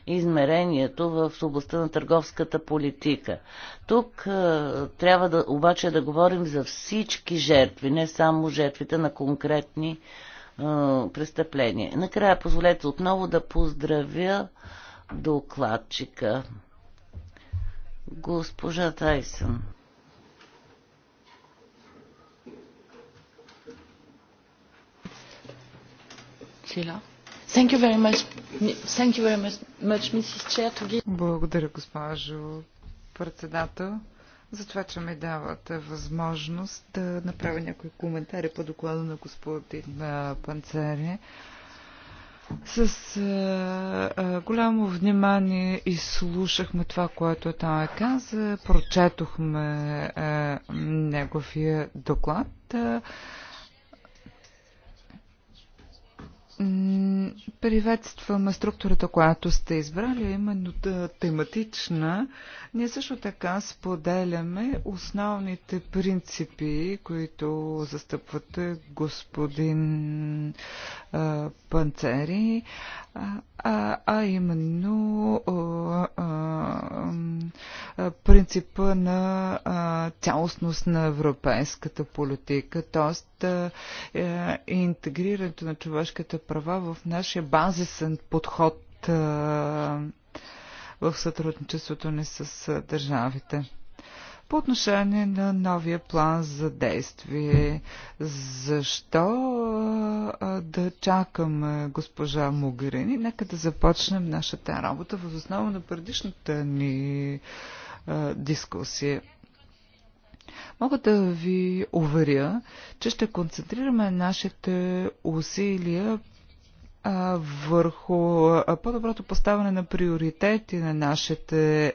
измерението в областта на търговската политика. Тук а, трябва да, обаче да говорим за всички жертви, не само жертвите на конкретни а, престъпление. Накрая позволете отново да поздравя докладчика госпожа Тайсън. Благодаря, госпожо председател за това, че ми давате възможност да направя някои коментари по доклада на господин Панцери. С а, а, голямо внимание изслушахме това, което там е каза, прочетохме а, неговия доклад. А, Приветстваме структурата, която сте избрали, именно тематична. Ние също така споделяме основните принципи, които застъпват господин а, Панцери, а, а именно а, принципа на цялостност на европейската политика, т.е за е интегрирането на човешките права в нашия базисен подход е, в сътрудничеството ни с е, държавите. По отношение на новия план за действие, защо е, да чакаме госпожа Могарини, Нека да започнем нашата работа в основа на предишната ни дискусия. Мога да ви уверя, че ще концентрираме нашите усилия върху по-доброто поставяне на приоритети на нашите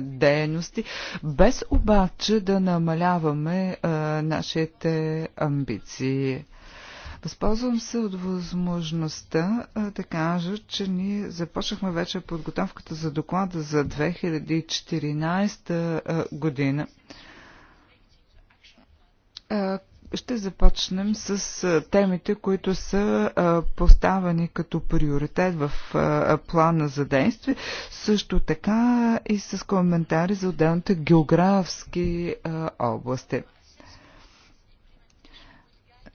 дейности, без обаче да намаляваме нашите амбиции. Възползвам се от възможността да кажа, че ние започнахме вече подготовката за доклада за 2014 година. Ще започнем с темите, които са поставени като приоритет в плана за действие, също така и с коментари за отделните географски области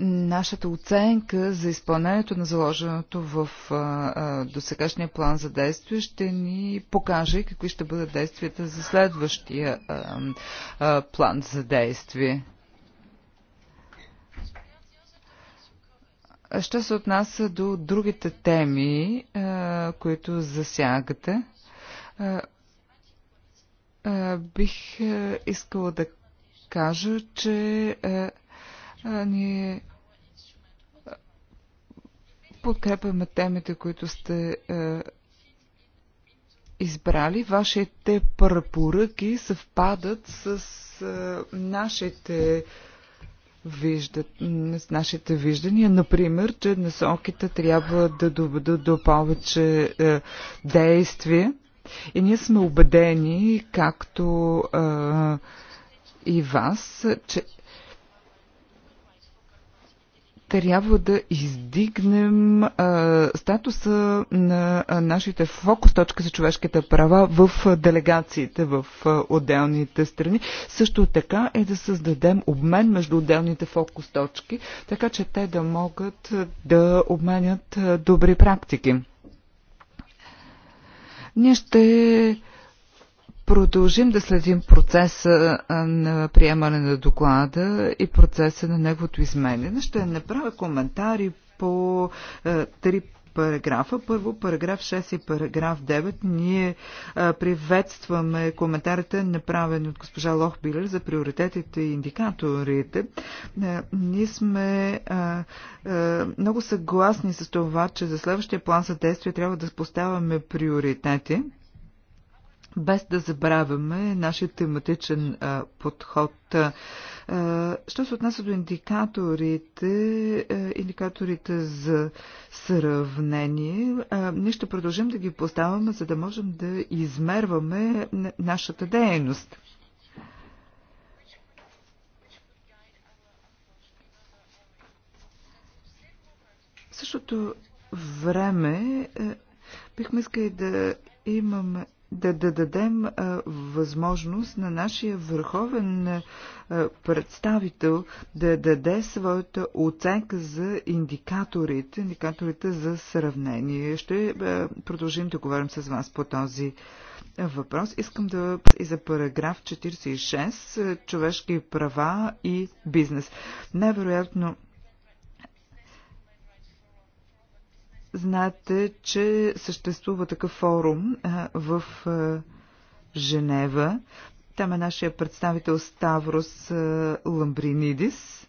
нашата оценка за изпълнението на заложеното в досегашния план за действие ще ни покаже какви ще бъдат действията за следващия план за действие. Що се отнася до другите теми, е, които засягате, е, е, бих искала да кажа, че ние подкрепяме темите, които сте избрали. Вашите препоръки съвпадат с нашите виждат, нашите виждания. Например, че насоките трябва да доведат до повече е, действие. И ние сме убедени, както е, и вас, че трябва да издигнем а, статуса на а, нашите фокус точки за човешките права в а, делегациите в а, отделните страни. Също така е да създадем обмен между отделните фокус точки, така че те да могат да обменят добри практики. Ние ще продължим да следим процеса на приемане на доклада и процеса на неговото изменение. Ще направя коментари по три параграфа. Първо, параграф 6 и параграф 9. Ние а, приветстваме коментарите, направени от госпожа Лохбилер за приоритетите и индикаторите. А, ние сме а, а, много съгласни с това, че за следващия план за действие трябва да поставяме приоритети без да забравяме нашия тематичен а, подход. А, що се отнася до индикаторите, а, индикаторите за сравнение, а, ние ще продължим да ги поставяме, за да можем да измерваме нашата дейност. В същото време бихме искали да имаме да, да дадем а, възможност на нашия върховен а, представител да даде своята оценка за индикаторите, индикаторите за сравнение. Ще а, продължим да говорим с вас по този въпрос. Искам да и за параграф 46 човешки права и бизнес. Невероятно Знаете, че съществува такъв форум в Женева. Там е нашия представител Ставрос Ламбринидис.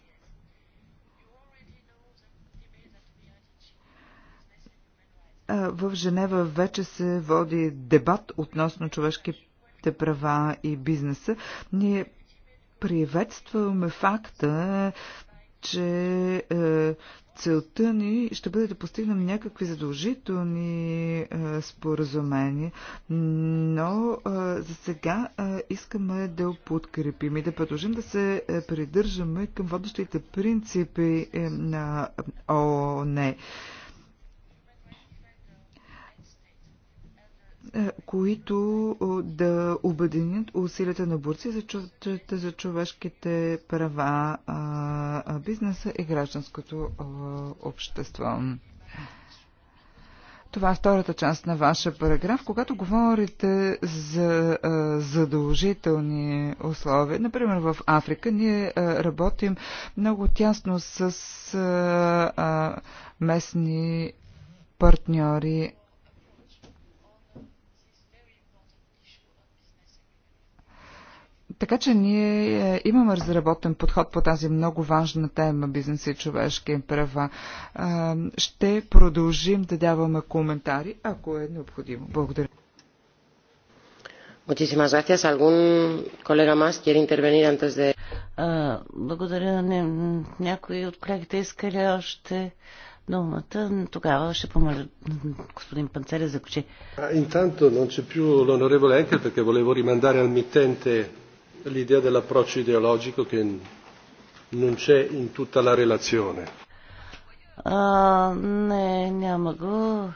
В Женева вече се води дебат относно човешките права и бизнеса. Ние приветстваме факта, че целта ни ще бъде да постигнем някакви задължителни а, споразумения, но а, за сега а, искаме да подкрепим и да продължим да се придържаме към водещите принципи е, на ООН. Е, които е, да обединят усилията на борци за, чу, за човешките права, бизнеса и гражданското е, общество. Това е втората част на вашия параграф. Когато говорите за а, задължителни условия, например в Африка, ние а, работим много тясно с а, а, местни партньори Така че ние е, имаме разработен подход по тази много важна тема бизнес и човешки права. Е, ще продължим да даваме коментари, ако е необходимо. Благодаря. Muchísimas gracias. ¿Algún colega más quiere intervenir antes de... благодаря. Някои от колегите искали още думата? Тогава ще помоля господин Панцере заключи. Intanto non c'è più l'onorevole Enkel perché volevo rimandare al mittente l'idea dell'approccio ideologico che non c'è in tutta la relazione. А, не, няма го.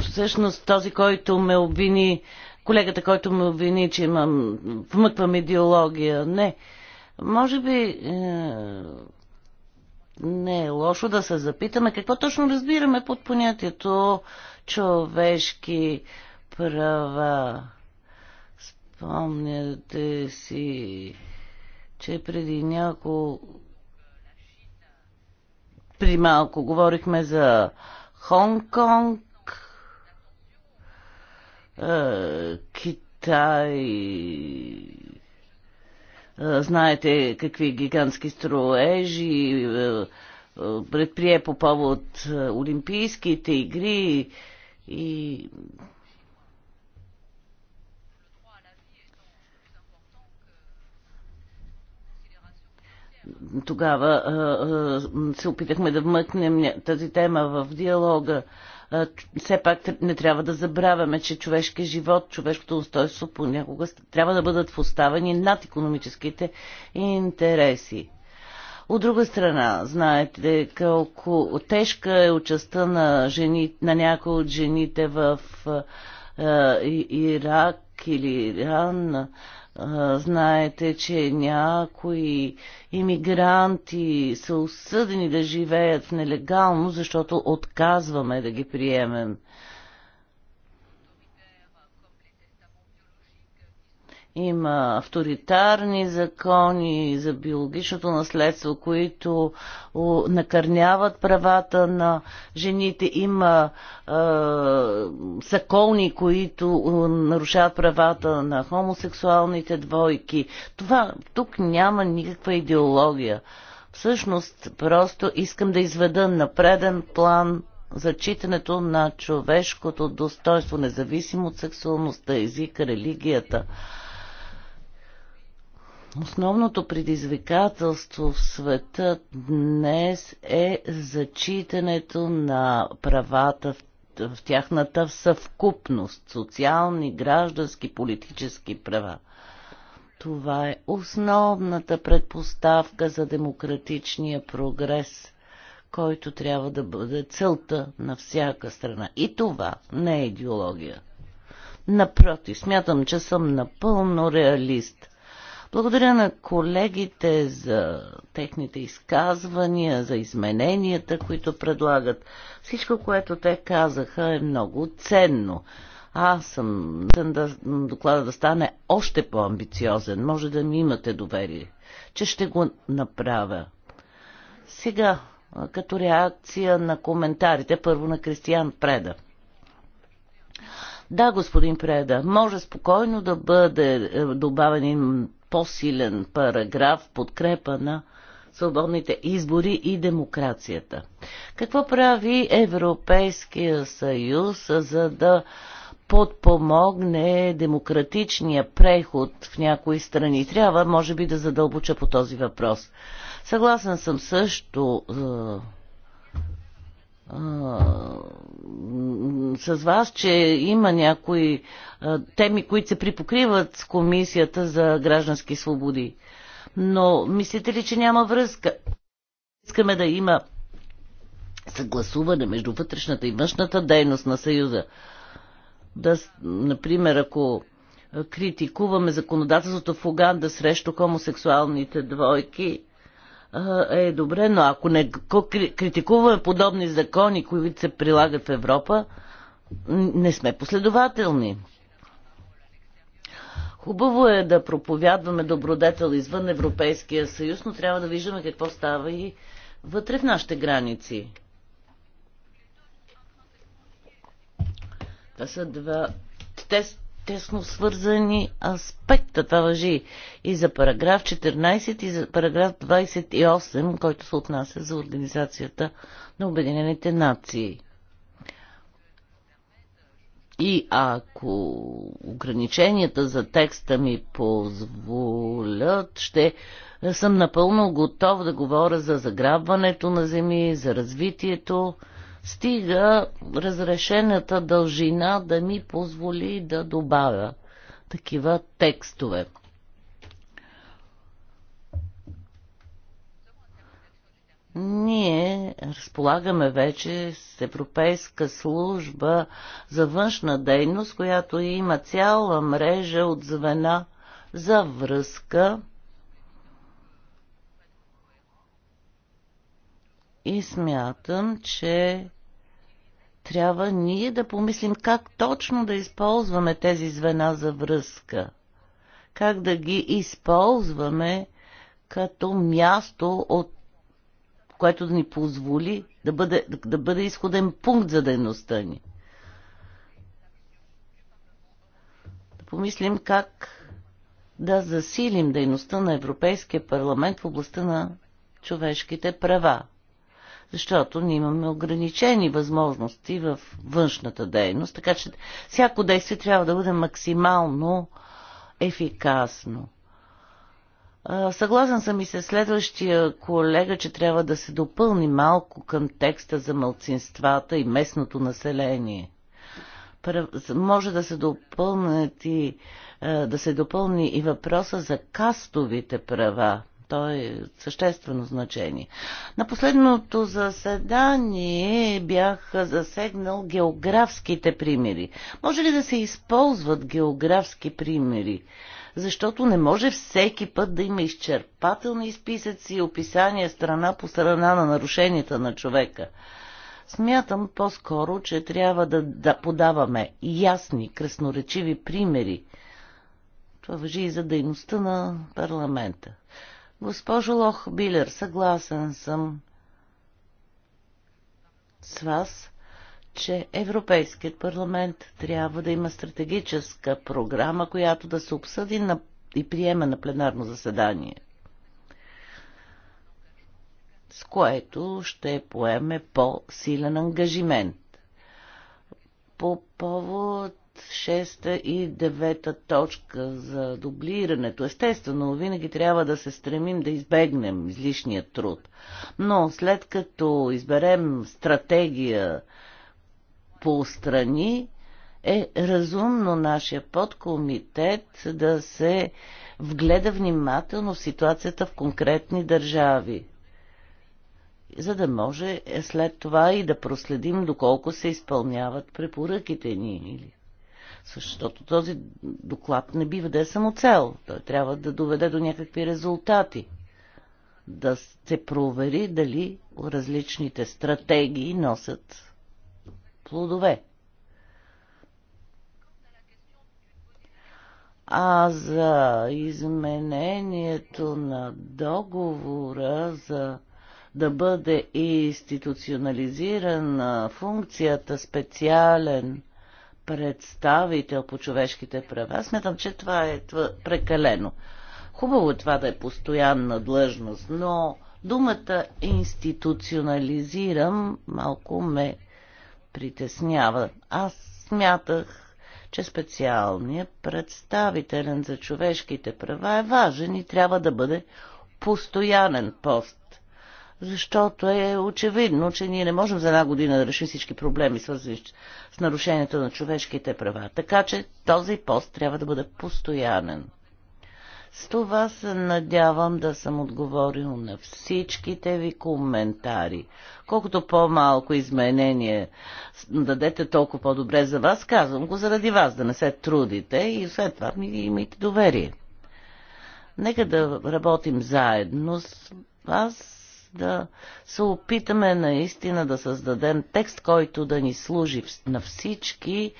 Всъщност този, който ме обвини, колегата, който ме обвини, че имам, вмъквам идеология, не. Може би е, не е лошо да се запитаме какво точно разбираме под понятието човешки права. Спомняте си, че преди няколко при малко говорихме за Хонг-Конг, Китай. Знаете какви гигантски строежи предприе по повод Олимпийските игри и Тогава се опитахме да вмъкнем тази тема в диалога. Все пак не трябва да забравяме, че човешкият живот, човешкото устойство понякога трябва да бъдат поставени над економическите интереси. От друга страна, знаете колко тежка е участта на, жени, на някои от жените в Ирак или Иран. Знаете, че някои иммигранти са осъдени да живеят нелегално, защото отказваме да ги приемем Има авторитарни закони за биологичното наследство, които накърняват правата на жените. Има закони, които нарушават правата на хомосексуалните двойки. Това тук няма никаква идеология. Всъщност, просто искам да изведа на преден план зачитането на човешкото достоинство, независимо от сексуалността, езика, религията. Основното предизвикателство в света днес е зачитането на правата в в тяхната съвкупност социални, граждански, политически права. Това е основната предпоставка за демократичния прогрес, който трябва да бъде целта на всяка страна. И това не е идеология. Напротив, смятам, че съм напълно реалист. Благодаря на колегите за техните изказвания, за измененията, които предлагат. Всичко, което те казаха е много ценно. Аз съм да доклада да стане още по-амбициозен. Може да ми имате доверие, че ще го направя. Сега, като реакция на коментарите, първо на Кристиян Преда. Да, господин Преда, може спокойно да бъде е, добавен по-силен параграф в подкрепа на свободните избори и демокрацията. Какво прави Европейския съюз, за да подпомогне демократичния преход в някои страни? Трябва, може би, да задълбоча по този въпрос. Съгласен съм също е, с вас, че има някои теми, които се припокриват с Комисията за граждански свободи. Но мислите ли, че няма връзка? Искаме да има съгласуване между вътрешната и външната дейност на Съюза. Да, например, ако критикуваме законодателството в Уганда срещу хомосексуалните двойки, е добре, но ако не критикуваме подобни закони, които се прилагат в Европа, не сме последователни. Хубаво е да проповядваме добродетел извън Европейския съюз, но трябва да виждаме какво става и вътре в нашите граници. Това са два... тест тесно свързани аспекта. Това въжи и за параграф 14 и за параграф 28, който се отнася за Организацията на Обединените нации. И ако ограниченията за текста ми позволят, ще съм напълно готов да говоря за заграбването на земи, за развитието стига разрешената дължина да ми позволи да добавя такива текстове. Ние разполагаме вече с Европейска служба за външна дейност, която има цяла мрежа от звена за връзка и смятам, че трябва ние да помислим как точно да използваме тези звена за връзка. Как да ги използваме като място, от което да ни позволи да бъде, да бъде изходен пункт за дейността ни. Да помислим как да засилим дейността на Европейския парламент в областта на човешките права защото ние имаме ограничени възможности в външната дейност, така че всяко действие трябва да бъде максимално ефикасно. Съгласен съм и с следващия колега, че трябва да се допълни малко към текста за мълцинствата и местното население. Може да се допълнят и да се допълни и въпроса за кастовите права. То е съществено значение. На последното заседание бях засегнал географските примери. Може ли да се използват географски примери? Защото не може всеки път да има изчерпателни списъци и описания страна по страна на нарушенията на човека. Смятам по-скоро, че трябва да, да подаваме ясни, красноречиви примери. Това въжи и за дейността на парламента. Госпожо Лох Билер, съгласен съм с вас, че Европейският парламент трябва да има стратегическа програма, която да се обсъди на... и приеме на пленарно заседание, с което ще поеме по-силен ангажимент. По повод шеста и девета точка за дублирането. Естествено, винаги трябва да се стремим да избегнем излишния труд. Но след като изберем стратегия по страни, е разумно нашия подкомитет да се вгледа внимателно в ситуацията в конкретни държави, за да може след това и да проследим доколко се изпълняват препоръките ни или защото този доклад не бива да е само цел. Той трябва да доведе до някакви резултати. Да се провери дали различните стратегии носят плодове. А за изменението на договора за да бъде институционализирана функцията специален представител по човешките права. Смятам, че това е прекалено. Хубаво е това да е постоянна длъжност, но думата институционализирам малко ме притеснява. Аз смятах, че специалният представителен за човешките права е важен и трябва да бъде постоянен пост защото е очевидно, че ние не можем за една година да решим всички проблеми, свързани с нарушението на човешките права. Така че този пост трябва да бъде постоянен. С това се надявам да съм отговорил на всичките ви коментари. Колкото по-малко изменение дадете, толкова по-добре за вас. Казвам го заради вас, да не се трудите и освен това ми имайте доверие. Нека да работим заедно с вас да се опитаме наистина да създадем текст, който да ни служи на всички,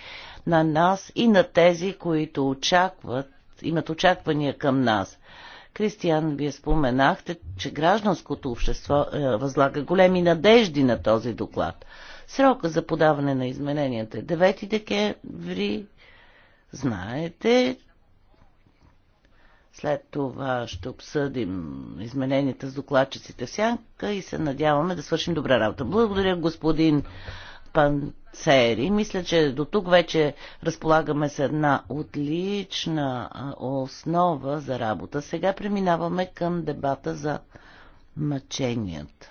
на нас и на тези, които очакват, имат очаквания към нас. Кристиян, вие споменахте, че гражданското общество е, възлага големи надежди на този доклад. Срока за подаване на измененията е 9 декември. Знаете, след това ще обсъдим измененията с докладчиците в сянка и се надяваме да свършим добра работа. Благодаря, господин Панцери. Мисля, че до тук вече разполагаме с една отлична основа за работа. Сега преминаваме към дебата за мъченията.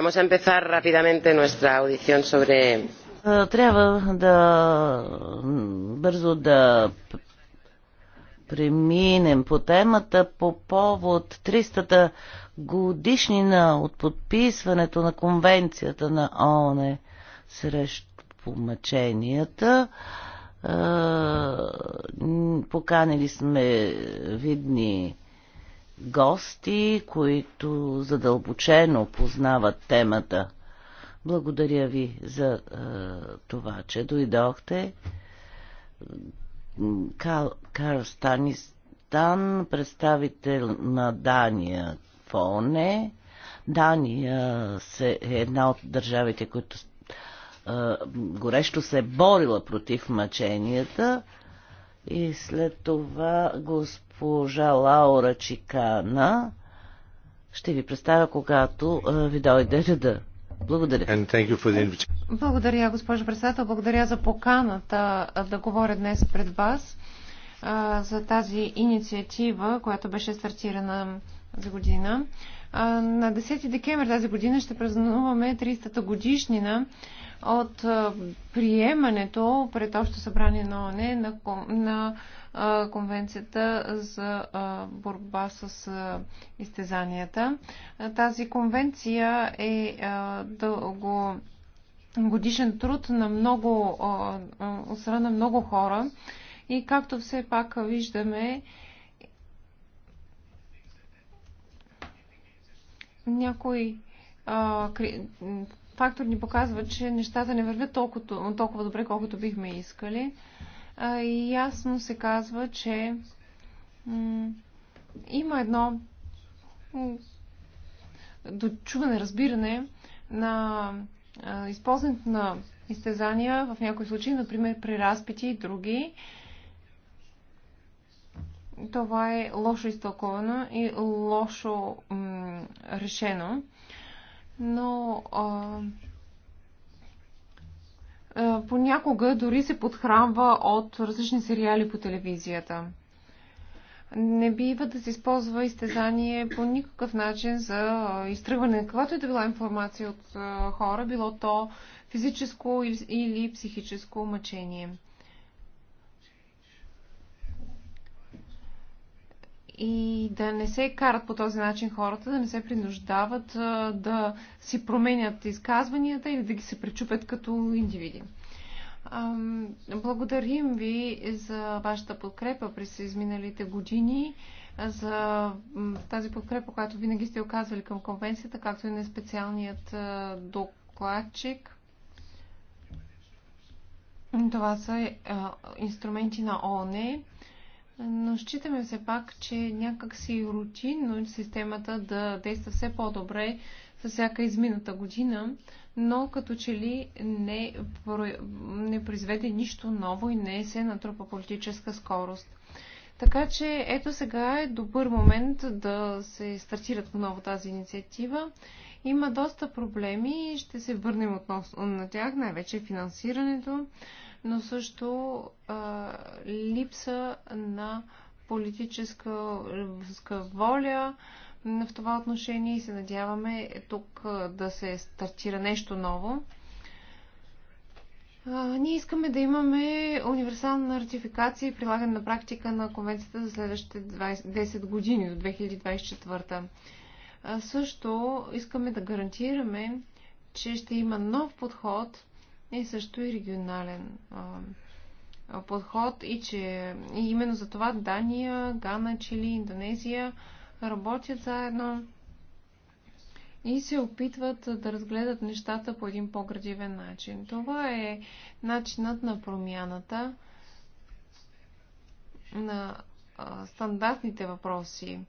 Vamos a empezar rápidamente nuestra audición sobre. Е, трябва да бързо да преминем по темата по повод 300-та годишнина от подписването на конвенцията на ООН срещу помъченията. Е, поканили сме видни гости, които задълбочено познават темата. Благодаря ви за е, това, че дойдохте. Кар, Кар Станистан, представител на Дания Фоне, Дания се, е една от държавите, които е, горещо се е борила против мъченията. И след това господин госпожа Лаура Чикана ще ви представя, когато ви дойде реда. Благодаря. Благодаря, госпожо председател. Благодаря за поканата да говоря днес пред вас за тази инициатива, която беше стартирана за година. На 10 декември тази година ще празнуваме 300-та годишнина от приемането пред Общо събрание на ОНЕ на, на Конвенцията за борба с изтезанията. Тази конвенция е дълго годишен труд на много, от на много хора и както все пак виждаме, някои а, фактор ни показва, че нещата не вървят толкова, толкова добре, колкото бихме искали. А, ясно се казва, че има едно дочуване, разбиране на използването на изтезания в някои случаи, например при разпити и други. Това е лошо изтълковано и лошо решено. Но е, понякога дори се подхранва от различни сериали по телевизията. Не бива да се използва изтезание по никакъв начин за е, изтръгване на каквато и е да била информация от е, хора, било то физическо или психическо мъчение. и да не се карат по този начин хората, да не се принуждават да си променят изказванията или да ги се пречупят като индивиди. Благодарим ви за вашата подкрепа през изминалите години, за тази подкрепа, която винаги сте оказвали към конвенцията, както и на специалният докладчик. Това са инструменти на ОНЕ но считаме все пак, че някак си рутинно системата да действа все по-добре за всяка измината година, но като че ли не, не произведе нищо ново и не се натрупа политическа скорост. Така че ето сега е добър момент да се стартират отново тази инициатива. Има доста проблеми и ще се върнем относно на тях, най-вече финансирането но също а, липса на политическа воля в това отношение и се надяваме тук да се стартира нещо ново. ние искаме да имаме универсална ратификация и прилагане на практика на конвенцията за следващите 20, 10 години до 2024. също искаме да гарантираме, че ще има нов подход е също и е регионален а, подход и че и именно за това Дания, Гана, Чили, Индонезия работят заедно и се опитват да разгледат нещата по един по-градивен начин. Това е начинът на промяната на стандартните въпроси.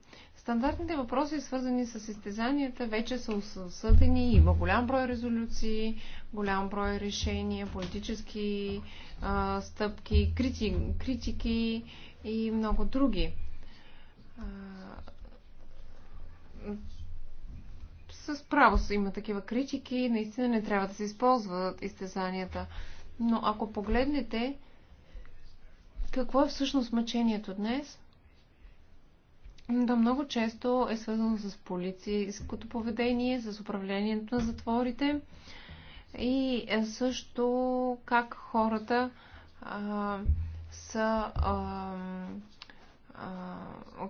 Стандартните въпроси, свързани с изтезанията, вече са осъдени. Има голям брой резолюции, голям брой решения, политически а, стъпки, крити, критики и много други. А, с право има такива критики. Наистина не трябва да се използват изтезанията. Но ако погледнете какво е всъщност мъчението днес, да, много често е свързано с полицейското поведение, с управлението на затворите и е, също как хората а, са. А, а,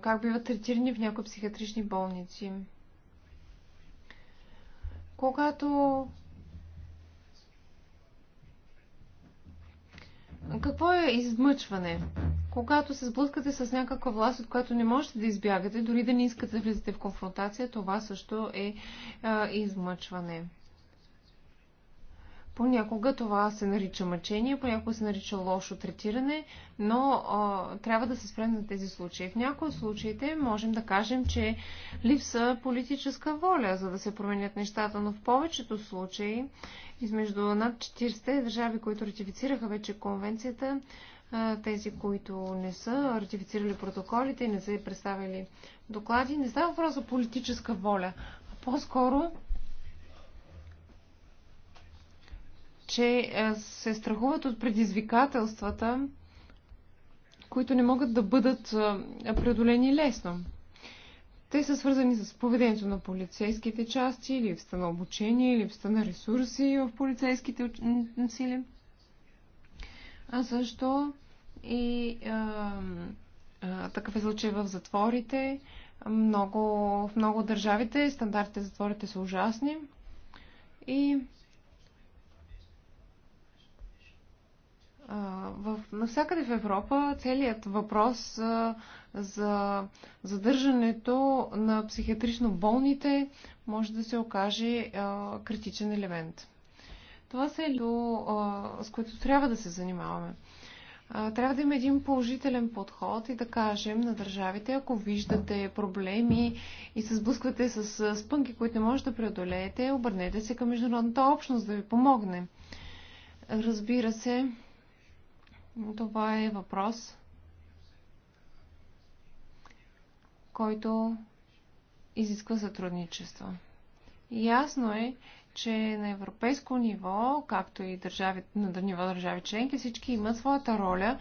как биват третирани в някои психиатрични болници. Когато Какво е измъчване? Когато се сблъскате с някаква власт, от която не можете да избягате, дори да не искате да влизате в конфронтация, това също е а, измъчване. Понякога това се нарича мъчение, понякога се нарича лошо третиране, но а, трябва да се спрем на тези случаи. В някои от случаите можем да кажем, че липса политическа воля, за да се променят нещата, но в повечето случаи, измежду над 40 държави, които ратифицираха вече конвенцията, а, тези, които не са ратифицирали протоколите и не са представили доклади, не става въпрос за политическа воля, а по-скоро че е, се страхуват от предизвикателствата, които не могат да бъдат е, преодолени лесно. Те са свързани с поведението на полицейските части, липсата на обучение, липсата на ресурси в полицейските сили. А също и а, е, а, такъв е случай в затворите. Много, в много държавите стандартите затворите са ужасни. И в, навсякъде в Европа целият въпрос а, за задържането на психиатрично болните може да се окаже а, критичен елемент. Това са е до, а, с което трябва да се занимаваме. А, трябва да има един положителен подход и да кажем на държавите, ако виждате проблеми и се сблъсквате с спънки, които не можете да преодолеете, обърнете се към международната общност да ви помогне. Разбира се, това е въпрос, който изисква сътрудничество. Ясно е, че на европейско ниво, както и държави, на ниво държави членки, всички имат своята роля.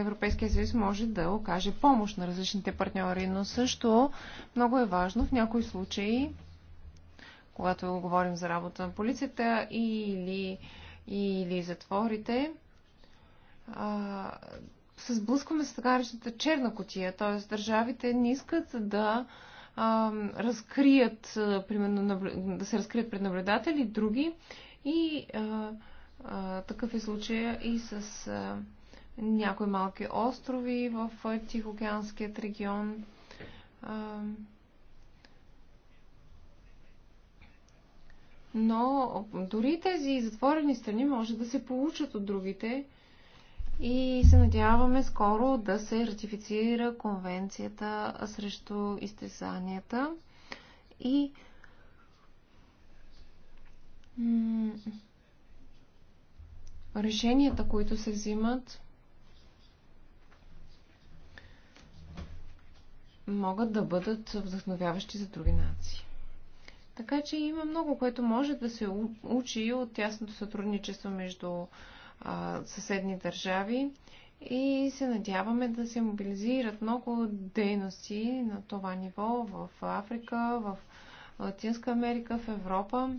Европейския съюз може да окаже помощ на различните партньори, но също много е важно в някои случаи, когато говорим за работа на полицията или, или затворите, се сблъскваме с така наречената черна котия, т.е. държавите не искат да а, разкрият, примерно, да се разкрият пред наблюдатели други и а, а, такъв е случая и с а, някои малки острови в Тихоокеанският регион. А, но дори тези затворени страни може да се получат от другите и се надяваме скоро да се ратифицира конвенцията срещу изтезанията и решенията, които се взимат, могат да бъдат вдъхновяващи за други нации. Така че има много, което може да се учи от тясното сътрудничество между съседни държави и се надяваме да се мобилизират много дейности на това ниво в Африка, в Латинска Америка, в Европа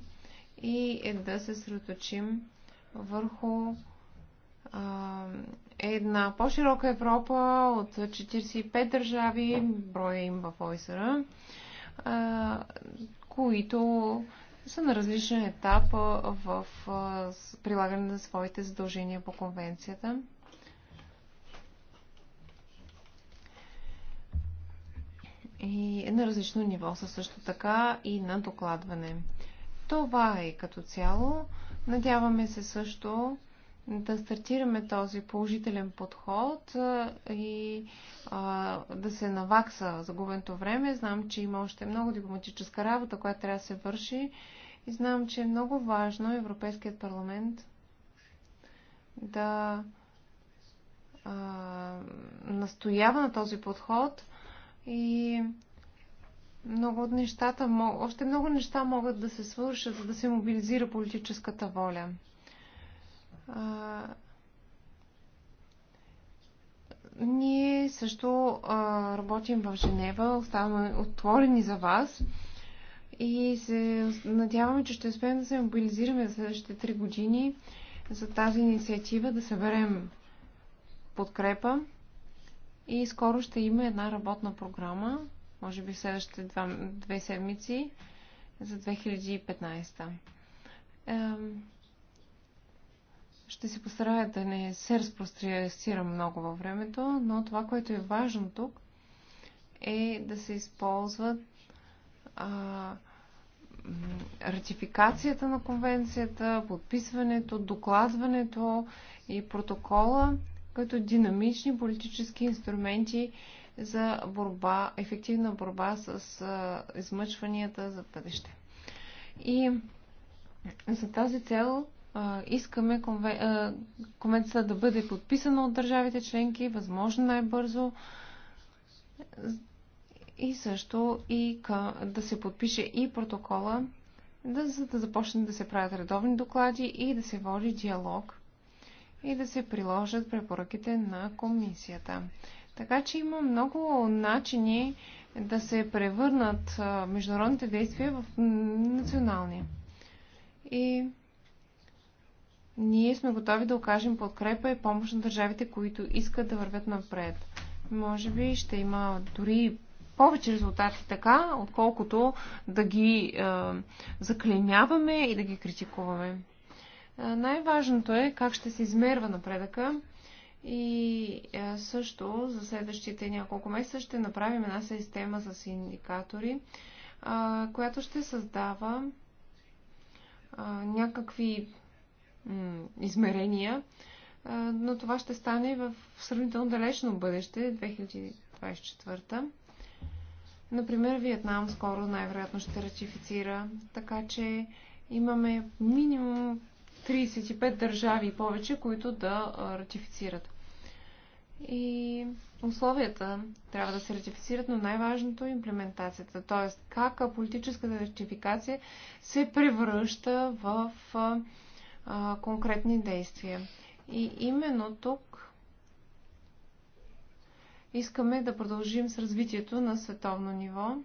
и е да се средоточим върху а, една по-широка Европа от 45 държави, броя им в ОСР, които са на различен етап в прилагане на своите задължения по конвенцията. И на различно ниво са също така и на докладване. Това е като цяло. Надяваме се също да стартираме този положителен подход и а, да се навакса загубеното време. Знам, че има още много дипломатическа работа, която трябва да се върши и знам, че е много важно Европейският парламент да а, настоява на този подход и много от нещата, още много неща могат да се свършат, за да се мобилизира политическата воля. А, ние също а, работим в Женева, оставаме отворени за вас и се надяваме, че ще успеем да се мобилизираме за следващите три години за тази инициатива, да съберем подкрепа и скоро ще има една работна програма, може би в следващите два, две седмици за 2015. Ще се постарая да не се разпростирам много във времето, но това, което е важно тук, е да се използват а, ратификацията на конвенцията, подписването, докладването и протокола като динамични политически инструменти за борба, ефективна борба с а, измъчванията за бъдеще. И за тази цел искаме конвенцията да бъде подписана от държавите членки, възможно най-бързо и също и да се подпише и протокола, да, за да започнат да се правят редовни доклади и да се води диалог и да се приложат препоръките на комисията. Така че има много начини да се превърнат международните действия в национални. И ние сме готови да окажем подкрепа и помощ на държавите, които искат да вървят напред. Може би ще има дори повече резултати така, отколкото да ги е, заклиняваме и да ги критикуваме. Е, най-важното е как ще се измерва напредъка и е, също за следващите няколко месеца ще направим една система с индикатори, е, която ще създава е, някакви измерения, но това ще стане в сравнително далечно бъдеще, 2024. Например, Виетнам скоро най-вероятно ще ратифицира, така че имаме минимум 35 държави и повече, които да ратифицират. И условията трябва да се ратифицират, но най-важното е имплементацията. Т.е. как политическата ратификация се превръща в а, конкретни действия. И именно тук искаме да продължим с развитието на световно ниво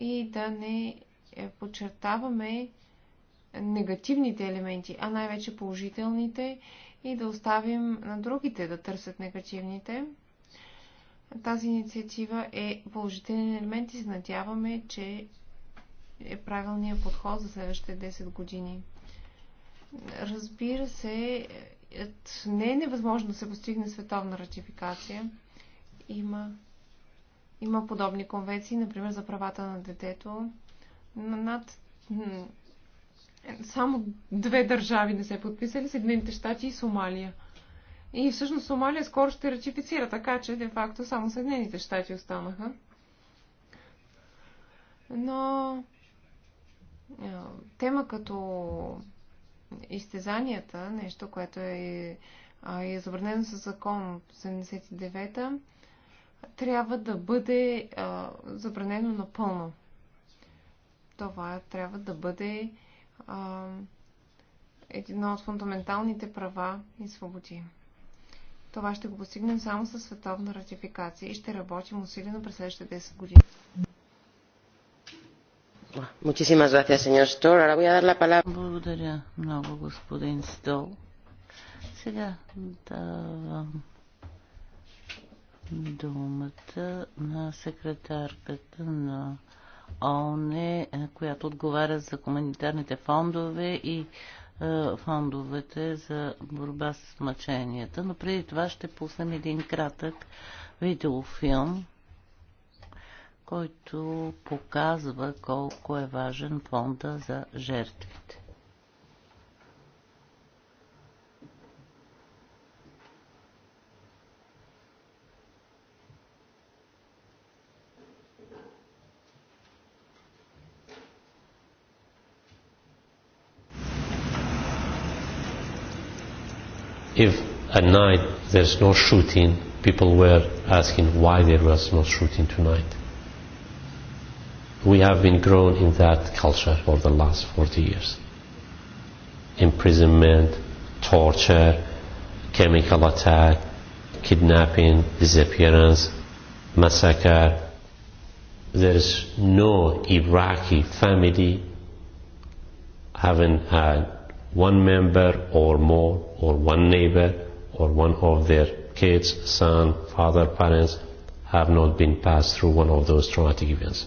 и да не е, подчертаваме негативните елементи, а най-вече положителните и да оставим на другите да търсят негативните. Тази инициатива е положителен елемент и се надяваме, че е правилният подход за следващите 10 години. Разбира се, не е невъзможно да се постигне световна ратификация. Има, има подобни конвенции, например за правата на детето. На над само две държави не се подписали Съединените щати и Сомалия. И всъщност Сомалия скоро ще ратифицира, така че де-факто само Съединените щати останаха. Но тема като изтезанията, нещо, което е, е забранено със закон 79-та, трябва да бъде а, забранено напълно. Това трябва да бъде а, едно от фундаменталните права и свободи. Това ще го постигнем само със световна ратификация и ще работим усилено през следващите 10 години. Стол. Благодаря много, господин Стол. Сега давам думата на секретарката на ООН, е, която отговаря за хуманитарните фондове и е, фондовете за борба с мъченията. Но преди това ще пуснем един кратък видеофилм който показва колко е важен фонда за жертвите. if at night there's no shooting, people were asking why there was no shooting tonight. We have been grown in that culture for the last 40 years. Imprisonment, torture, chemical attack, kidnapping, disappearance, massacre. There is no Iraqi family having had one member or more, or one neighbor, or one of their kids, son, father, parents have not been passed through one of those traumatic events.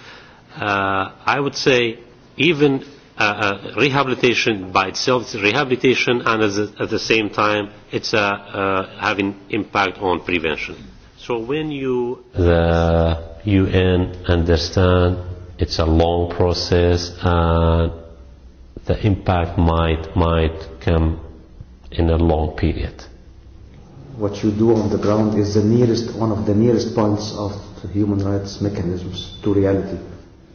uh, I would say even uh, uh, rehabilitation by itself is rehabilitation and at the, at the same time it's uh, uh, having impact on prevention. So when you... The UN understand it's a long process and the impact might, might come in a long period. What you do on the ground is the nearest, one of the nearest points of human rights mechanisms to reality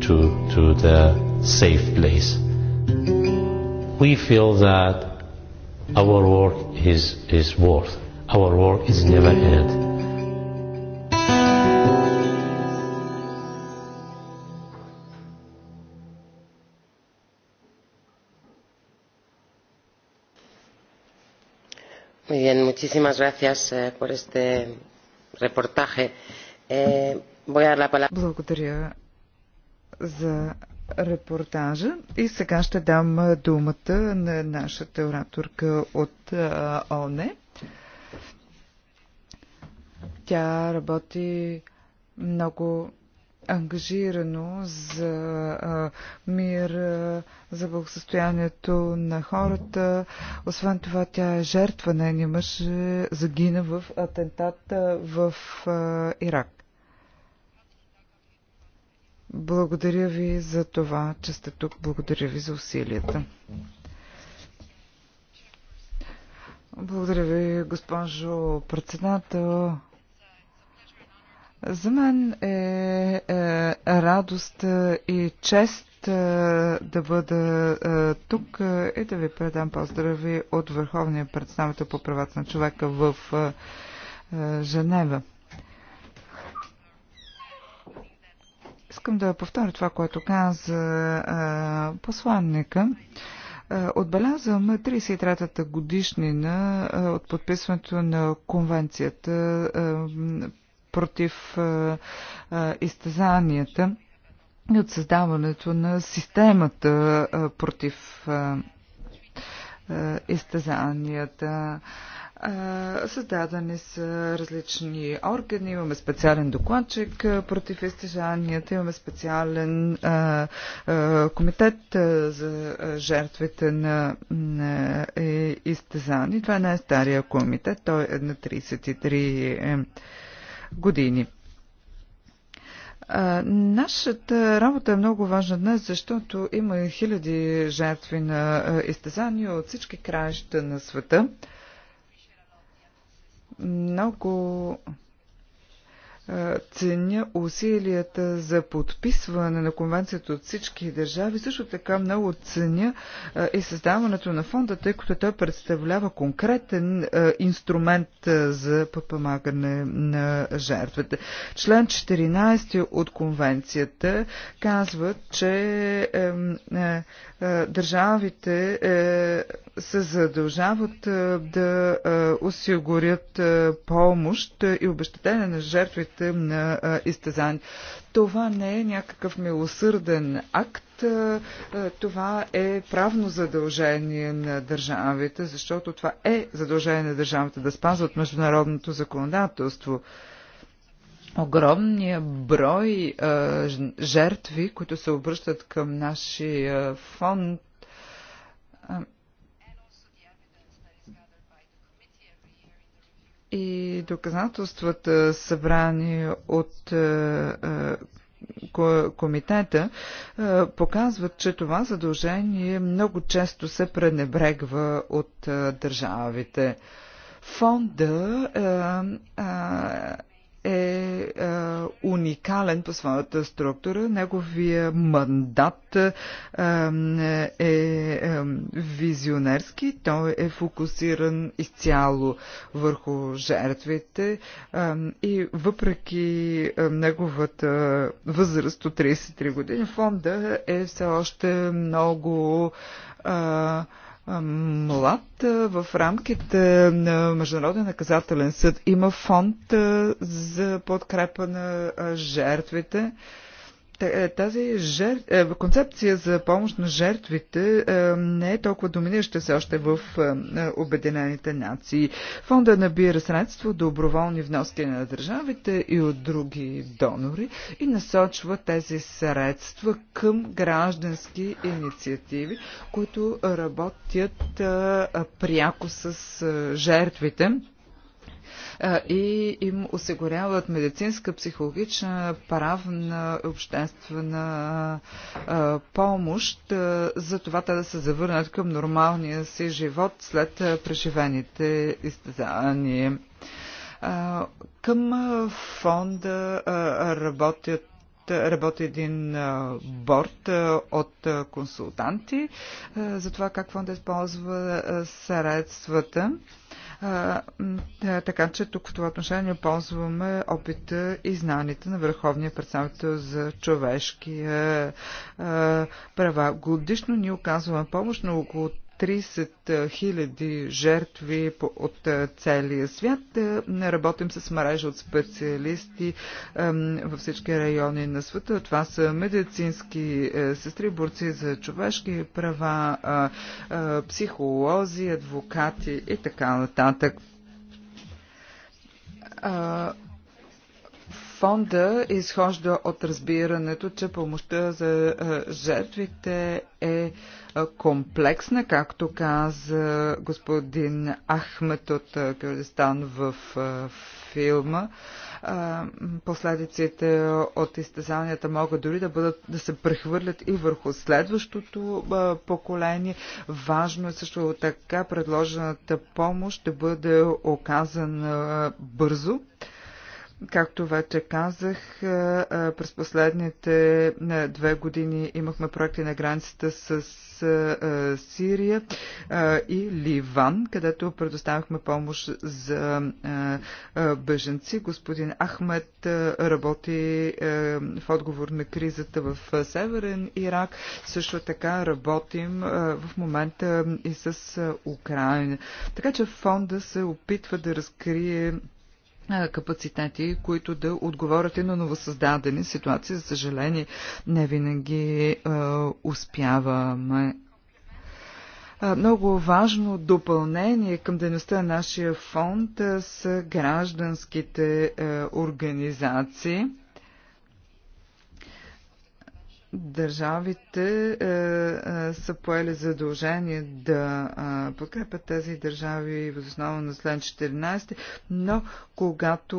to, to the safe place. We feel that our work is, is worth. Our work is never end. Muy bien, muchísimas gracias eh, por este reportaje. Eh, voy a dar la palabra за репортажа. И сега ще дам думата на нашата ораторка от ОНЕ. Тя работи много ангажирано за мир, за благосъстоянието на хората. Освен това, тя е жертва. Нейният мъж загина в атентата в Ирак. Благодаря ви за това, че сте тук. Благодаря ви за усилията. Благодаря ви, госпожо председател. За мен е, е радост и чест е, да бъда е, тук е, и да ви предам поздрави от Върховния представител по правата на човека в е, е Женева. Искам да повторя това, което каза а, посланника. отбелязвам 33-та годишнина от подписването на конвенцията против изтезанията и от създаването на системата против изтезанията. Създадени са различни органи, имаме специален докладчик против изтежанията, имаме специален а, а, комитет за жертвите на, на е, изтезани. Това е най-стария комитет, той е на 33 е, години. Нашата работа е много важна днес, защото има хиляди жертви на изтезания от всички краища на света. Много ценя усилията за подписване на конвенцията от всички държави. Също така много ценя и създаването на фонда, тъй като той представлява конкретен инструмент за подпомагане на жертвата. Член 14 от конвенцията казва, че е, е, държавите е, се задължават да осигурят помощ и обещатение на жертвите на изтезания. Това не е някакъв милосърден акт, това е правно задължение на държавите, защото това е задължение на държавите да спазват международното законодателство огромния брой а, жертви, които се обръщат към нашия фонд. А, и доказателствата, събрани от е, е, комитета, е, показват, че това задължение много често се пренебрегва от държавите. Фонда е а, е, уникален по своята структура. Неговия мандат а, е, е, е визионерски. Той е фокусиран изцяло върху жертвите а, и въпреки а, неговата възраст от 33 години, фонда е все още много а, МЛАД в рамките на Международен наказателен съд има фонд за подкрепа на жертвите. Е, тази жер... Е, концепция за помощ на жертвите е, не е толкова доминираща все още в Обединените нации. Фонда набира средства, доброволни вноски на държавите и от други донори и насочва тези средства към граждански инициативи, които работят пряко с жертвите и им осигуряват медицинска, психологична, правна, обществена помощ, за това те да се завърнат към нормалния си живот след преживените изтезания. Към фонда работят работи един борт от консултанти за това как фонда използва средствата. А, така че тук в това отношение ползваме опита и знаните на Върховния представител за човешки а, права. Годишно ни оказваме помощ на около 30 хиляди жертви от целия свят. Работим с мрежа от специалисти във всички райони на света. Това са медицински е, сестри, борци за човешки права, психолози, адвокати и така нататък Фонда изхожда от разбирането, че помощта за жертвите е комплексна, както каза господин Ахмет от Кюрдистан в филма. Последиците от изтезанията могат дори да, бъдат, да се прехвърлят и върху следващото поколение. Важно е също така предложената помощ да бъде оказана бързо. Както вече казах, през последните две години имахме проекти на границата с Сирия и Ливан, където предоставяхме помощ за беженци. Господин Ахмед работи в отговор на кризата в Северен Ирак. Също така работим в момента и с Украина. Така че фонда се опитва да разкрие е, капацитети, които да отговорят и на новосъздадени ситуации. За съжаление, не винаги е, успяваме. Е, много важно допълнение към дейността на нашия фонд е, са гражданските е, организации държавите е, е, са поели задължение да е, подкрепят тези държави възоснова на член 14, но когато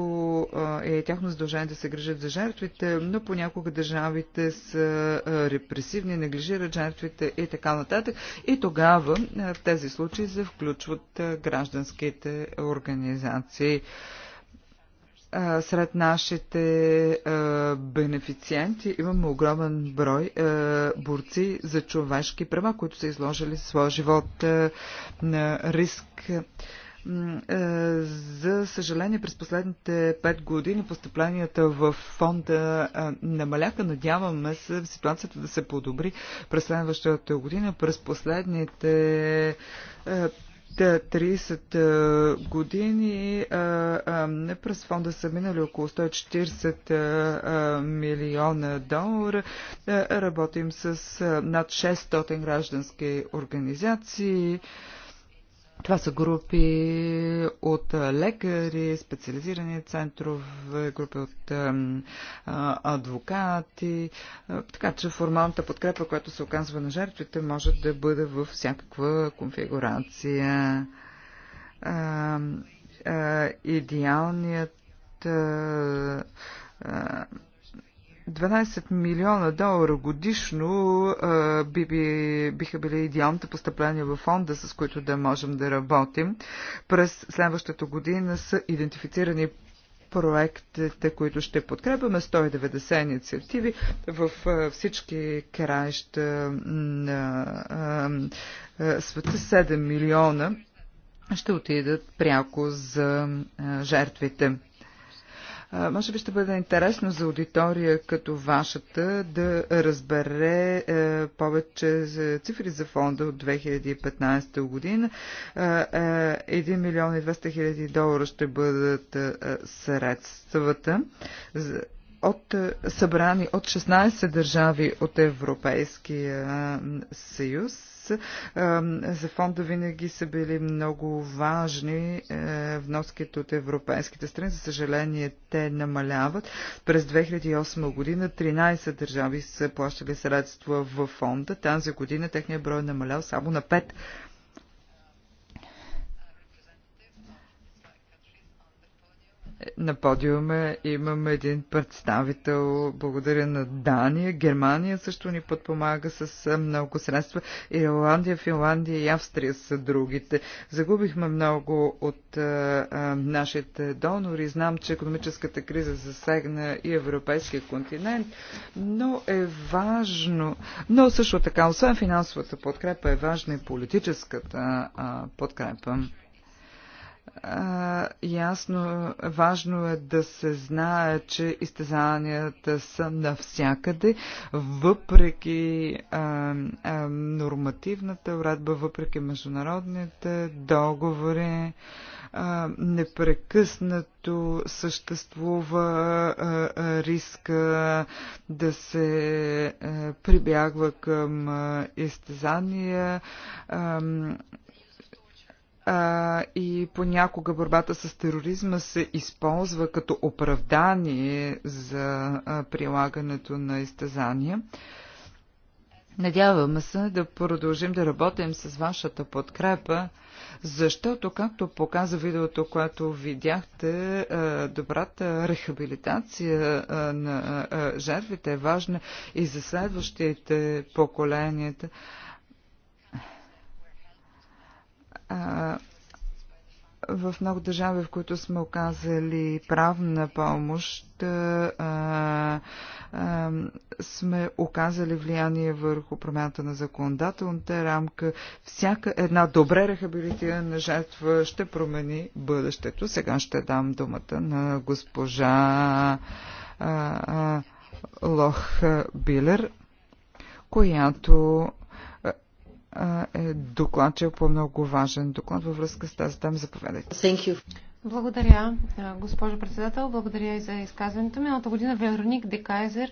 е, е тяхно задължение да се грижат за жертвите, но понякога държавите са е, репресивни, неглижират жертвите и така нататък. И тогава в е, тези случаи се включват гражданските организации сред нашите бенефициенти имаме огромен брой борци за човешки права, които са изложили своя живот на риск. За съжаление, през последните пет години постъпленията в фонда намаляха. Надяваме се ситуацията да се подобри през следващата година. През последните 30 години не през фонда са минали около 140 милиона долара. Работим с над 600 граждански организации. Това са групи от лекари, специализирани центрове, групи от адвокати, така че формалната подкрепа, която се оказва на жертвите, може да бъде в всякаква конфигурация. Идеалният 12 милиона долара годишно а, би, би, биха били идеалните постъпления в фонда, с които да можем да работим. През следващата година са идентифицирани проектите, които ще подкрепяме, 190 инициативи в всички краища на света, 7 милиона ще отидат пряко за жертвите. Може би ще бъде интересно за аудитория като вашата да разбере е, повече за цифри за фонда от 2015 година. 1 е, е, милион и 200 хиляди долара ще бъдат средствата от, събрани от 16 държави от Европейския съюз за фонда винаги са били много важни е, вноските от европейските страни. За съжаление, те намаляват. През 2008 година 13 държави са плащали средства в фонда. Тази година техният брой е намалял само на 5 На подиума имаме един представител, благодаря на Дания. Германия също ни подпомага с много средства. Ирландия, Финландия и Австрия са другите. Загубихме много от а, а, нашите донори. Знам, че економическата криза засегна и европейския континент, но е важно, но също така, освен финансовата подкрепа, е важна и политическата а, подкрепа. А, ясно, важно е да се знае, че изтезанията са навсякъде, въпреки а, а, нормативната уредба, въпреки международните договори, а, непрекъснато съществува а, а, риска да се а, прибягва към а, изтезания. А, а, и понякога борбата с тероризма се използва като оправдание за а, прилагането на изтезания. Надяваме се да продължим да работим с вашата подкрепа, защото, както показа видеото, което видяхте, добрата рехабилитация на жертвите е важна и за следващите поколенията в много държави, в които сме оказали правна помощ, а, а, сме оказали влияние върху промяната на законодателната рамка. Всяка една добре рехабилитирана жертва ще промени бъдещето. Сега ще дам думата на госпожа Лох Билер, която е докладчик по много важен доклад във връзка с тази тема. Заповядайте. Благодаря, госпожо председател. Благодаря и за изказването. Миналата година Вероник Декайзер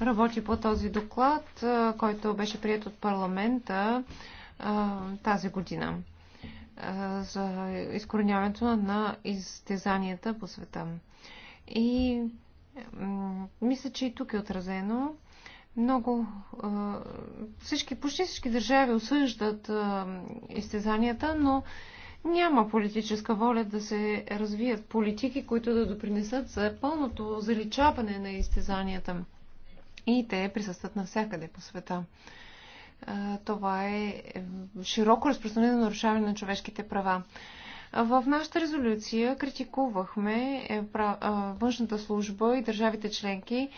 работи по този доклад, който беше прият от парламента тази година за изкореняването на изтезанията по света. И мисля, че и тук е отразено много всички, почти всички държави осъждат изтезанията, но няма политическа воля да се развият политики, които да допринесат за пълното заличаване на изтезанията. И те присъстват навсякъде по света. Това е широко разпространено нарушаване на човешките права. В нашата резолюция критикувахме е, външната служба и държавите членки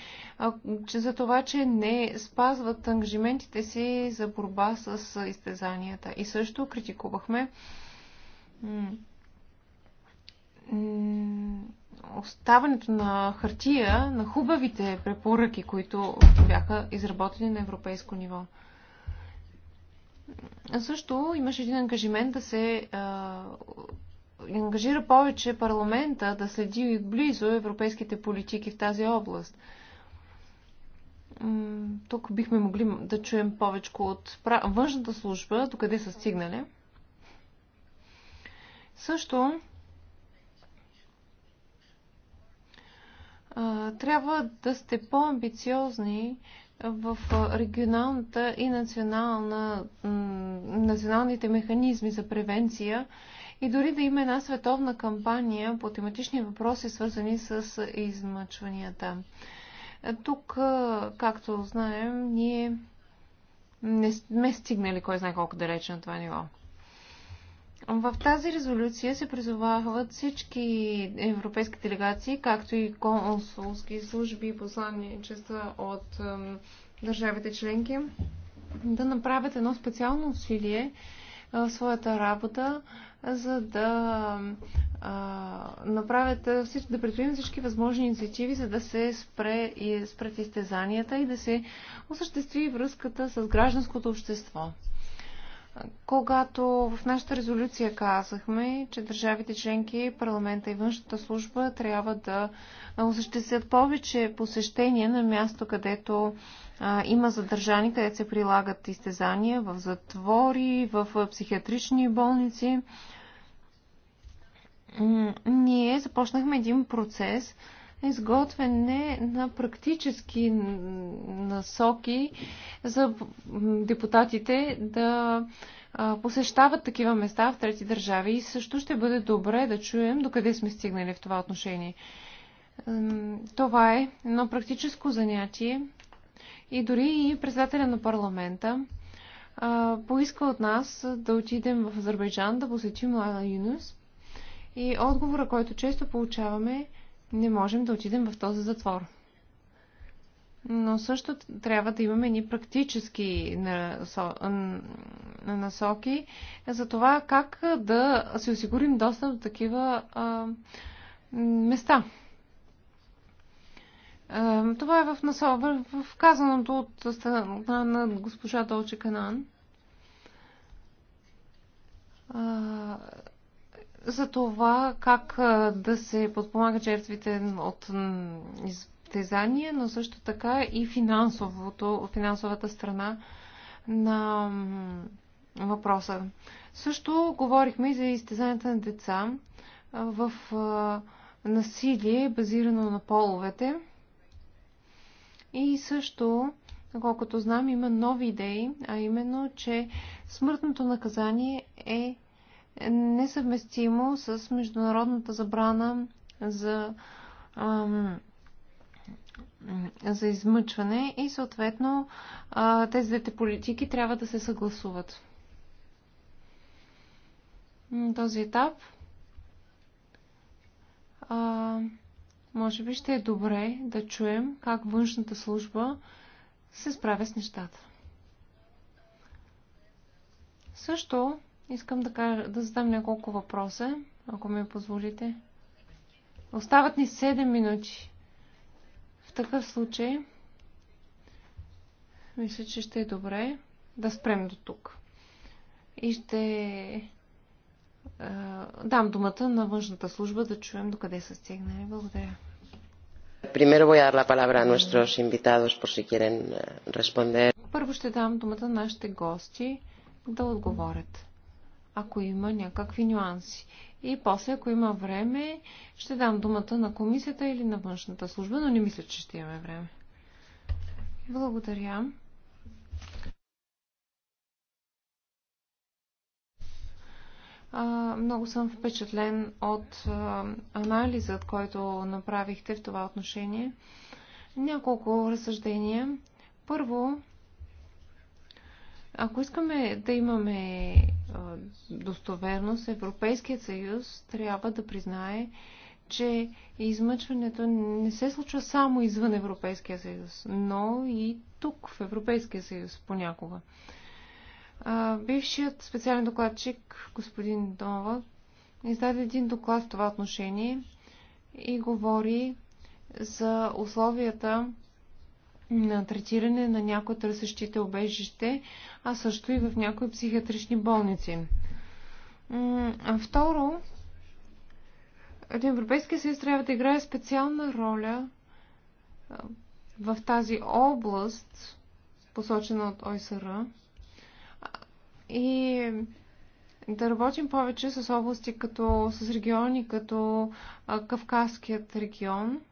за това, че не спазват ангажиментите си за борба с изтезанията. И също критикувахме оставането на хартия на хубавите препоръки, които бяха изработени на европейско ниво. Също имаше един ангажимент да се а, ангажира повече парламента да следи близо европейските политики в тази област. Тук бихме могли да чуем повече от външната служба, докъде са стигнали. Също трябва да сте по-амбициозни в регионалната и национална, националните механизми за превенция и дори да има една световна кампания по тематични въпроси, свързани с измъчванията. Тук, както знаем, ние не сме стигнали кой знае колко далече на това ниво. В тази резолюция се призовават всички европейски делегации, както и консулски служби и посланничества от държавите членки, да направят едно специално усилие е, в своята работа, за да а, е, направят е, всички, да предприемат всички възможни инициативи, за да се спре и спрат изтезанията и да се осъществи връзката с гражданското общество когато в нашата резолюция казахме, че държавите членки, парламента и външната служба трябва да осъществят повече посещения на място, където а, има задържани, където се прилагат изтезания в затвори, в психиатрични болници. Ние започнахме един процес, изготвяне на практически насоки за депутатите да посещават такива места в трети държави и също ще бъде добре да чуем докъде сме стигнали в това отношение. Това е едно практическо занятие и дори и председателя на парламента поиска от нас да отидем в Азербайджан да посетим Лайла Юнус. И отговора, който често получаваме е не можем да отидем в този затвор. Но също трябва да имаме ни практически насоки за това как да си осигурим достъп до такива а, места. А, това е в, насо... в, в казаното от страна на госпожа Долче Канан. А, за това как да се подпомага жертвите от изтезания, но също така и финансовото, финансовата страна на въпроса. Също говорихме и за изтезанията на деца в насилие, базирано на половете. И също, колкото знам, има нови идеи, а именно, че смъртното наказание е е несъвместимо с международната забрана за, ам, за измъчване и съответно а, тези двете политики трябва да се съгласуват. На този етап а, може би ще е добре да чуем как външната служба се справя с нещата. Също Искам да, кажа, да задам няколко въпроса, ако ми позволите. Остават ни 7 минути. В такъв случай, мисля, че ще е добре да спрем до тук. И ще дам думата на външната служба да чуем докъде са стигнали. Благодаря. Primero voy a dar la palabra a nuestros invitados por si quieren eh, responder. Първо ще дам думата на нашите гости да отговорят ако има някакви нюанси. И после, ако има време, ще дам думата на комисията или на външната служба, но не мисля, че ще имаме време. Благодаря. много съм впечатлен от анализът, който направихте в това отношение. Няколко разсъждения. Първо, ако искаме да имаме достоверност, Европейският съюз трябва да признае, че измъчването не се случва само извън Европейския съюз, но и тук, в Европейския съюз, понякога. Бившият специален докладчик, господин Донова, издаде един доклад в това отношение и говори за условията на третиране на някои търсещите обежище, а също и в някои психиатрични болници. А второ, Европейския съюз трябва да играе специална роля в тази област, посочена от ОСР, и да работим повече с области като, с региони като Кавказският регион –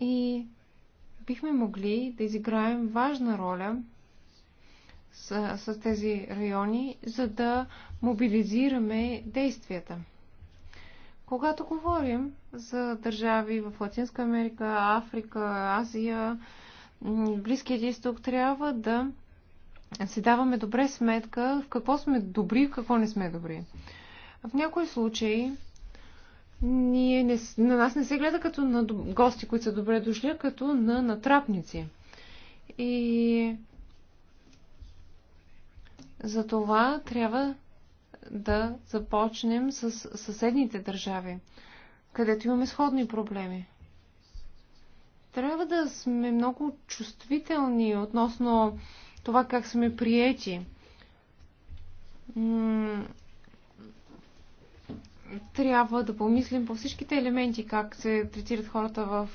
И бихме могли да изиграем важна роля с, с тези райони, за да мобилизираме действията. Когато говорим за държави в Латинска Америка, Африка, Азия, Близкият изток, трябва да си даваме добре сметка в какво сме добри и в какво не сме добри. В някои случаи ние не, на нас не се гледа като на гости, които са добре дошли, а като на натрапници. И за това трябва да започнем с съседните държави, където имаме сходни проблеми. Трябва да сме много чувствителни относно това как сме приети трябва да помислим по всичките елементи, как се третират хората в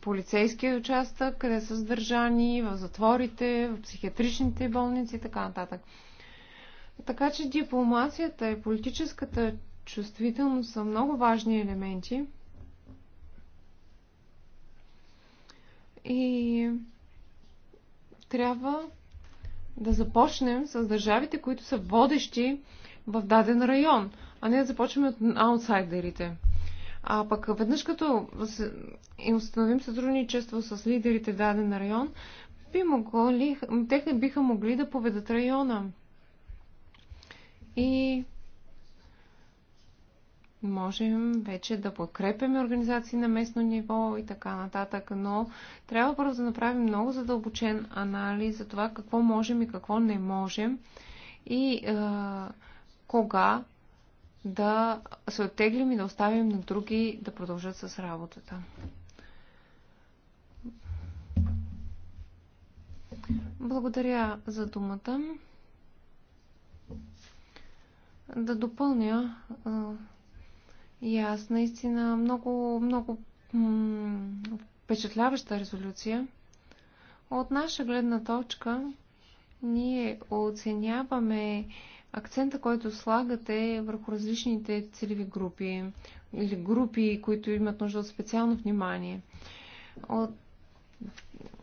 полицейския участък, къде са задържани, в затворите, в психиатричните болници и така нататък. Така че дипломацията и политическата чувствителност са много важни елементи. И трябва да започнем с държавите, които са водещи в даден район а не да започваме от аутсайдерите. А пък веднъж като и установим сътрудничество с лидерите в даден район, би могли, те биха могли да поведат района. И можем вече да подкрепяме организации на местно ниво и така нататък, но трябва първо да направим много задълбочен анализ за това какво можем и какво не можем и е, кога да се оттеглим и да оставим на други да продължат с работата. Благодаря за думата. Да допълня. И аз наистина много, много впечатляваща резолюция. От наша гледна точка ние оценяваме акцента, който слагате е върху различните целеви групи или групи, които имат нужда от специално внимание. От...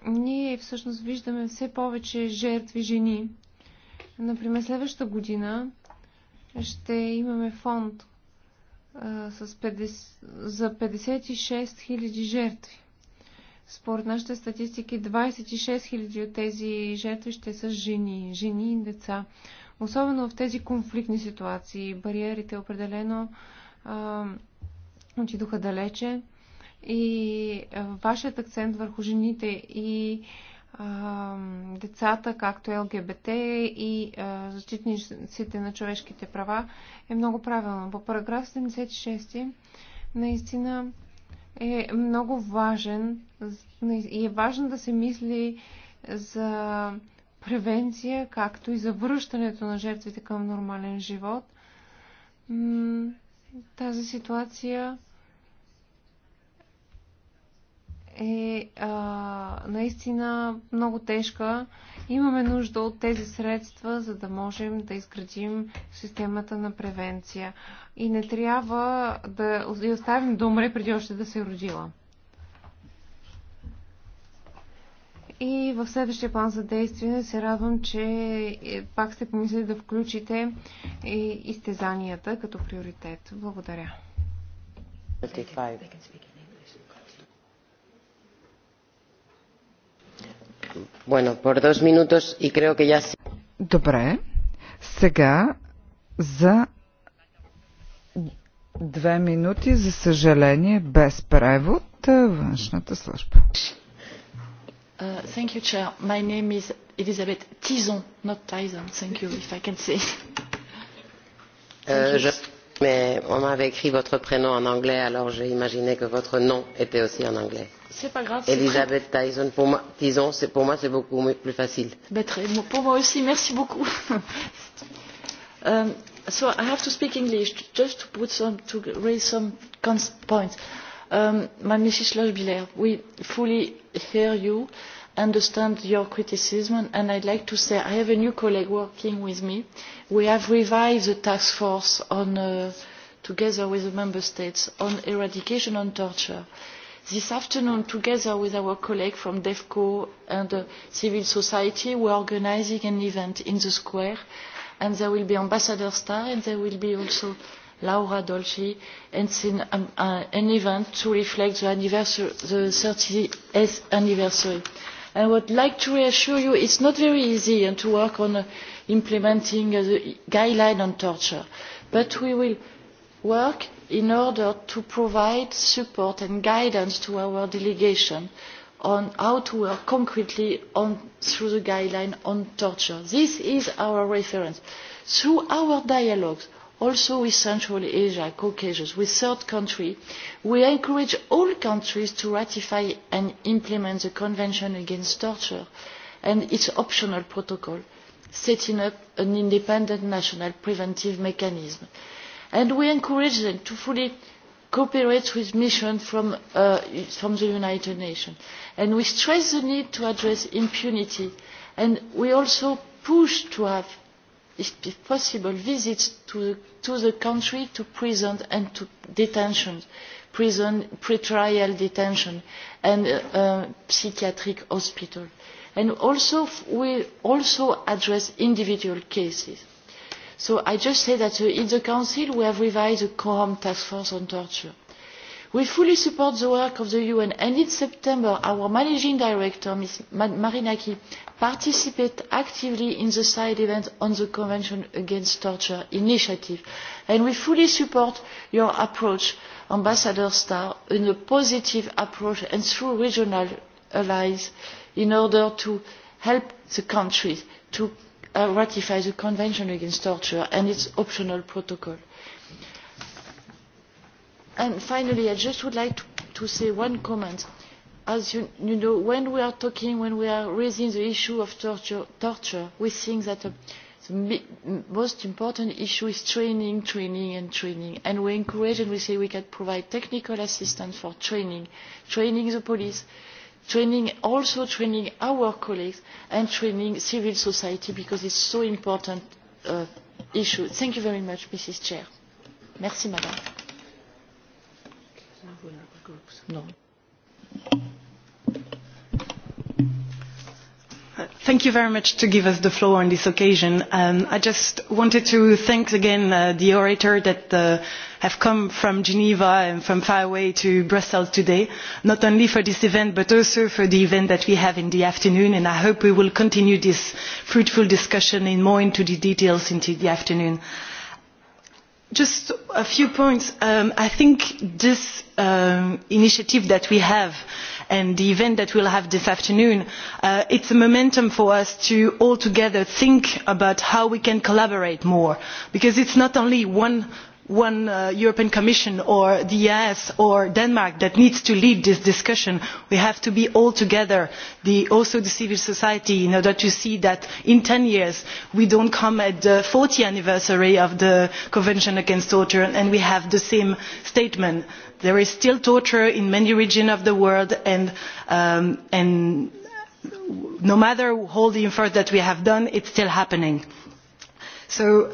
Ние всъщност виждаме все повече жертви жени. Например, следващата година ще имаме фонд а, с 50... за 56 000 жертви. Според нашите статистики 26 000 от тези жертви ще са жени, жени и деца. Особено в тези конфликтни ситуации. Бариерите определено а, отидоха далече. И а, вашият акцент върху жените и а, децата, както ЛГБТ и а, защитниците на човешките права е много правилно. По параграф 76 наистина е много важен и е важно да се мисли за превенция, както и за връщането на жертвите към нормален живот. Тази ситуация е а, наистина много тежка. Имаме нужда от тези средства, за да можем да изградим системата на превенция. И не трябва да я оставим да умре преди още да се е родила. И в следващия план за действие се радвам, че е, пак сте помислили да включите изтезанията като приоритет. Благодаря. Добре. Сега за две минути, за съжаление, без превод, е, външната служба thank you, Chair. My name is Elisabeth Tison, not Tyson. Thank you, if I can say. Euh, je... Mais on m'avait écrit votre prénom en anglais, alors j'ai imaginé que votre nom était aussi en anglais. C'est pas grave. Elisabeth très... Tyson, pour moi, Tison, c'est pour moi c'est beaucoup plus facile. Ben, très, pour moi aussi, merci beaucoup. um, so I have to speak English just to put some to raise some points. Mrs. Lochbihler, we fully hear you, understand your criticism, and I'd like to say I have a new colleague working with me. We have revised the task force on, together with the member states on eradication and torture. This afternoon, together with our colleague from DEFCO and civil society, we are organising an event in the square, and there will be Ambassador Star, and there will be also Laura Dolci, and it's an, um, uh, an event to reflect the, the 30th anniversary. I would like to reassure you it's not very easy and to work on uh, implementing uh, the guideline on torture, but we will work in order to provide support and guidance to our delegation on how to work concretely on, through the guideline on torture. This is our reference. Through our dialogues also with Central Asia, Caucasus, with third countries, we encourage all countries to ratify and implement the Convention Against Torture and its optional protocol, setting up an independent national preventive mechanism. And we encourage them to fully cooperate with missions from, the United Nations. And we stress the need to address impunity. And we also push to have if possible, visits to, to the country, to prison and to detention, prison, pre trial detention and psychiatric hospital. And also, we also address individual cases. So I just say that in the Council we have revised the Quorum Task Force on Torture. We fully support the work of the UN and in September our Managing Director, Ms. Marinaki, participate actively in the side event on the Convention Against Torture initiative. And we fully support your approach, Ambassador Starr, in a positive approach and through regional allies in order to help the country to ratify the Convention Against Torture and its optional protocol. finally, I would just like to, to say one comment as you, know, when we are talking, when we are raising the issue of torture, we think that the most important issue is training, training and training. And we encourage and we say we can provide technical assistance for training, training the police, training also training our colleagues and training civil society because it's so important uh, issue. Thank you very much, Mrs. Chair. Merci, Madame. Thank you very much to give us the floor on this occasion. Um, I just wanted to thank again uh, the orator that uh, have come from Geneva and from far away to Brussels today, not only for this event but also for the event that we have in the afternoon. And I hope we will continue this fruitful discussion in more into the details into the afternoon. Just a few points. Um, I think this um, initiative that we have and the event that we will have this afternoon it is a momentum for us to all together think about how we can collaborate more because it is not only one european commission or the eeas or denmark that needs to lead this discussion we have to be all together also civil society in order to see that in ten years we do not come at the fortieth anniversary of the convention against torture and we have the same statement there is still torture in many regions of the world and no matter all the efforts that we have done it is still happening. so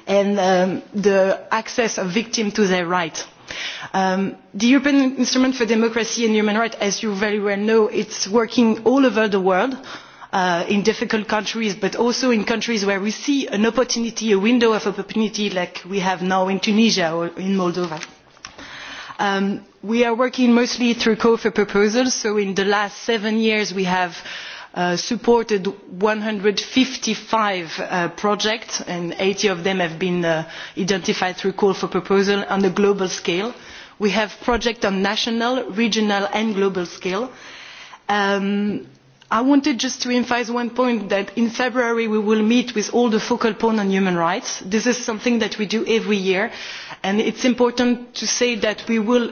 and the access of victims to their rights. the european instrument for democracy and human rights as you very well know is working all over the world in difficult countries but also in countries where we see an opportunity a window of opportunity like we have now in tunisia or in moldova. we are working mostly through call for proposals so in the last seven years we have supported one hundred and fifty five projects and eighty of them have been identified through call for proposals on a global scale. we have projects on national regional and global scale. i wanted just to emphasise one point that in february we will meet with all the focal points on human rights. this is something that we do every year and it is important to say that we will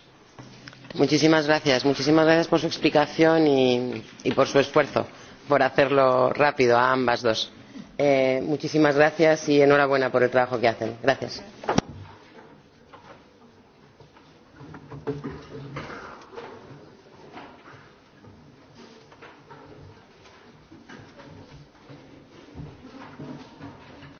Muchísimas gracias. Muchísimas gracias por su explicación y, y por su esfuerzo por hacerlo rápido a ambas dos. Eh, muchísimas gracias y enhorabuena por el trabajo que hacen. Gracias.